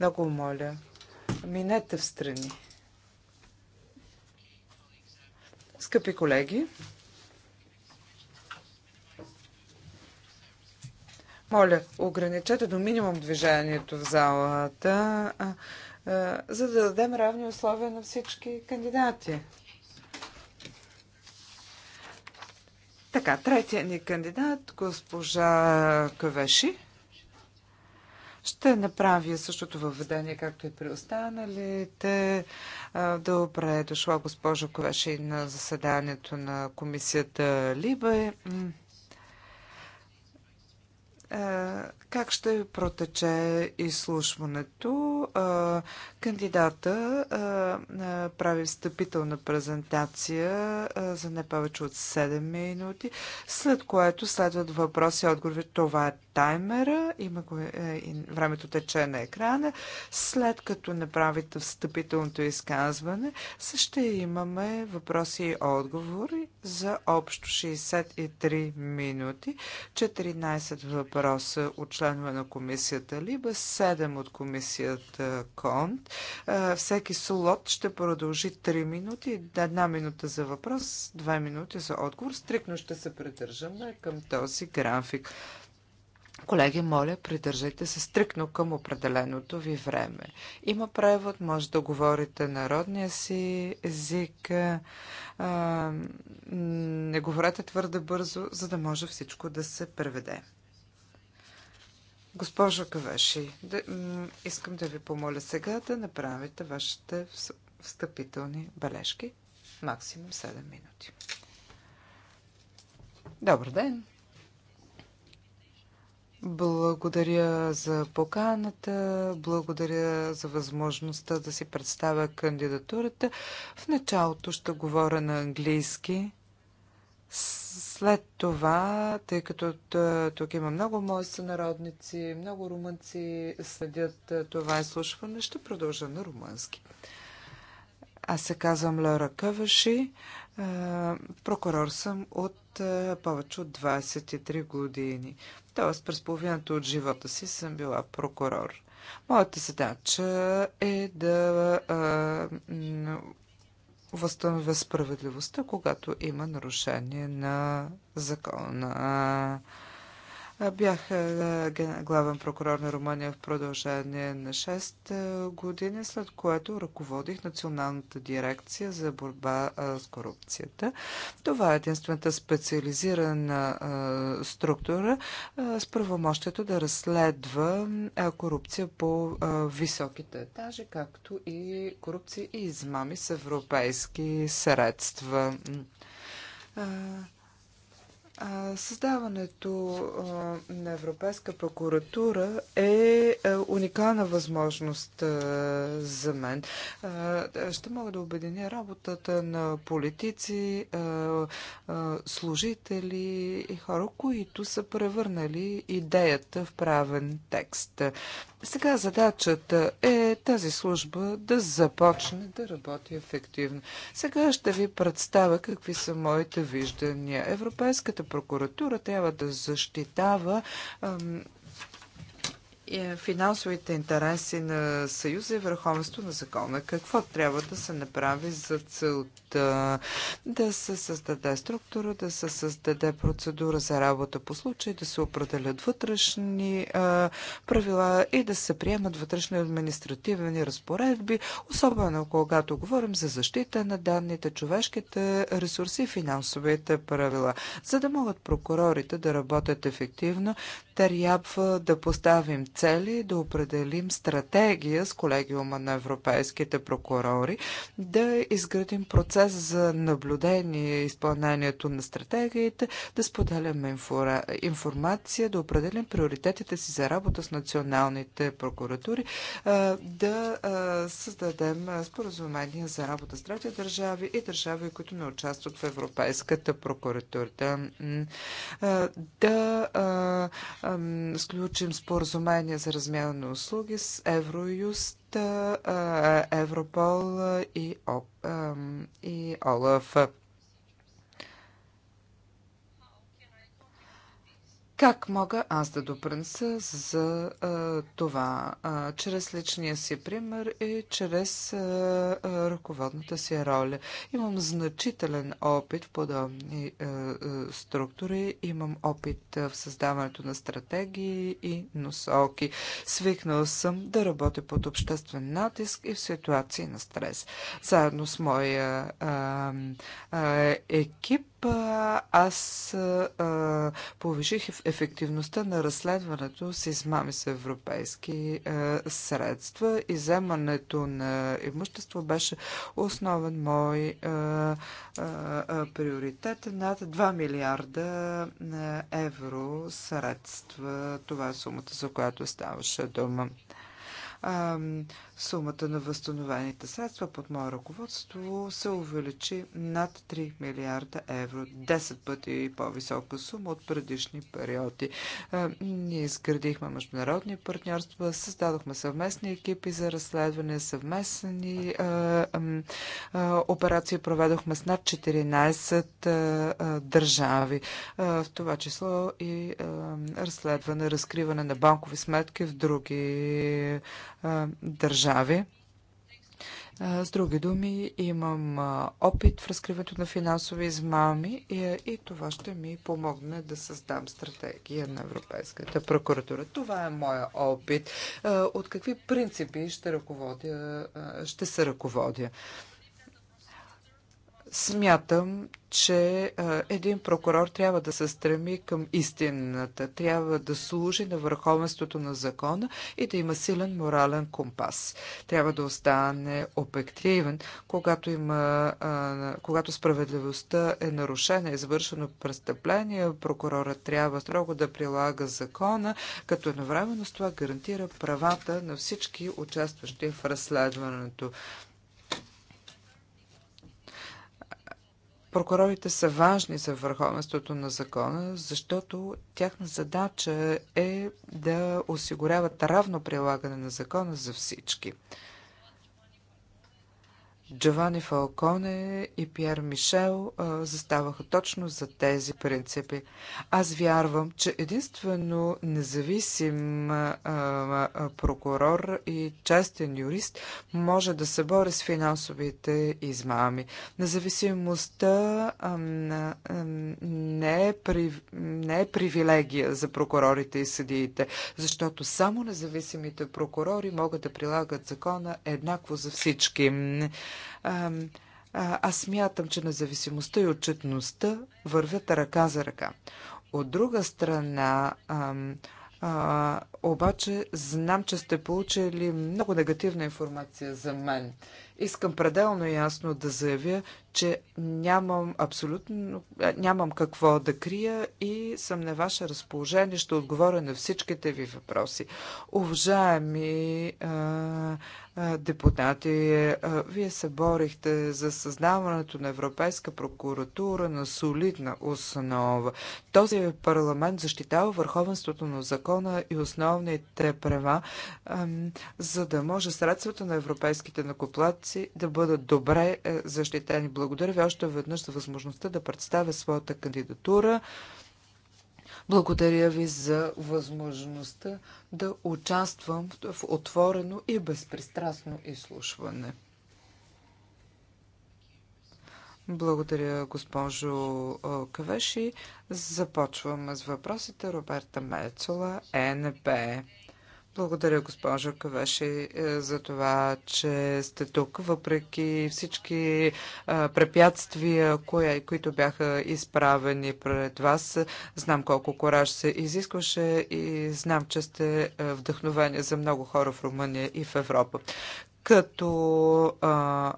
много моля, минете в страни. Скъпи колеги, моля, ограничете до минимум движението в залата, за да дадем равни условия на всички кандидати. Така, третия ни кандидат, госпожа Кавеши. Ще направя същото въведение, както и при останалите. Добре, е дошла госпожа Ковеши на заседанието на комисията Либе. Е, как ще протече изслушването? Е, кандидата е, прави встъпителна презентация за не повече от 7 минути, след което следват въпроси и отговори. Това е таймера, има го, времето тече на екрана. След като направите встъпителното изказване, ще имаме въпроси и отговори за общо 63 минути, 14 въпроси въпроса от членове на комисията Либа, 7 от комисията Конт. Е, всеки слот ще продължи 3 минути, една минута за въпрос, 2 минути за отговор. Стрикно ще се придържаме към този график. Колеги, моля, придържайте се стрикно към определеното ви време. Има превод, може да говорите народния си език. А, е, не говорете твърде бързо, за да може всичко да се преведе. Госпожо Кавеши, да, искам да ви помоля сега да направите вашите встъпителни бележки. Максимум 7 минути. Добър ден! Благодаря за поканата, благодаря за възможността да си представя кандидатурата. В началото ще говоря на английски. След това, тъй като тук има много мои сънародници, много румънци следят е, това изслушване, ще продължа на румънски. Аз се казвам Лера Къваши, е, прокурор съм от е, повече от 23 години. Тоест, през половината от живота си съм била прокурор. Моята задача е да възстановя справедливостта, когато има нарушение на закона. Бях главен прокурор на Румъния в продължение на 6 години, след което ръководих Националната дирекция за борба с корупцията. Това е единствената специализирана структура с правомощието да разследва корупция по високите етажи, както и корупция и измами с европейски средства. Създаването на Европейска прокуратура е, е уникална възможност за мен. Ще мога да обединя работата на политици, служители и хора, които са превърнали идеята в правен текст. Сега задачата е тази служба да започне да работи ефективно. Сега ще ви представя какви са моите виждания. Европейската прокуратура трябва да защитава е, финансовите интереси на Съюза и върховенство на закона. Какво трябва да се направи за целта да се създаде структура, да се създаде процедура за работа по случай, да се определят вътрешни а, е, правила и да се приемат вътрешни административни разпоредби, особено когато говорим за защита на данните, човешките ресурси и финансовите правила. За да могат прокурорите да работят ефективно, трябва да поставим цели, да определим стратегия с колегиума на европейските прокурори, да изградим процес за наблюдение и изпълнението на стратегиите, да споделяме инфора... информация, да определим приоритетите си за работа с националните прокуратури, да създадем споразумения за работа с трети държави и държави, които не участват в Европейската прокуратура. Да, да сключим споразумение за размяна на услуги с Евроюст, Европол и ОЛАФ. Как мога аз да допринеса за а, това? А, чрез личния си пример и чрез а, а, ръководната си роля. Имам значителен опит в подобни а, а, структури, имам опит в създаването на стратегии и носоки. Свикнал съм да работя под обществен натиск и в ситуации на стрес. Заедно с моя а, а, екип аз а, повиших ефективността на разследването с измами с европейски а, средства и вземането на имущество беше основен мой а, а, приоритет. Над 2 милиарда евро средства. Това е сумата, за която ставаше дума Сумата на възстановените средства под мое ръководство се увеличи над 3 милиарда евро, 10 пъти и по-висока сума от предишни периоди. Е, ние изградихме международни партньорства, създадохме съвместни екипи за разследване, съвместни е, е, операции проведохме с над 14 държави, в това число и разследване, разкриване на банкови сметки в други държави държави. С други думи, имам опит в разкриването на финансови измами и, и това ще ми помогне да създам стратегия на Европейската прокуратура. Това е моя опит. От какви принципи ще, ръководя, ще се ръководя? Смятам, че един прокурор трябва да се стреми към истината, трябва да служи на върховенството на закона и да има силен морален компас. Трябва да остане обективен, когато, има, когато справедливостта е нарушена, извършено престъпление, прокурора трябва строго да прилага закона, като едновременно с това гарантира правата на всички участващи в разследването. Прокурорите са важни за върховенството на закона, защото тяхна задача е да осигуряват равно прилагане на закона за всички. Джовани Фалконе и Пьер Мишел а, заставаха точно за тези принципи. Аз вярвам, че единствено независим а, а, прокурор и частен юрист може да се бори с финансовите измами. Независимостта а, а, не, е при, не е привилегия за прокурорите и съдиите, защото само независимите прокурори могат да прилагат закона еднакво за всички. Аз смятам, че независимостта и отчетността вървят ръка за ръка. От друга страна, обаче знам, че сте получили много негативна информация за мен. Искам пределно ясно да заявя, че нямам абсолютно е, нямам какво да крия и съм на ваше разположение. Ще отговоря на всичките ви въпроси. Уважаеми а, е, а, е, депутати, а, вие се борихте за създаването на Европейска прокуратура на солидна основа. Този парламент защитава върховенството на закона и основа социалните права, за да може средствата на европейските накоплаци да бъдат добре е, защитени. Благодаря ви още веднъж за възможността да представя своята кандидатура. Благодаря ви за възможността да участвам в отворено и безпристрастно изслушване. Благодаря, госпожо Кавеши. Започваме с въпросите. Роберта Мецола, ЕНП. Благодаря, госпожо Кавеши, е, за това, че сте тук, въпреки всички препятствия, които бяха изправени пред вас. Знам колко кораж се изискваше и знам, че сте е, вдъхновени за много хора в Румъния и в Европа. Като а,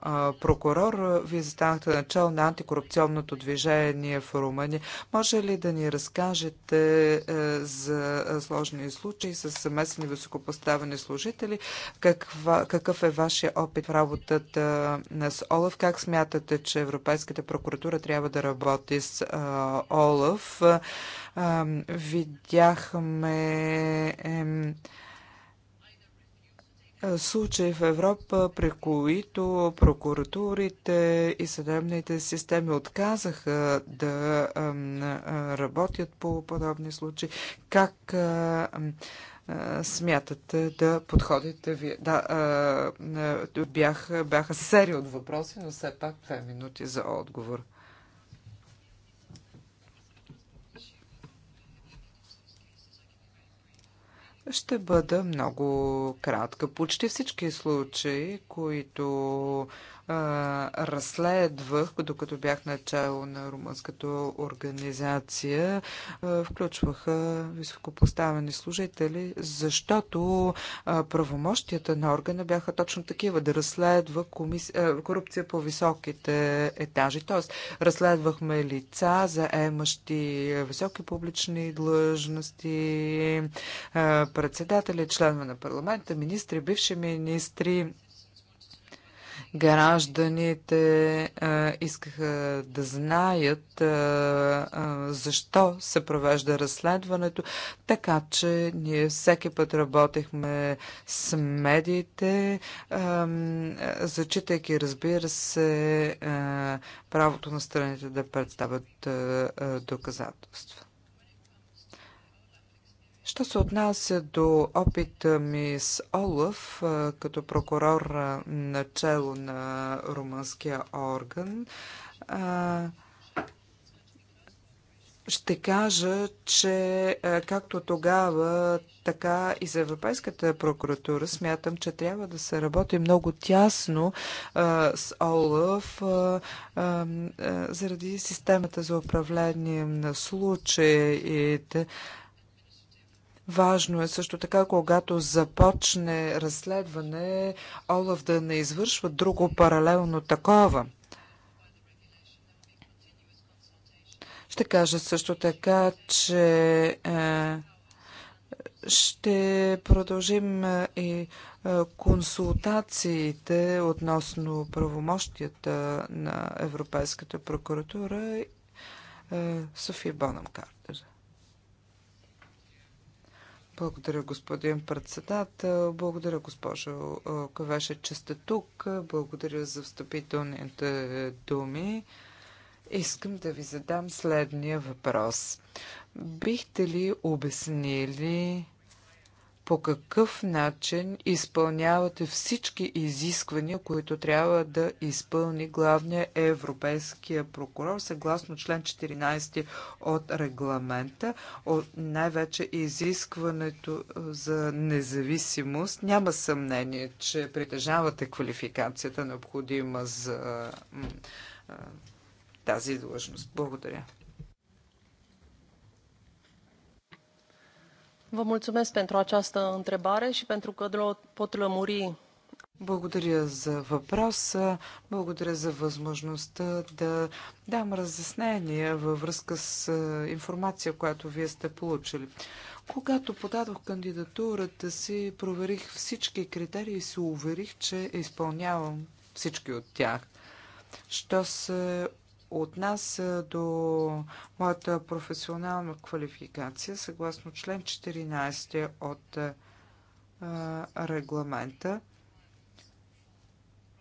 а, прокурор, вие застанахте начало на антикорупционното движение в Румъния. Може ли да ни разкажете а, за сложни случаи с съместни високопоставени служители? Каква, какъв е вашия опит в работата на с ОЛАФ? Как смятате, че Европейската прокуратура трябва да работи с а, ОЛАФ? А, видяхме. Е, случаи в Европа, при които прокуратурите и съдебните системи отказаха да работят по подобни случаи. Как смятате да подходите вие? Да, бях, бяха серия от въпроси, но все пак две минути за отговор. Ще бъда много кратка. Почти всички случаи, които разследвах, докато бях начало на румънската организация, включваха високопоставени служители, защото правомощията на органа бяха точно такива да разследва корупция по високите етажи. Т.е. разследвахме лица, заемащи високи публични длъжности, председатели, членове на парламента, министри, бивши министри Гражданите а, искаха да знаят а, а, защо се провежда разследването, така че ние всеки път работехме с медиите, а, зачитайки, разбира се, а, правото на страните да представят а, а, доказателства. Що се отнася до опита ми с Олаф като прокурор начало на румънския орган, ще кажа, че както тогава, така и за Европейската прокуратура смятам, че трябва да се работи много тясно а, с ОЛАФ а, а, заради системата за управление на случаите. Важно е също така, когато започне разследване, Олаф да не извършва друго паралелно такова. Ще кажа също така, че е, ще продължим е, и е, консултациите относно правомощията на Европейската прокуратура София Бонам Картер. Благодаря, господин председател. Благодаря, госпожо Каваше, че сте тук. Благодаря за встъпителните е, думи. Искам да ви задам следния въпрос. Бихте ли обяснили по какъв начин изпълнявате всички изисквания, които трябва да изпълни главния европейския прокурор, съгласно член 14 от регламента, от най-вече изискването е, за независимост. Няма съмнение, че притежавате квалификацията необходима за е, тази длъжност. Благодаря. Vă mulțumesc pentru această întrebare și pentru că pot lămuri. Благодаря за въпроса, благодаря за възможността да дам разяснение във връзка с е, информация, която вие сте получили. Когато подадох кандидатурата си, проверих всички критерии и се уверих, че изпълнявам всички от тях. Що се от нас до моята професионална квалификация, съгласно член 14 от регламента,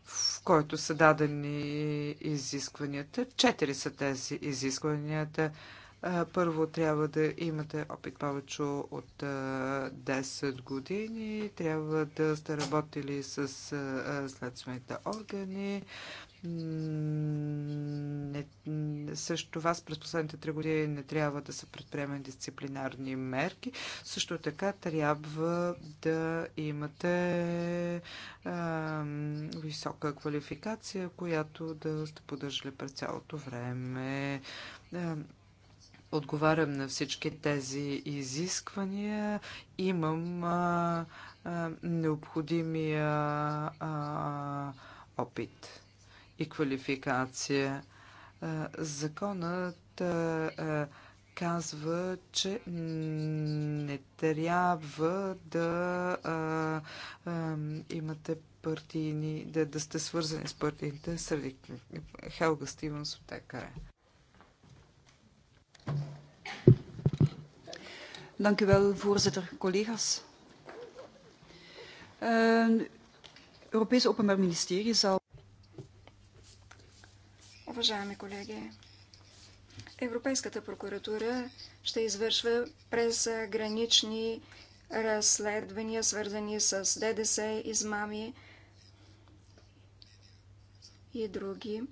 в който са дадени изискванията. Четири са тези изискванията. Първо трябва да имате опит повече от 10 години, трябва да сте работили с следствените органи, не, също това през последните три години не трябва да се предприемат дисциплинарни мерки. Също така трябва да имате а, висока квалификация, която да сте поддържали през цялото време. А, отговарям на всички тези изисквания. Имам а, а, необходимия а, опит и квалификация. Е, законът е, е, казва, че не трябва да имате партийни, да, да сте свързани с партийните среди. Хелга Стивенс от Екаре. Dank u wel, voorzitter, collega's. Het ehm, uh, Europese Openbaar Ministerie zal Уважаеми колеги, Европейската прокуратура ще извършва през гранични разследвания, свързани с ДДС, измами и други.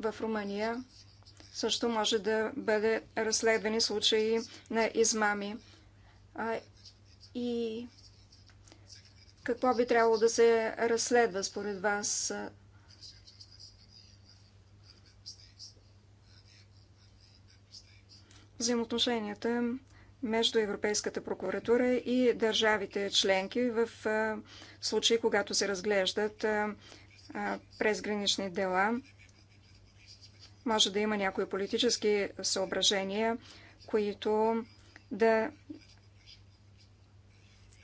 В Румъния също може да бъде разследвани случаи на измами. И какво би трябвало да се разследва според вас? Взаимоотношенията между Европейската прокуратура и държавите членки в случаи, когато се разглеждат презгранични дела. Може да има някои политически съображения, които да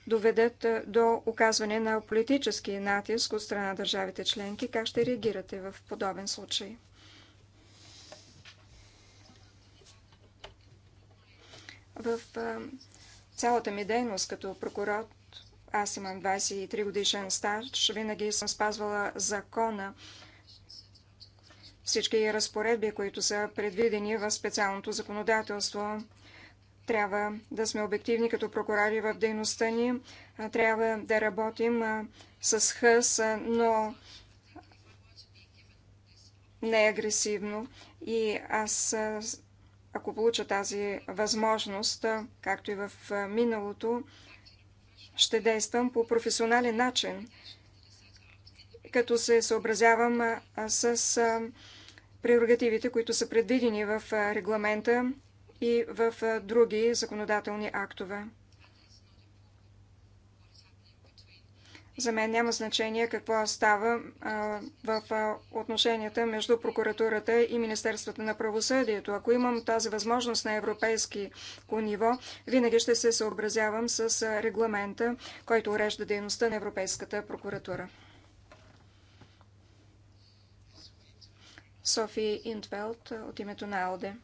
доведат до оказване на политически натиск от страна на държавите членки. Как ще реагирате в подобен случай? В цялата ми дейност като прокурор, аз имам 23 годишен стаж, винаги съм спазвала закона. Всички разпоредби, които са предвидени в специалното законодателство, трябва да сме обективни като прокурори в дейността ни. Трябва да работим с хъс, но не агресивно. И аз, ако получа тази възможност, както и в миналото, ще действам по професионален начин, като се съобразявам с прерогативите, които са предвидени в регламента и в други законодателни актове. За мен няма значение какво става в отношенията между прокуратурата и Министерството на правосъдието. Ако имам тази възможност на европейски ниво, винаги ще се съобразявам с регламента, който урежда дейността на Европейската прокуратура. Софи Интвелт от името на Алде.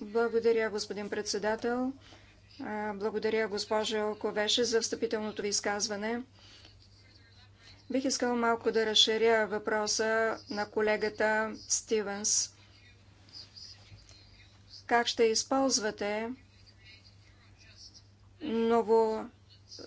Благодаря, господин председател. Благодаря, госпожо Ковеше, за встъпителното ви изказване. Бих искал малко да разширя въпроса на колегата Стивенс. Как ще използвате ново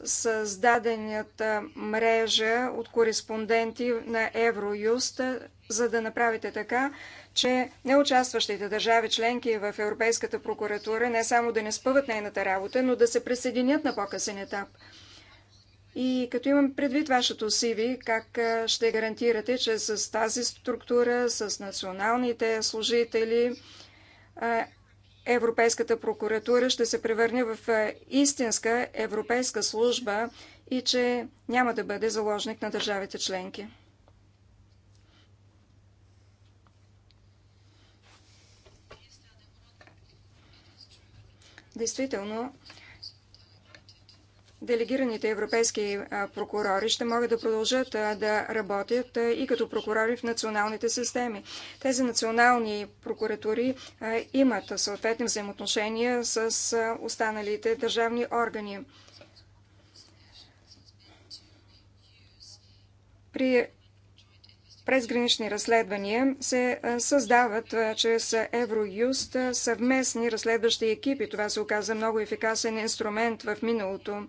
създадената мрежа от кореспонденти на Евроюст, за да направите така, че неучастващите държави членки в Европейската прокуратура не само да не спъват нейната работа, но да се присъединят на по-късен етап. И като имам предвид вашето CV, как ще гарантирате, че с тази структура, с националните служители, Европейската прокуратура ще се превърне в истинска европейска служба и че няма да бъде заложник на държавите членки? Действително, делегираните европейски прокурори ще могат да продължат да работят и като прокурори в националните системи. Тези национални прокуратури имат съответни взаимоотношения с останалите държавни органи. При презгранични разследвания се създават чрез Евроюст съвместни разследващи екипи. Това се оказа много ефикасен инструмент в миналото.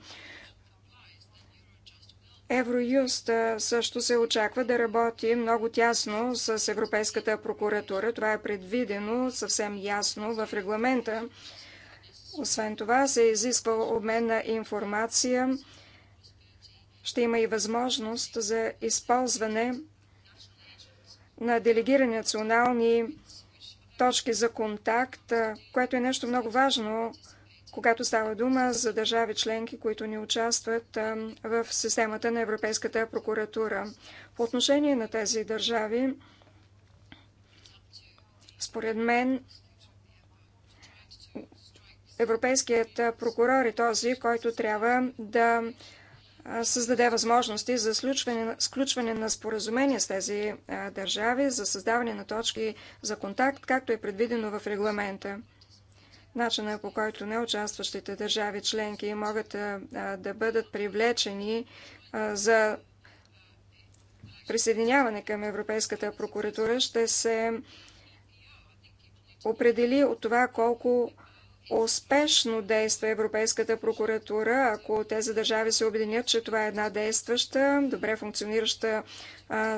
Евроюст също се очаква да работи много тясно с Европейската прокуратура. Това е предвидено съвсем ясно в регламента. Освен това се изисква обмен на информация. Ще има и възможност за използване на делегирани национални точки за контакт, което е нещо много важно, когато става дума за държави членки, които не участват в системата на Европейската прокуратура. По отношение на тези държави, според мен, Европейският прокурор е този, който трябва да създаде възможности за сключване, сключване на споразумения с тези а, държави, за създаване на точки за контакт, както е предвидено в регламента. Начина по който неучастващите държави членки могат а, да бъдат привлечени а, за присъединяване към Европейската прокуратура ще се определи от това колко успешно действа Европейската прокуратура, ако тези държави се объединят, че това е една действаща, добре функционираща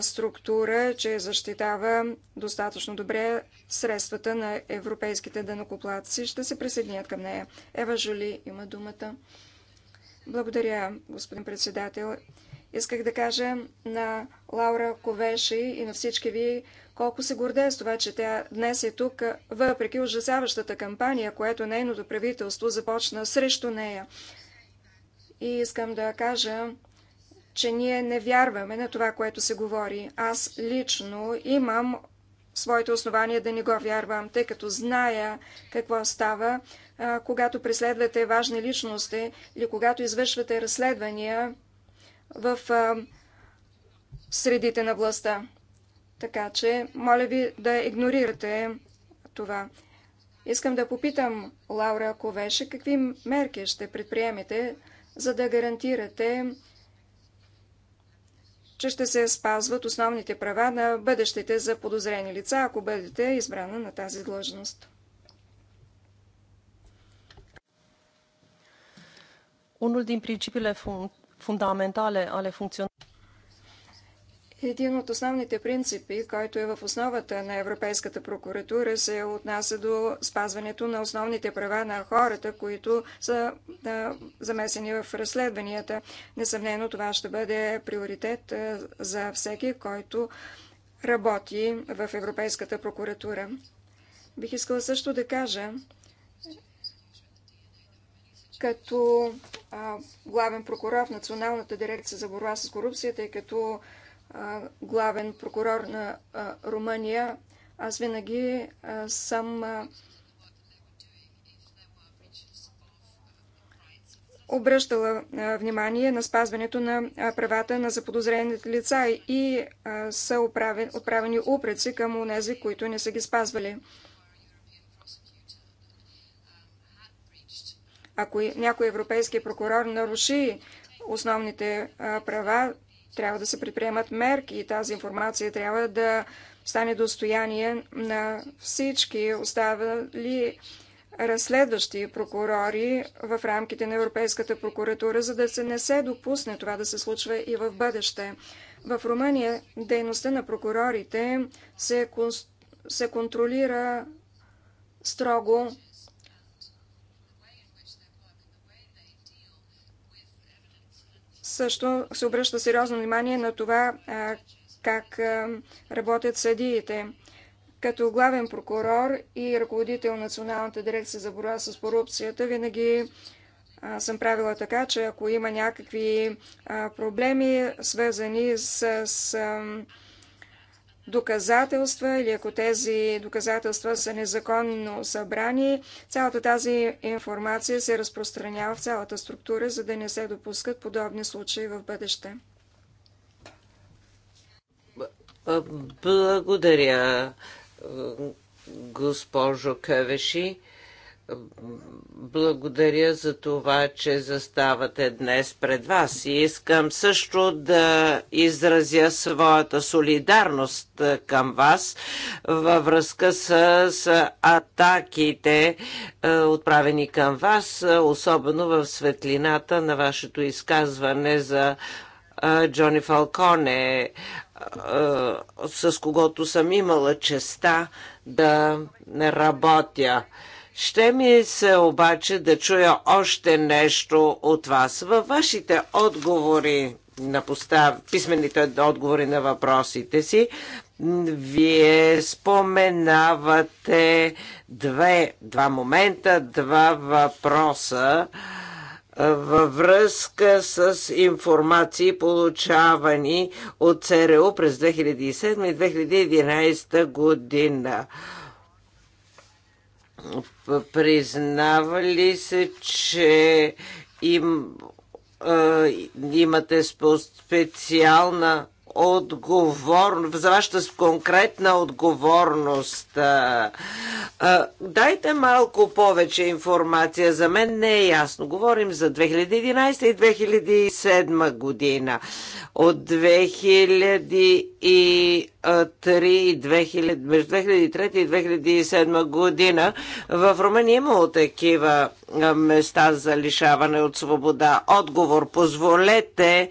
структура, че защитава достатъчно добре средствата на европейските дънакоплатци, ще се присъединят към нея. Ева Жули има думата. Благодаря, господин председател. Исках да кажа на Лаура Ковеши и на всички ви колко се гордея с това, че тя днес е тук, въпреки ужасяващата кампания, която нейното правителство започна срещу нея. И искам да кажа, че ние не вярваме на това, което се говори. Аз лично имам своите основания да не го вярвам, тъй като зная какво става, когато преследвате важни личности или когато извършвате разследвания в средите на властта. Така че, моля ви да игнорирате това. Искам да попитам, Лаура Ковеше, какви мерки ще предприемете, за да гарантирате, че ще се спазват основните права на бъдещите за подозрени лица, ако бъдете избрана на тази длъжност. Unul din principiile фундаментале але Един от основните принципи, който е в основата на Европейската прокуратура, се отнася до спазването на основните права на хората, които са да, замесени в разследванията. Несъмнено това ще бъде приоритет за всеки, който работи в Европейската прокуратура. Бих искала също да кажа, като а, главен прокурор в Националната дирекция за борба с корупцията и като а, главен прокурор на а, Румъния, аз винаги а, съм а, обръщала а, внимание на спазването на а, правата на заподозрените лица и а, са отправени упреци към онези, които не са ги спазвали. Ако някой европейски прокурор наруши основните права, трябва да се предприемат мерки и тази информация трябва да стане достояние на всички оставали разследващи прокурори в рамките на Европейската прокуратура, за да се не се допусне това да се случва и в бъдеще. В Румъния дейността на прокурорите се, се контролира строго Също се обръща сериозно внимание на това как работят съдиите. Като главен прокурор и ръководител на Националната дирекция за борба с корупцията винаги съм правила така, че ако има някакви проблеми, свързани с доказателства или ако тези доказателства са незаконно събрани, цялата тази информация се разпространява в цялата структура, за да не се допускат подобни случаи в бъдеще. Благодаря, госпожо Кевеши. Благодаря за това, че заставате днес пред вас и искам също да изразя своята солидарност към вас във връзка с, атаките, отправени към вас, особено в светлината на вашето изказване за Джони Фалконе, с когото съм имала честа да работя. Ще ми се обаче да чуя още нещо от вас. Във вашите отговори на постав... писмените отговори на въпросите си, вие споменавате две, два момента, два въпроса във връзка с информации, получавани от ЦРУ е през 2007 и 2011 година признава ли се, че им, а, имате специална отговорност, за вашата конкретна отговорност. А, а, дайте малко повече информация. За мен не е ясно. Говорим за 2011 и 2007 година. От 2000 и 3, 2000, между 2003 и 2007 година в Румъния имало такива места за лишаване от свобода. Отговор, позволете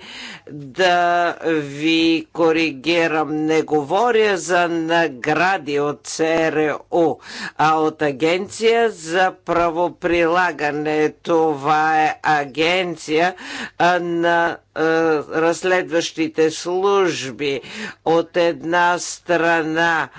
да ви коригирам. Не говоря за награди от ЦРУ, а от Агенция за правоприлагане. Това е агенция на е, разследващите служби от една страна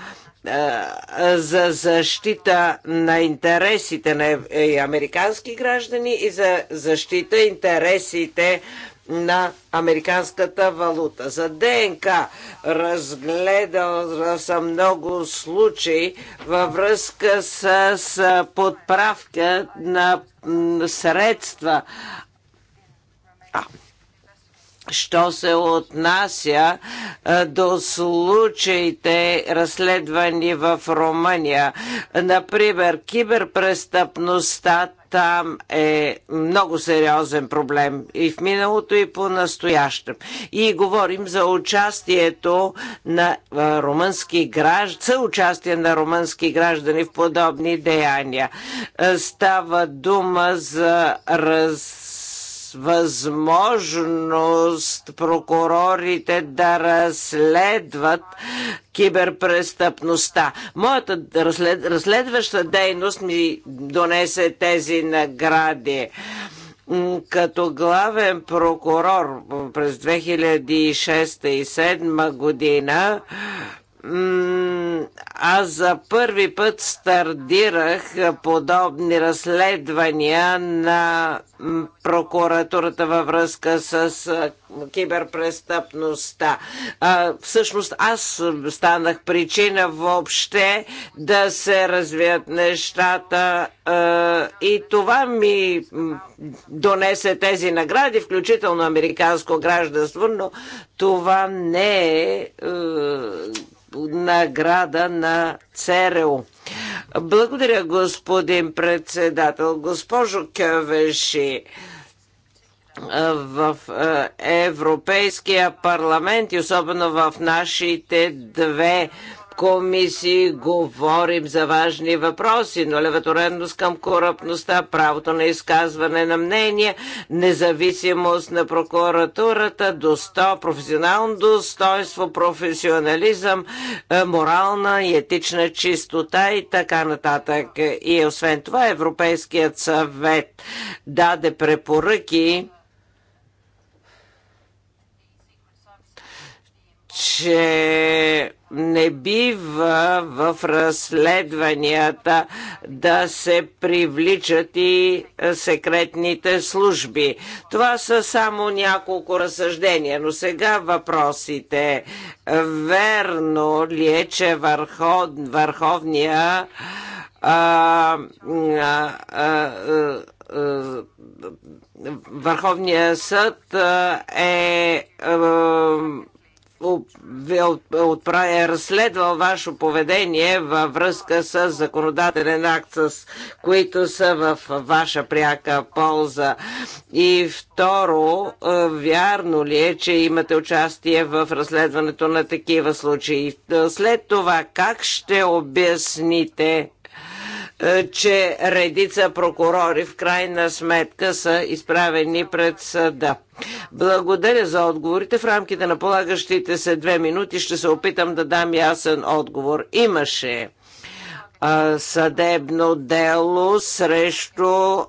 е, за защита на интересите на е, американски граждани и за защита интересите на американската валута. За ДНК разгледал съм много случаи във връзка с, подправка на средства. А, Що се отнася до случаите разследвани в Румъния, например киберпрестъпността там е много сериозен проблем и в миналото и по настоящем. И говорим за участието на румънски граждани, съучастие на румънски граждани в подобни деяния. Става дума за раз възможност прокурорите да разследват киберпрестъпността. Моята разслед... разследваща дейност ми донесе тези награди като главен прокурор през 2006 и 2007 година аз за първи път стартирах подобни разследвания на прокуратурата във връзка с киберпрестъпността. А, всъщност аз станах причина въобще да се развият нещата а, и това ми донесе тези награди, включително американско гражданство, но това не е, е награда на ЦРУ. Благодаря, господин председател. Госпожо Кевеши, в е, Европейския парламент и особено в нашите две комисии говорим за важни въпроси, но леваторенност към коръпността, правото на изказване на мнение, независимост на прокуратурата, досто, професионално достоинство, професионализъм, е, морална и етична чистота и така нататък. И освен това Европейският съвет даде препоръки че не бива в разследванията да се привличат и е, секретните служби. Това са само няколко разсъждения, но сега въпросите. Верно ли е, че върховния Върховния съд е, е, е разследвал вашето поведение във връзка с законодателен акт, с които са в ваша пряка полза. И второ, е, вярно ли е, че имате участие в разследването на такива случаи? Е, след това, как ще обясните е, че редица прокурори в крайна сметка са изправени пред съда. Благодаря за отговорите. В рамките на полагащите се две минути ще се опитам да дам ясен отговор. Имаше съдебно дело срещу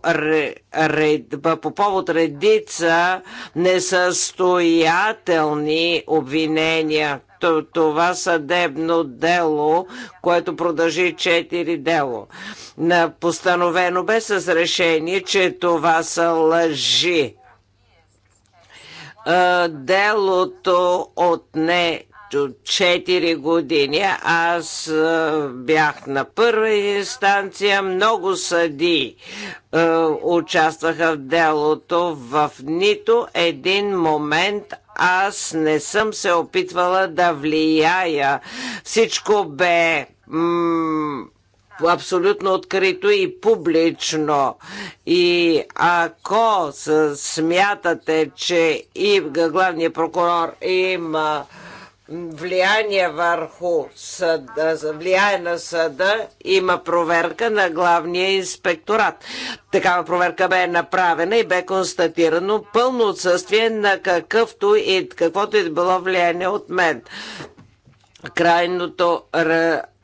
редба по повод редица несъстоятелни обвинения това съдебно дело, което продължи 4 дело. Постановено бе с решение, че това са лъжи. Е, делото отне 4 години. Аз е, бях на първа инстанция. Много съди е, участваха в делото. В нито един момент аз не съм се опитвала да влияя. Всичко бе абсолютно открито и публично. И ако смятате, че и главният прокурор има влияние върху съда, влияе на съда, има проверка на главния инспекторат. Такава проверка бе направена и бе констатирано пълно отсъствие на какъвто и каквото и било влияние от мен крайното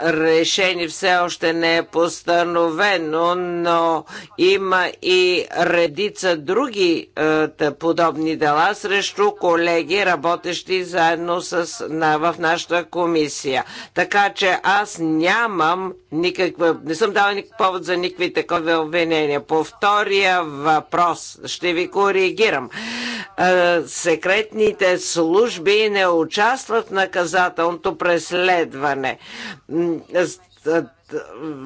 решение все още не е постановено, но има и редица други е, подобни дела срещу колеги, работещи заедно с, на, в нашата комисия. Така че аз нямам никаква, не съм дала никакъв повод за никакви такива обвинения. По втория въпрос ще ви коригирам. Е, секретните служби не участват в наказателното преследване е, е,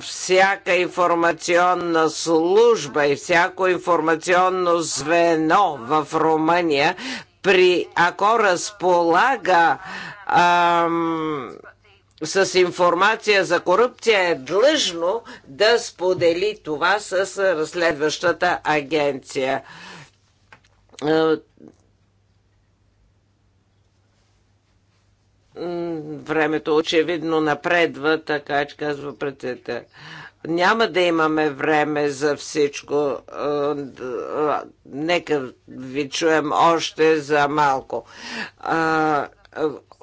всяка информационна служба и всяко информационно звено в Румъния, при, ако разполага ам, с информация за корупция е длъжно да сподели това с разследващата агенция е, времето очевидно напредва, така че казва председател. Няма да имаме време за всичко. Е, нека ви чуем още за малко.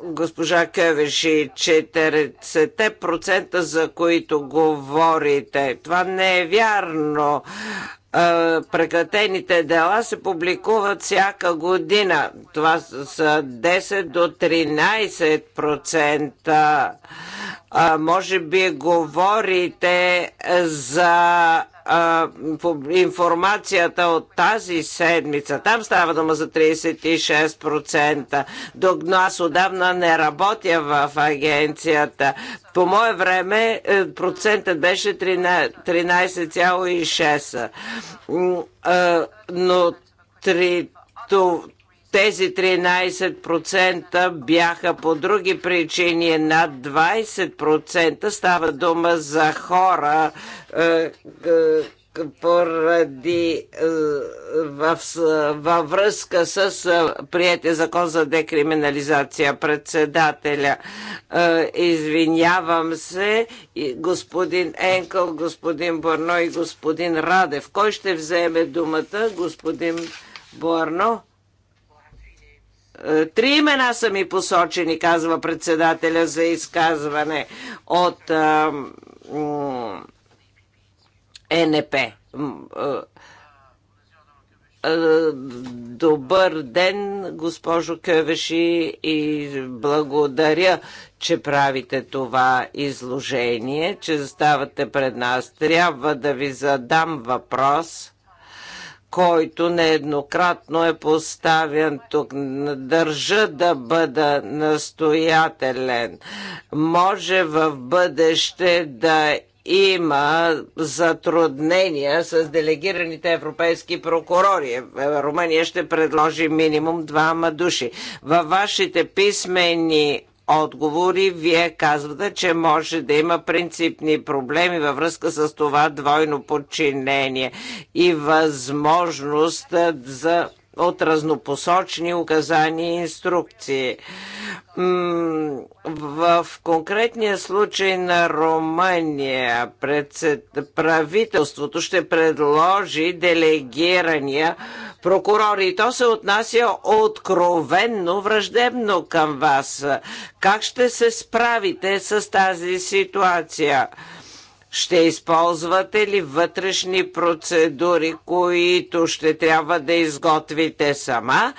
Госпожа Кевеши, 40% за които говорите, това не е вярно прекратените дела се публикуват всяка година. Това са 10 до 13%. процента. може би говорите за а, информацията от тази седмица. Там става дума за 36%. Док аз отдавна не работя в агенцията. По мое време е, процентът беше 13,6. Но 3, тези 13% бяха по други причини, над 20% става дума за хора, е, е, поради е, във връзка с приятия закон за декриминализация председателя. Извинявам се, господин Енкъл, господин Борно и господин Радев. Кой ще вземе думата? Господин Борно? Три имена са ми посочени, казва председателя за изказване от а, е, НП. Добър ден, госпожо Кевеши, и благодаря, че правите това изложение, че заставате пред нас. Трябва да ви задам въпрос който нееднократно е поставен тук. Държа да бъда настоятелен. Може в бъдеще да има затруднения с делегираните европейски прокурори. Е, Румъния ще предложи минимум двама души. Във вашите писмени отговори, вие казвате, че може да има принципни проблеми във връзка с това двойно подчинение и възможност за от разнопосочни указания и инструкции. В конкретния случай на Румъния правителството ще предложи делегирания прокурори. И то се отнася откровенно враждебно към вас. Как ще се справите с тази ситуация? Ще използвате ли вътрешни процедури, които ще трябва да изготвите сама?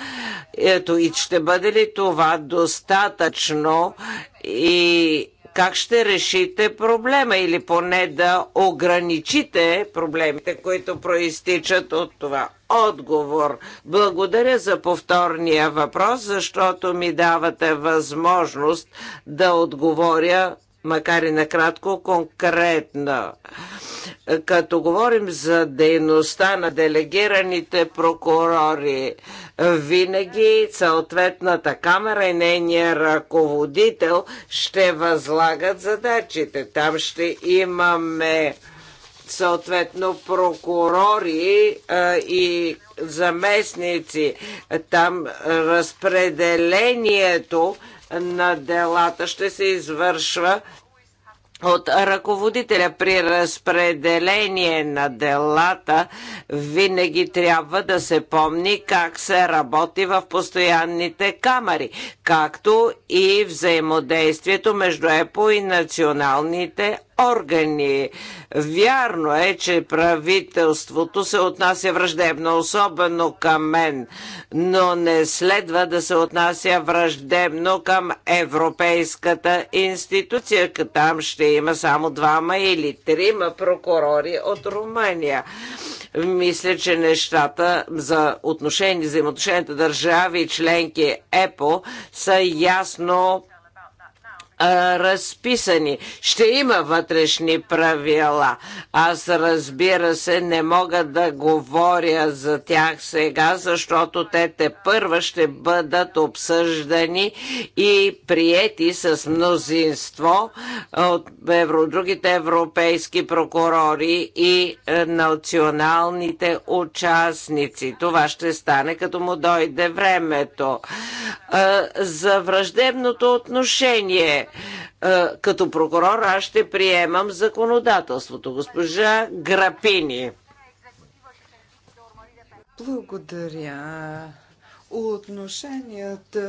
Ето, и ще бъде ли това достатъчно и как ще решите проблема или поне да ограничите проблемите, които проистичат от това? Отговор. Благодаря за повторния въпрос, защото ми давате възможност да отговоря макар и накратко, конкретна. Като говорим за дейността на делегираните прокурори, винаги съответната камера и нейния ръководител ще възлагат задачите. Там ще имаме съответно прокурори а, и заместници. Там разпределението на делата ще се извършва от ръководителя при разпределение на делата винаги трябва да се помни как се работи в постоянните камери, както и взаимодействието между ЕПО и националните органи. Вярно е, че правителството се отнася враждебно, особено към мен, но не следва да се отнася враждебно към Европейската институция. Там ще има само двама или трима прокурори от Румъния. Мисля, че нещата за отношения, взаимоотношенията държави и членки ЕПО са ясно а, разписани. Ще има вътрешни правила. Аз разбира се не мога да говоря за тях сега, защото те те първа ще бъдат обсъждани и приети с мнозинство от евро, другите европейски прокурори и е, националните участници. Това ще стане като му дойде времето. Е, за враждебното отношение е, като прокурор аз ще приемам законодателството. Госпожа Грапини. Благодаря. Отношенията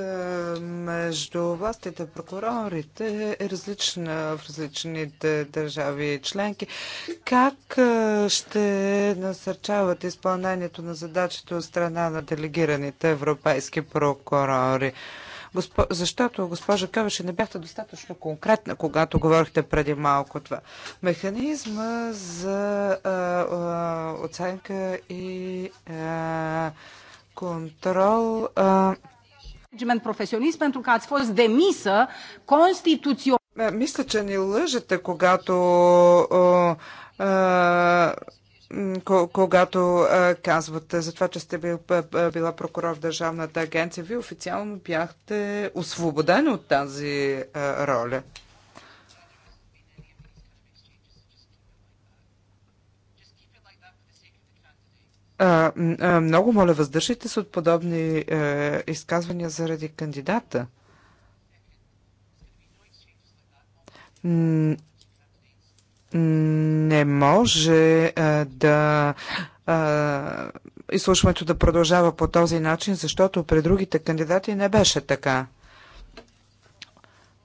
между властите и прокурорите е различна в различните държави и членки. Как е, ще насърчават изпълнението на задачите от страна на делегираните европейски прокурори? Госпо... Защото, госпожа Кавеше, не бяхте достатъчно конкретна, когато говорихте преди малко това. Механизма за а, а, оценка и а, pentru că ați fost demisă Мисля, че ни лъжете, когато а, а, когато казвате за това, че сте бил, била прокурор в Държавната агенция, вие официално бяхте освободени от тази роля. много моля, въздържайте се от подобни е, изказвания заради кандидата не може а, да а, изслушването да продължава по този начин, защото при другите кандидати не беше така.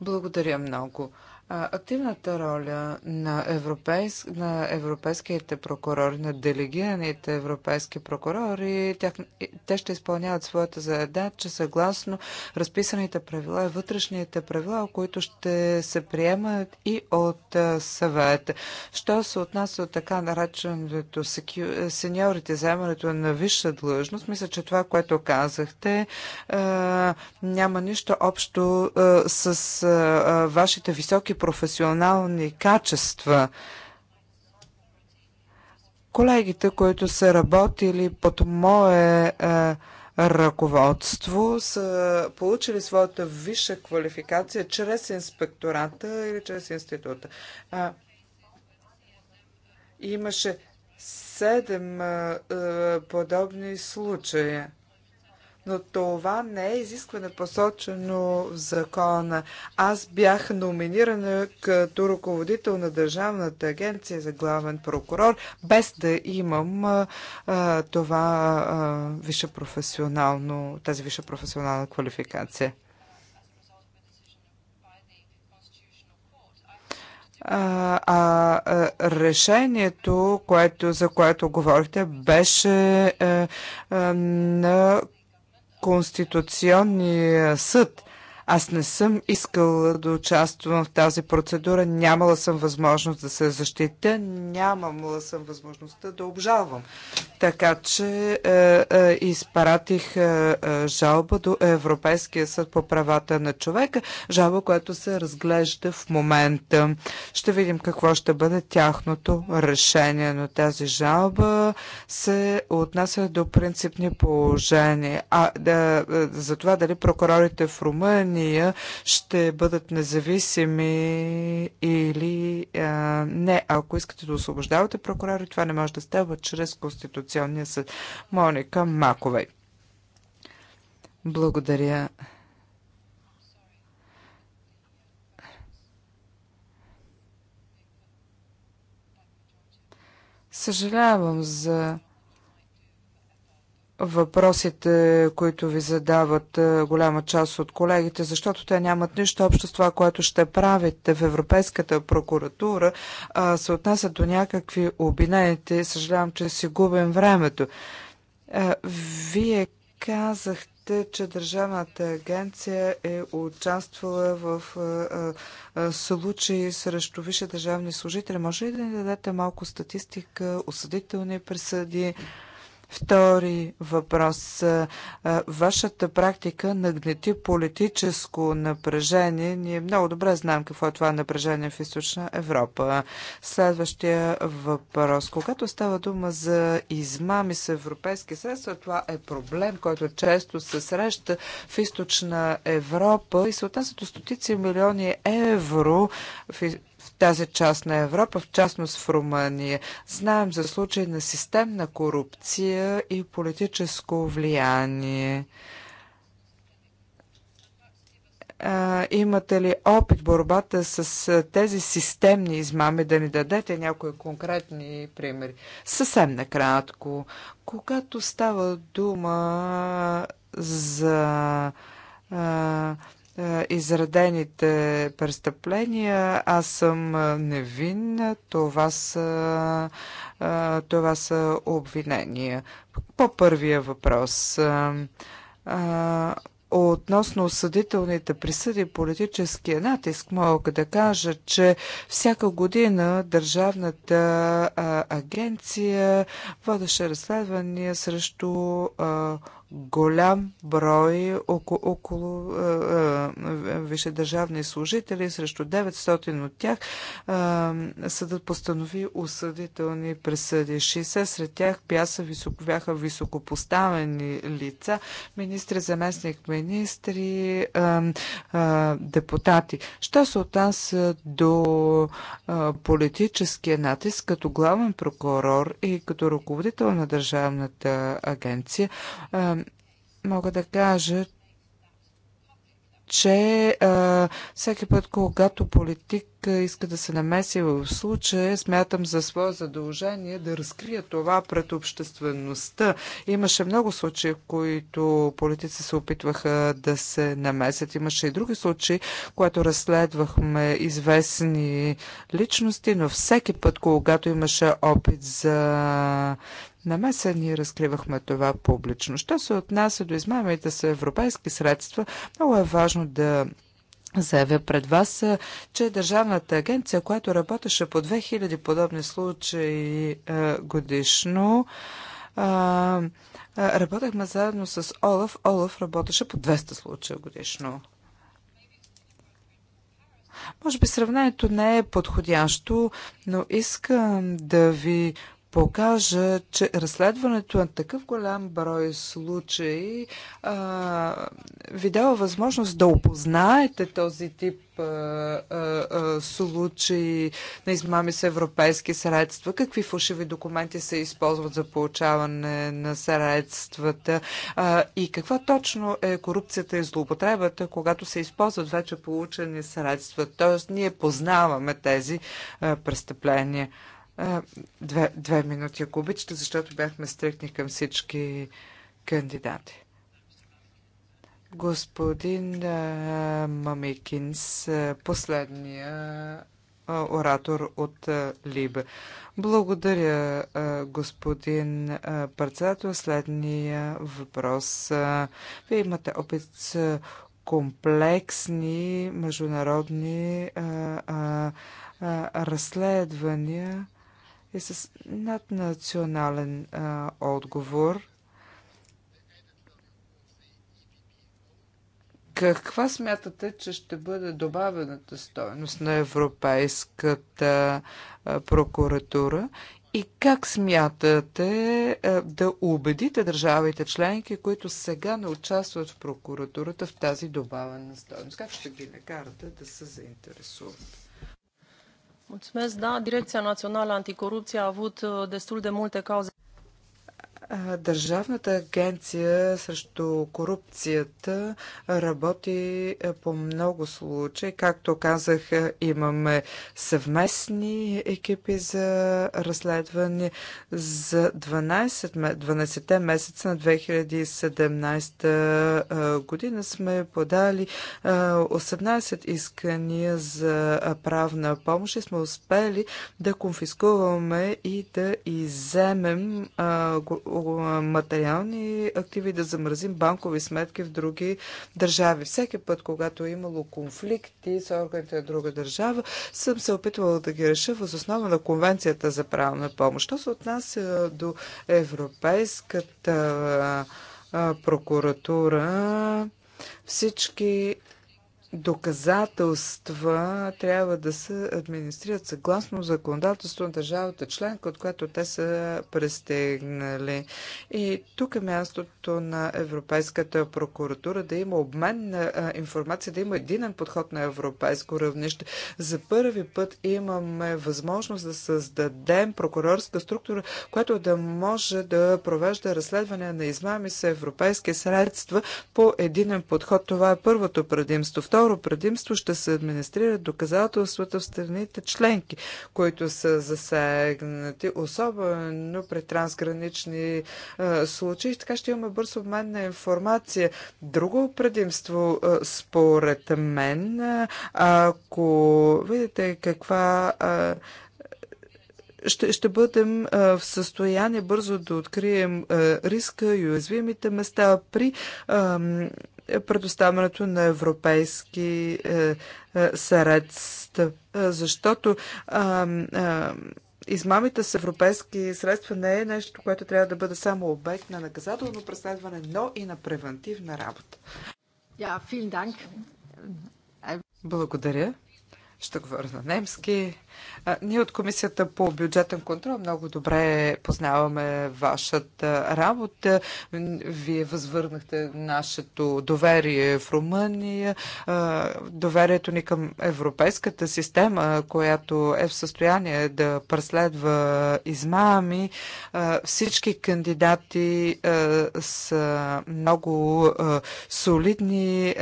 Благодаря много активната роля на, европейс, на европейските прокурори, на делегираните европейски прокурори, тях, те ще изпълняват своята задача съгласно разписаните правила и вътрешните правила, които ще се приемат и от съвета. Що се отнася от така нареченото сеньорите, заемането на висша длъжност, мисля, че това, което казахте, няма нищо общо с вашите високи професионални качества. Колегите, които са работили под мое а, е, ръководство са получили своята висша квалификация чрез инспектората или чрез института. А, имаше седем а, е, подобни случаи но това не е изискване посочено в закона. Аз бях номинирана като руководител на Държавната агенция за главен прокурор, без да имам а, това а, више професионално, тази висша професионална квалификация. А, а решението, което, за което говорихте, беше а, е, а, е, на Конституционния съд. Аз не съм искала да участвам в тази процедура, нямала съм възможност да се защитя, нямала съм възможността да обжалвам. Така че е, е, изпаратих е, е, жалба до Европейския съд по правата на човека, жалба, която се разглежда в момента. Ще видим какво ще бъде тяхното решение, но тази жалба се отнася до принципни положения. А да, е, за това дали прокурорите в Румъния решения ще бъдат независими или а, не. Ако искате да освобождавате прокурори, това не може да става чрез Конституционния съд. Моника Макове. Благодаря. Съжалявам за въпросите, които ви задават е, голяма част от колегите, защото те нямат нищо общо с това, което ще правите в Европейската прокуратура, се отнасят до някакви обвинените. Съжалявам, че си губим времето. Е, вие казахте, че Държавната агенция е участвала в е, случаи срещу висши държавни служители. Може ли да ни дадете малко статистика, осъдителни присъди? Втори въпрос. Вашата практика нагнети политическо напрежение. Ние много добре знаем какво е това напрежение в източна Европа. Следващия въпрос. Когато става дума за измами с европейски средства, това е проблем, който често се среща в източна Европа и се отнася до стотици милиони евро в тази част на Европа, в частност в Румъния. Знаем за случаи на системна корупция и политическо влияние. А, имате ли опит борбата с тези системни измами, да ни дадете някои конкретни примери? Съвсем накратко, когато става дума за а, е, изредените престъпления. Аз съм е, невин. Това са, е, това са обвинения. По първия въпрос. Относно осъдителните присъди политическия натиск, мога да кажа, че всяка година Държавната агенция водеше разследвания срещу голям брой, около, около е, е, висшедържавни служители, срещу 900 от тях е, съдът постанови осъдителни присъди. 60 сред тях пяса, високо, бяха високопоставени лица, министри, заместник министри, е, е, депутати. Що се отнася до е, политическия натиск, като главен прокурор и като ръководител на Държавната агенция, мога да кажа, че а, всеки път, когато политик иска да се намеси в случая, смятам за свое задължение да разкрия това пред обществеността. Имаше много случаи, в които политици се опитваха да се намесят. Имаше и други случаи, когато разследвахме известни личности, но всеки път, когато имаше опит за намеса, ние разкривахме това публично. Що се отнася до измамите с европейски средства, много е важно да заявя пред вас, че Държавната агенция, която работеше по 2000 подобни случаи годишно, работехме заедно с Олаф. Олаф работеше по 200 случая годишно. Може би сравнението не е подходящо, но искам да ви покажа, че разследването на такъв голям брой случаи а, ви дава възможност да опознаете този тип случаи на измами с европейски средства, какви фалшиви документи се използват за получаване на средствата и каква точно е корупцията и злоупотребата, когато се използват вече получени средства. Тоест, ние познаваме тези престъпления две, две минути, ако обичате, защото бяхме стрикни към всички кандидати. Господин Мамикинс, последния оратор от Либ. Благодаря, господин председател. Следния въпрос. Вие имате опит с комплексни международни разследвания и е с наднационален а, отговор. Каква смятате, че ще бъде добавената стоеност на Европейската а, прокуратура и как смятате а, да убедите държавите членки, които сега не участват в прокуратурата в тази добавена стоеност? Как ще ги накарате да се заинтересуват? Mulțumesc, da, Direcția Națională Anticorupție a avut destul de multe cauze. Държавната агенция срещу корупцията работи е, по много случаи. Както казах, е, имаме съвместни екипи за разследване за 12, 12 месеца на 2017 е, година. Сме подали 18 искания за правна помощ и сме успели да конфискуваме и да иземем материални активи, да замразим банкови сметки в други държави. Всеки път, когато е имало конфликти с органите на друга държава, съм се опитвала да ги реша въз основа на Конвенцията за правна помощ. Що се отнася до Европейската прокуратура, всички доказателства трябва да се администрират съгласно законодателство на държавата членка, от която те са престигнали. И тук е мястото на Европейската прокуратура да има обмен на информация, да има единен подход на европейско равнище. За първи път имаме възможност да създадем прокурорска структура, която да може да провежда разследване на измами с европейски средства по единен подход. Това е първото предимство. Второ, второ предимство ще се администрират доказателствата в страните членки, които са засегнати, особено при трансгранични а, случаи. Така ще имаме бърз обмен на информация. Друго предимство, а, според мен, ако видите каква а, ще, ще бъдем а, в състояние бързо да открием а, риска и уязвимите места при а, предоставянето на европейски е, е, средства, е, защото измамите с европейски средства не е нещо, което трябва да бъде само обект на наказателно преследване, но и на превентивна работа. Yeah, Благодаря. Ще говоря на немски. Ние от Комисията по бюджетен контрол много добре познаваме вашата работа. Вие възвърнахте нашето доверие в Румъния, доверието ни към европейската система, която е в състояние да преследва измами. Всички кандидати са много солидни,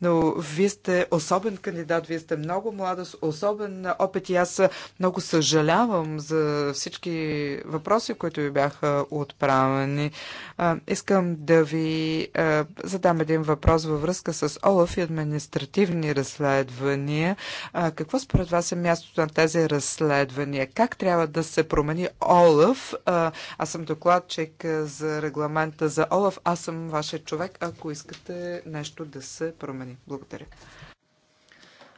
но вие сте особен кандидат, вие сте много млада, с особен опит и аз аз много съжалявам за всички въпроси, които ви бяха отправени. Искам да ви задам един въпрос във връзка с ОЛАФ и административни разследвания. Какво според вас е мястото на тези разследвания? Как трябва да се промени ОЛАФ? Аз съм докладчик за регламента за ОЛАФ. Аз съм вашия човек, ако искате нещо да се промени. Благодаря.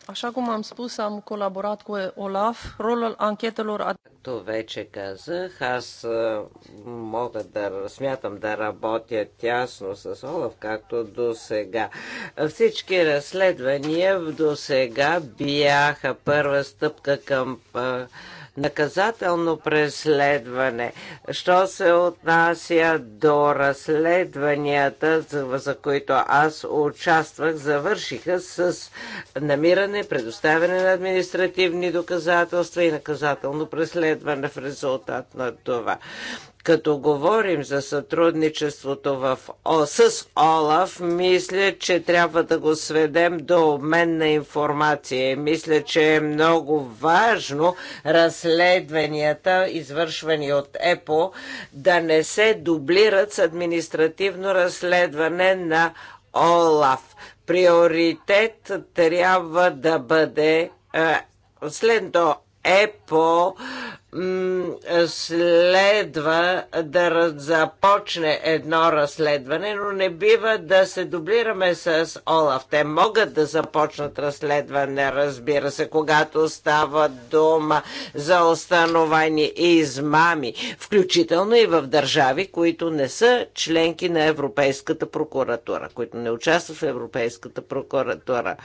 Așa cum am spus, am colaborat cu OLAF. Rolul anchetelor... Както вече казах, аз мога да смятам да работя тясно с ОЛАФ, както до сега. Всички разследвания до сега бяха първа стъпка към наказателно преследване. Що се отнася до разследванията, за, които аз участвах, завършиха с намиране, предоставяне на административни доказателства и наказателно преследване в резултат на това. Като говорим за сътрудничеството в О, с ОЛАФ, мисля, че трябва да го сведем до обмен на информация. Мисля, че е много важно разследванията, извършвани от ЕПО, да не се дублират с административно разследване на ОЛАФ. Приоритет трябва да бъде е, следно ЕПО следва да започне едно разследване, но не бива да се дублираме с Олаф. Те могат да започнат разследване, разбира се, когато става дума за установени измами, включително и в държави, които не са членки на Европейската прокуратура, които не участват в Европейската прокуратура.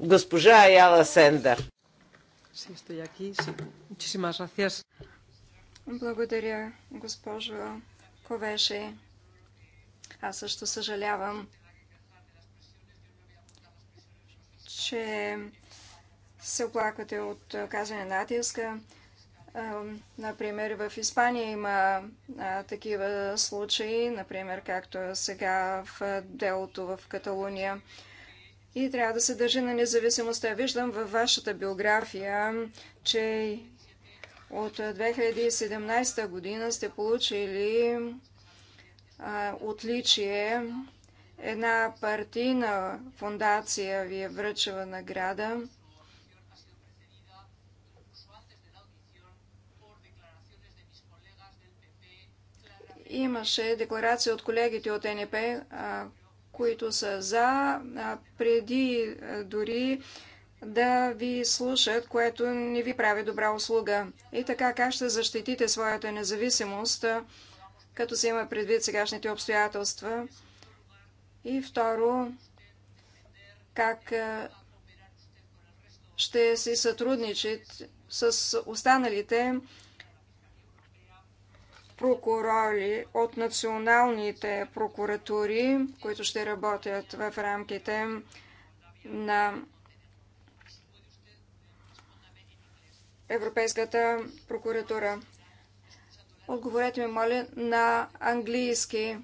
Госпожа Аяла Сендър. Sí, estoy aquí, sí. Благодаря, госпожо Ковеше. Аз също съжалявам, че се оплаквате от казване на натиска. Например, в Испания има такива случаи, например, както сега в делото в Каталуния. И трябва да се държи на независимостта. Виждам във вашата биография, че от 2017 година сте получили а, отличие. Една партийна фундация ви е връчила награда. Имаше декларация от колегите от НП, които са за, а преди а, дори да ви слушат, което не ви прави добра услуга. И така как ще защитите своята независимост, като се има предвид сегашните обстоятелства? И второ, как ще си сътрудничат с останалите прокурори от националните прокуратури, които ще работят в рамките на Европейската прокуратура. Отговорете ми, моля, на английски.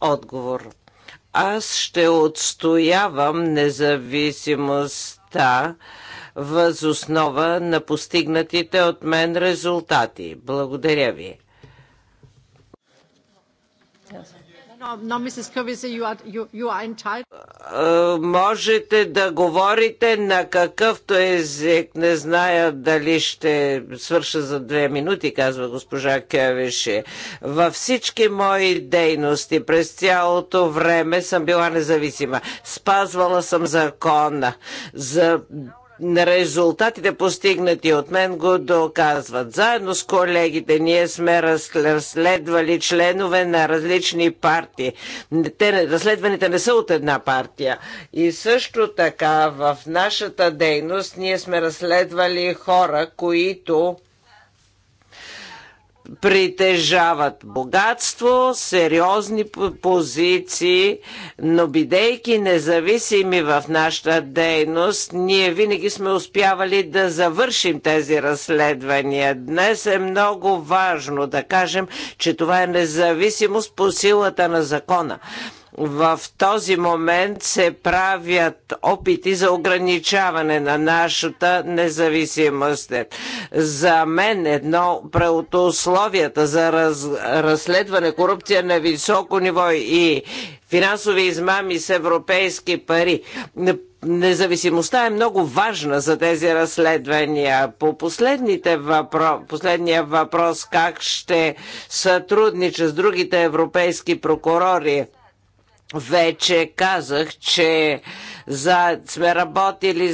Отговор. Аз ще отстоявам независимостта въз основа на постигнатите от мен резултати. Благодаря ви. Е, можете да говорите на какъвто език. Не зная дали ще свърша за две минути, казва госпожа Кевише. Във всички мои дейности през цялото време съм била независима. Спазвала съм закона. За Резултатите постигнати от мен го доказват. Заедно с колегите ние сме разследвали членове на различни партии. Те, разследваните не са от една партия. И също така в нашата дейност ние сме разследвали хора, които притежават богатство, сериозни позиции, но бидейки независими в нашата дейност, ние винаги сме успявали да завършим тези разследвания. Днес е много важно да кажем, че това е независимост по силата на закона в този момент се правят опити за ограничаване на нашата независимост. За мен едно от условията за раз, разследване корупция на високо ниво и финансови измами с европейски пари независимостта е много важна за тези разследвания. По последните въпро... последния въпрос, как ще сътрудничат с другите европейски прокурори, вече казах, че за, сме работили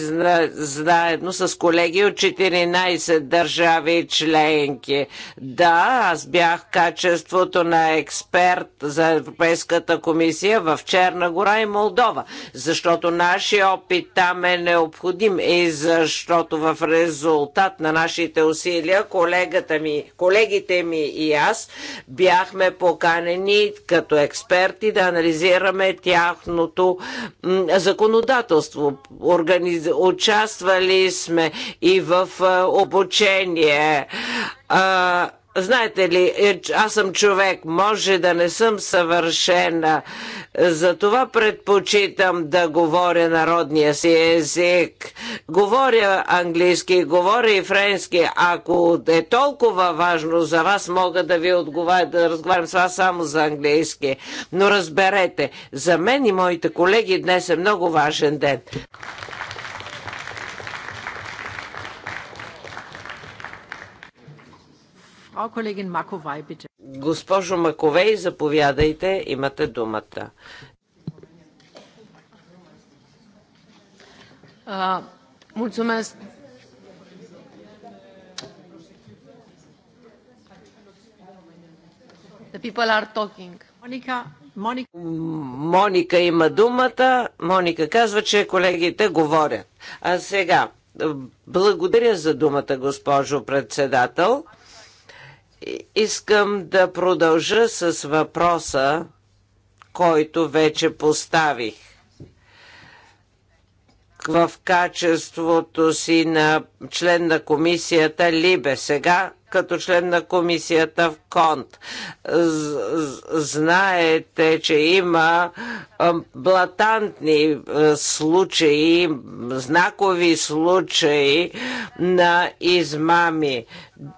заедно с колеги от 14 държави членки. Да, аз бях качеството на експерт за Европейската комисия в Черна гора и Молдова, защото нашия опит там е необходим и защото в резултат на нашите усилия колегата ми, колегите ми и аз бяхме поканени като експерти да анализираме тяхното законодателство законодателство. Организ... Участвали сме и в обучение. А, Знаете ли, е, аз съм човек, може да не съм съвършена, затова предпочитам да говоря народния си език. Говоря английски, говоря и френски. Ако е толкова важно за вас, мога да ви отговаря, да разговарям с вас само за английски. Но разберете, за мен и моите колеги днес е много важен ден. Госпожо Маковей, заповядайте, имате думата. The people are talking. Моника. Моника има думата. Моника казва, че колегите говорят. А сега, благодаря за думата, госпожо председател. Искам да продължа с въпроса, който вече поставих в качеството си на член на комисията Либе. Сега като член на комисията в Конт. Знаете, че има блатантни случаи, знакови случаи на измами.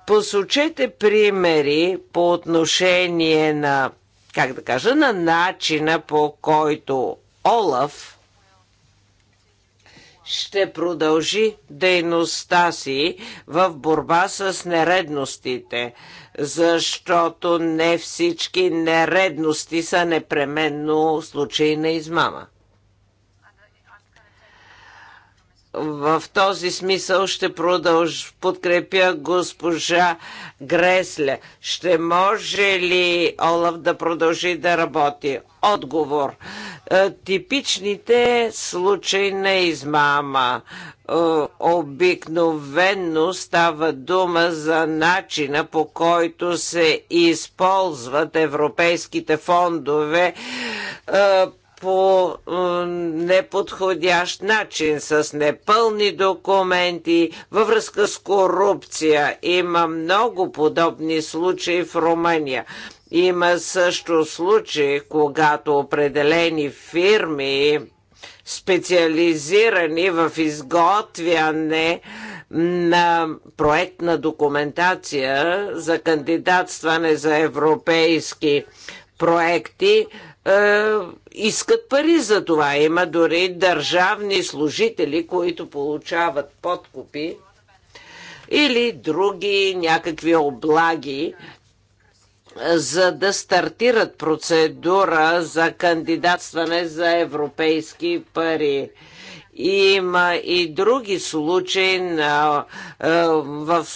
Посочете примери по отношение на, как да кажа, на начина по който Олаф ще продължи дейността си в борба с нередностите, защото не всички нередности са непременно случай на измама. в този смисъл ще продължа подкрепя госпожа Гресле. Ще може ли Олаф да продължи да работи? Отговор. Е, типичните случаи на измама. Е, обикновенно става дума за начина по който се използват европейските фондове е, по е, неподходящ начин, с непълни документи, във връзка с корупция. Има много подобни случаи в Румъния. Има също случаи, когато определени фирми, специализирани в изготвяне на проектна документация за кандидатстване за европейски проекти, е, искат пари за това. Има дори държавни служители, които получават подкупи или други някакви облаги, за да стартират процедура за кандидатстване за европейски пари. Има и други случаи на, е, в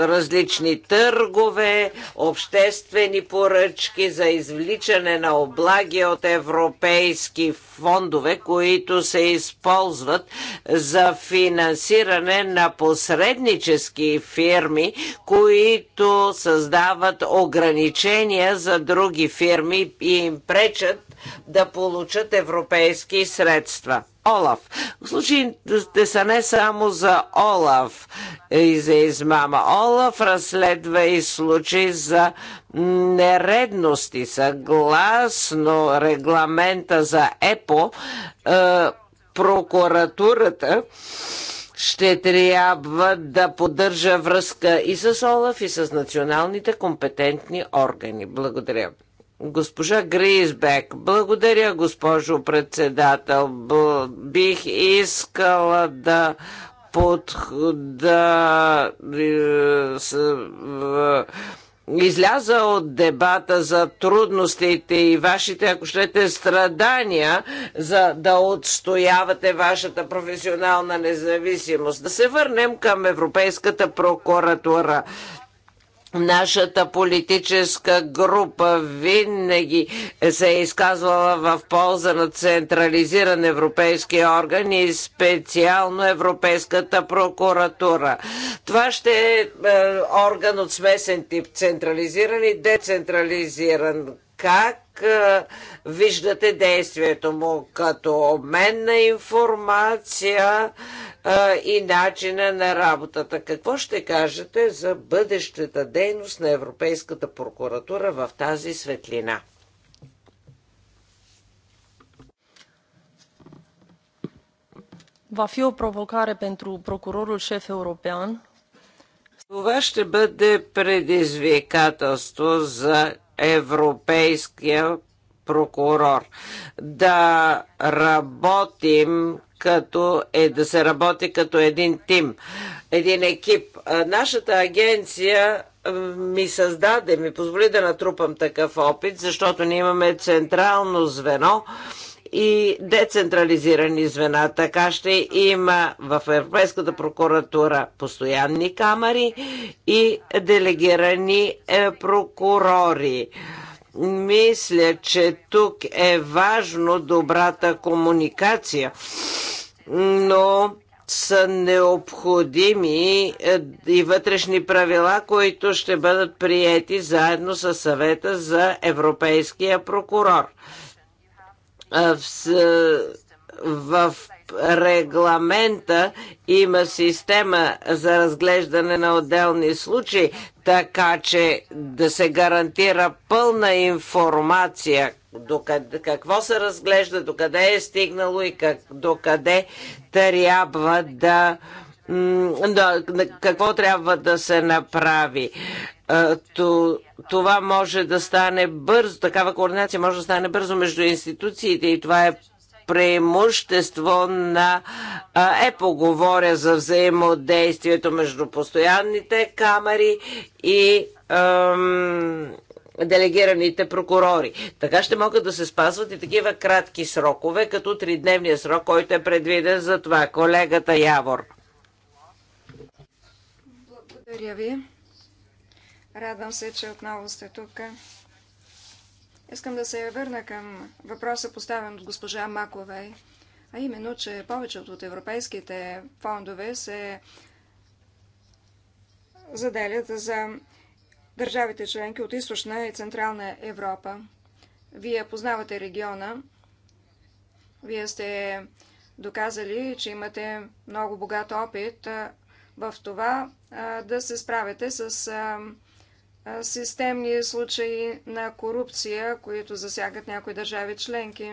е, различни търгове, обществени поръчки за извличане на облаги от европейски фондове, които се използват за финансиране на посреднически фирми, които създават ограничения за други фирми и им пречат да получат европейски средства. Олаф. Случаите са не само за Олаф и за измама. Олаф разследва и случаи за нередности. Съгласно регламента за ЕПО, е, прокуратурата ще трябва да поддържа връзка и с Олаф, и с националните компетентни органи. Благодаря. Госпожа Гризбек, благодаря, госпожо председател. Бих искала да под, да е, изляза от дебата за трудностите и вашите, ако щете, страдания, за да отстоявате вашата професионална независимост. Да се върнем към Европейската прокуратура. Нашата политическа група винаги се е изказвала в полза на централизиран европейски орган и специално Европейската прокуратура. Това ще е, е орган от смесен тип, централизиран и децентрализиран. Как е, виждате действието му като обмен на информация? а, и начина на работата. Какво ще кажете за бъдещата дейност на Европейската прокуратура в тази светлина? Va fi o provocare pentru procurorul șef european. Това ще бъде предизвикателство за европейския прокурор. Да работим като е да се работи като един тим, един екип. Нашата агенция ми създаде, ми позволи да натрупам такъв опит, защото ние имаме централно звено, и децентрализирани звена. Така ще има в Европейската прокуратура постоянни камери и делегирани е, прокурори. Мисля, че тук е важно добрата комуникация, но са необходими е, и вътрешни правила, които ще бъдат приети заедно с съвета за европейския прокурор. В, е, в регламента има система за разглеждане на отделни случаи, така че да се гарантира пълна информация докъде, какво се разглежда, докъде е стигнало и как, докъде трябва да, да какво трябва да се направи. Това може да стане бързо, такава координация може да стане бързо между институциите и това е преимущество на ЕПО. Говоря за взаимодействието между постоянните камери и ем, делегираните прокурори. Така ще могат да се спазват и такива кратки срокове, като тридневния срок, който е предвиден за това. Колегата Явор. Благодаря ви. Радвам се, че отново сте тук. Искам да се върна към въпроса, поставен от госпожа Маковей, а именно, че повечето от европейските фондове се заделят за държавите членки от източна и централна Европа. Вие познавате региона, вие сте доказали, че имате много богат опит в това да се справите с системни случаи на корупция, които засягат някои държави членки.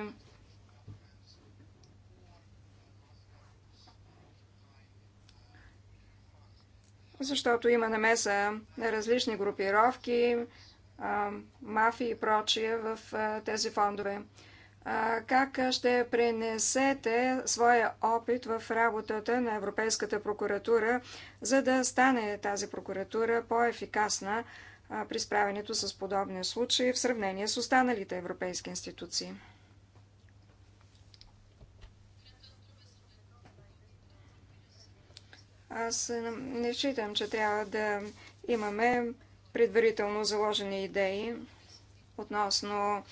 Защото има намеса на различни групировки, мафии и прочие в тези фондове. Как ще пренесете своя опит в работата на Европейската прокуратура, за да стане тази прокуратура по-ефикасна? при справянето с подобни случаи в сравнение с останалите европейски институции. Аз не считам, че трябва да имаме предварително заложени идеи относно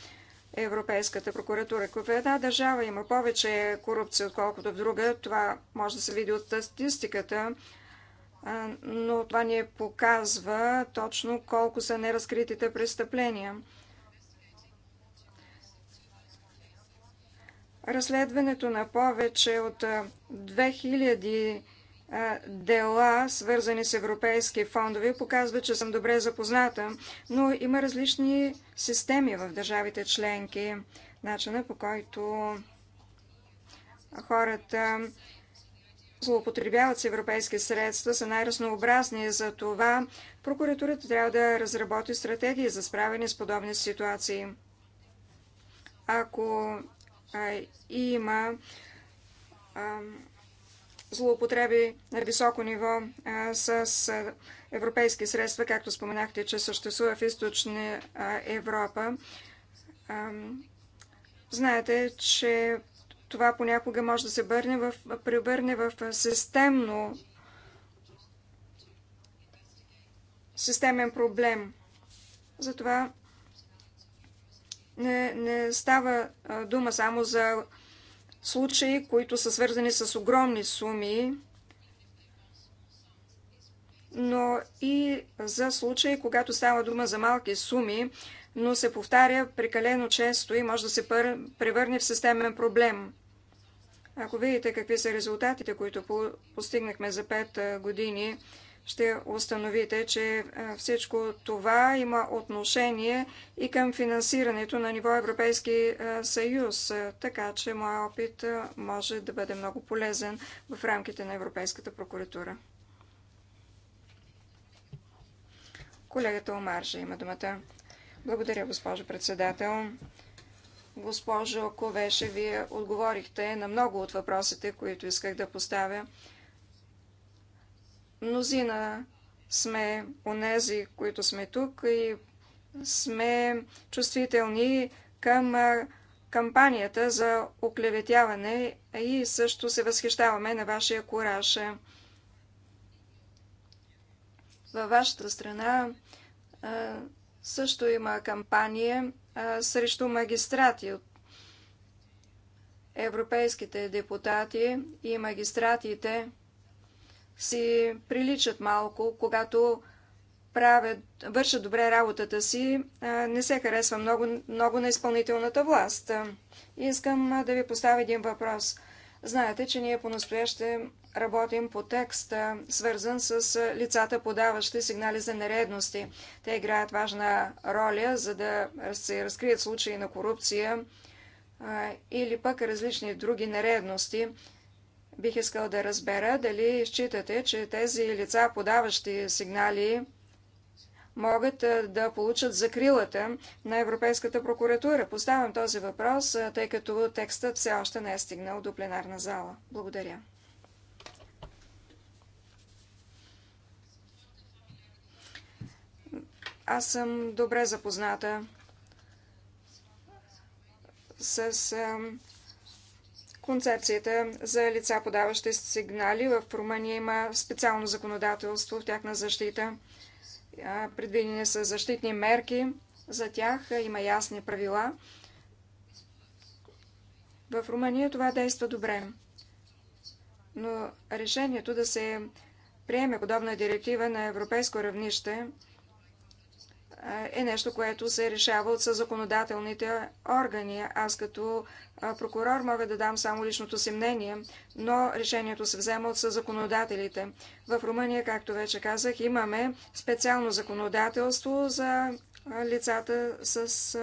Европейската прокуратура. Ако в една държава има повече корупция, отколкото в друга, това може да се види от статистиката но това ни е показва точно колко са неразкритите престъпления. Разследването на повече от 2000 дела, свързани с европейски фондове, показва, че съм добре запозната, но има различни системи в държавите членки. Начина по който хората злоупотребяват с европейски средства, са най-разнообразни. За това прокуратурата трябва да разработи стратегии за справяне с подобни ситуации. Ако а, има а, злоупотреби на високо ниво а, с а, европейски средства, както споменахте, че съществува в източна а, Европа. А, знаете, че това понякога може да се бърне в, превърне в системно системен проблем. Затова не, не става дума само за случаи, които са свързани с огромни суми, но и за случаи, когато става дума за малки суми, но се повтаря прекалено често и може да се превърне в системен проблем. Ако видите какви са резултатите, които постигнахме за 5 години, ще установите, че всичко това има отношение и към финансирането на ниво Европейски съюз, така че моя опит може да бъде много полезен в рамките на Европейската прокуратура. Колегата Омаржа има думата. Благодаря, госпожо председател. Госпожо Ковеше, вие отговорихте на много от въпросите, които исках да поставя. Мнозина сме онези, които сме тук и сме чувствителни към кампанията за оклеветяване и също се възхищаваме на вашия кураж. Във вашата страна също има кампания срещу магистрати от европейските депутати и магистратите си приличат малко, когато правят, вършат добре работата си, не се харесва много, много на изпълнителната власт. Искам да ви поставя един въпрос. Знаете, че ние по-настояще работим по текст, свързан с лицата, подаващи сигнали за нередности. Те играят важна роля, за да се разкрият случаи на корупция или пък различни други нередности. Бих искал да разбера дали считате, че тези лица, подаващи сигнали, могат да получат закрилата на Европейската прокуратура. Поставям този въпрос, тъй като текстът все още не е стигнал до пленарна зала. Благодаря. Аз съм добре запозната с концепцията за лица, подаващи сигнали. В Румъния има специално законодателство в тяхна защита. Предвидени са защитни мерки за тях, има ясни правила. В Румъния това действа добре. Но решението да се приеме подобна директива на европейско равнище – е нещо, което се решава от законодателните органи. Аз като прокурор мога да дам само личното си мнение, но решението се взема от законодателите. В Румъния, както вече казах, имаме специално законодателство за лицата, с,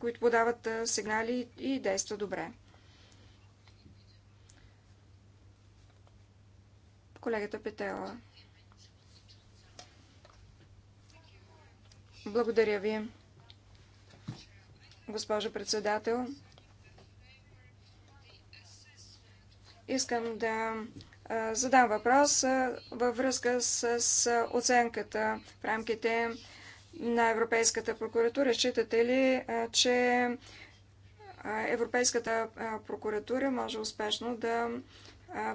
които подават сигнали и действа добре. Колегата Петела. Благодаря ви, госпожо председател. Искам да задам въпрос във връзка с оценката в рамките на Европейската прокуратура. Считате ли, че Европейската прокуратура може успешно да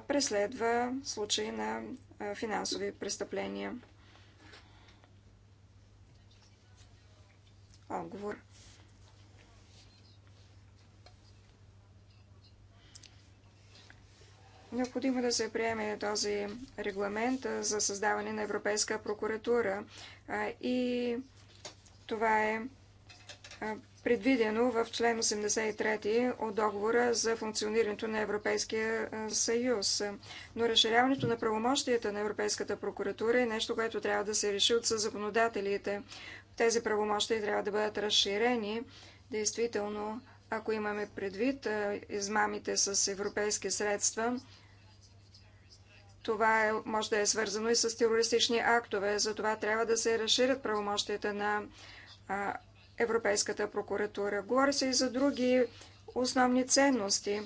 преследва случаи на финансови престъпления? Отговор. Необходимо е да се приеме този регламент за създаване на Европейска прокуратура и това е предвидено в член 83 от договора за функционирането на Европейския съюз. Но разширяването на правомощията на Европейската прокуратура е нещо, което трябва да се реши от законодателите. Тези правомощи трябва да бъдат разширени. Действително, ако имаме предвид измамите с европейски средства, това е, може да е свързано и с терористични актове. Затова трябва да се разширят правомощията на а, Европейската прокуратура. Говори се и за други основни ценности.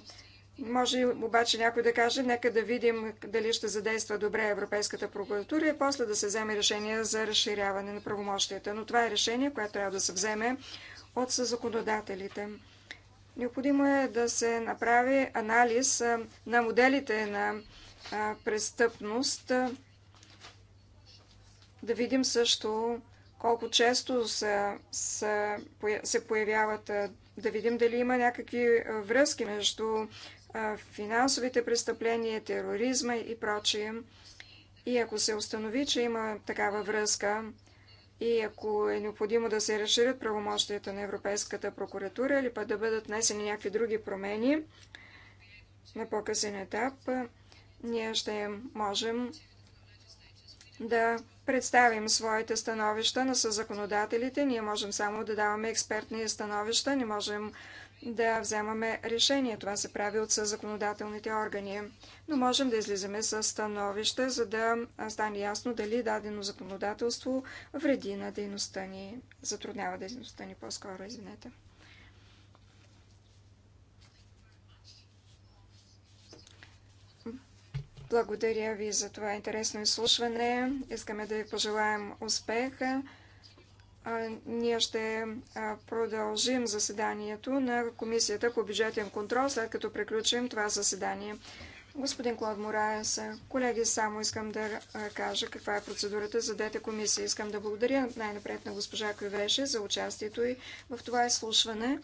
Може обаче някой да каже, нека да видим дали ще задейства добре Европейската прокуратура и после да се вземе решение за разширяване на правомощията. Но това е решение, което трябва да се вземе от законодателите. Необходимо е да се направи анализ на моделите на престъпност, да видим също колко често са, са, се появяват, да видим дали има някакви връзки между финансовите престъпления, тероризма и прочие. И ако се установи, че има такава връзка и ако е необходимо да се разширят правомощията на Европейската прокуратура или пък да бъдат внесени някакви други промени на по-късен етап, ние ще можем да представим своите становища на съзаконодателите. Ние можем само да даваме експертни становища, не можем да вземаме решение. Това се прави от законодателните органи. Но можем да излизаме с становище, за да стане ясно дали дадено законодателство вреди на дейността ни, затруднява дейността ни по-скоро, извинете. Благодаря ви за това интересно изслушване. Искаме да ви пожелаем успеха ние ще продължим заседанието на Комисията по бюджетен контрол, след като приключим това заседание. Господин Клод Мораес, колеги, само искам да кажа каква е процедурата за двете комисии. Искам да благодаря най-напред на госпожа Кривеше за участието и в това изслушване.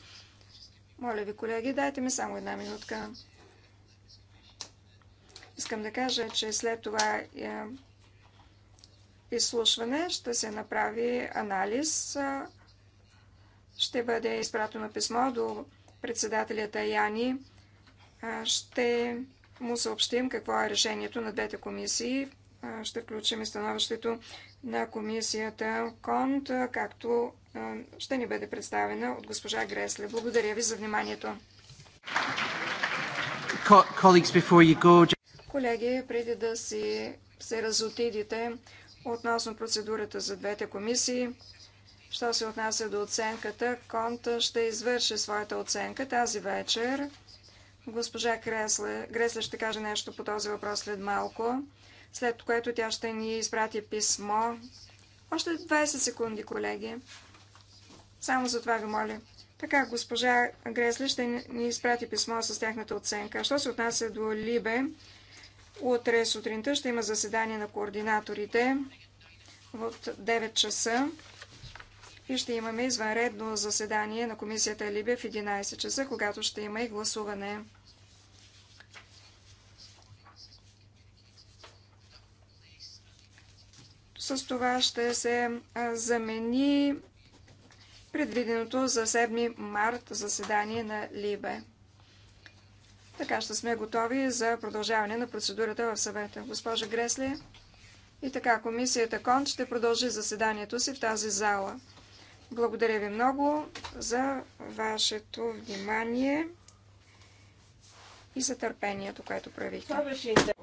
Моля ви, колеги, дайте ми само една минутка. Искам да кажа, че след това е, изслушване ще се направи анализ. Ще бъде изпратено писмо до председателя Таяни. Ще му съобщим какво е решението на двете комисии. Ще включим становището на комисията КОНТ, както ще ни бъде представена от госпожа Гресле. Благодаря ви за вниманието. Колеги, преди да си се разотидите, Относно процедурата за двете комисии, що се отнася до оценката, Конта ще извърши своята оценка тази вечер. Госпожа Гресле Гресле ще каже нещо по този въпрос след малко, след което тя ще ни изпрати писмо. Още 20 секунди, колеги. Само за това ви моля. Така, госпожа Гресли ще ни изпрати писмо с тяхната оценка. Що се отнася до Либе, Утре сутринта ще има заседание на координаторите в 9 часа и ще имаме извънредно заседание на комисията Либе в 11 часа, когато ще има и гласуване. С това ще се замени предвиденото за 7 март заседание на Либе. Така ще сме готови за продължаване на процедурата в съвета. Госпожа Гресли. И така, комисията КОН ще продължи заседанието си в тази зала. Благодаря ви много за вашето внимание и за търпението, което проявихте.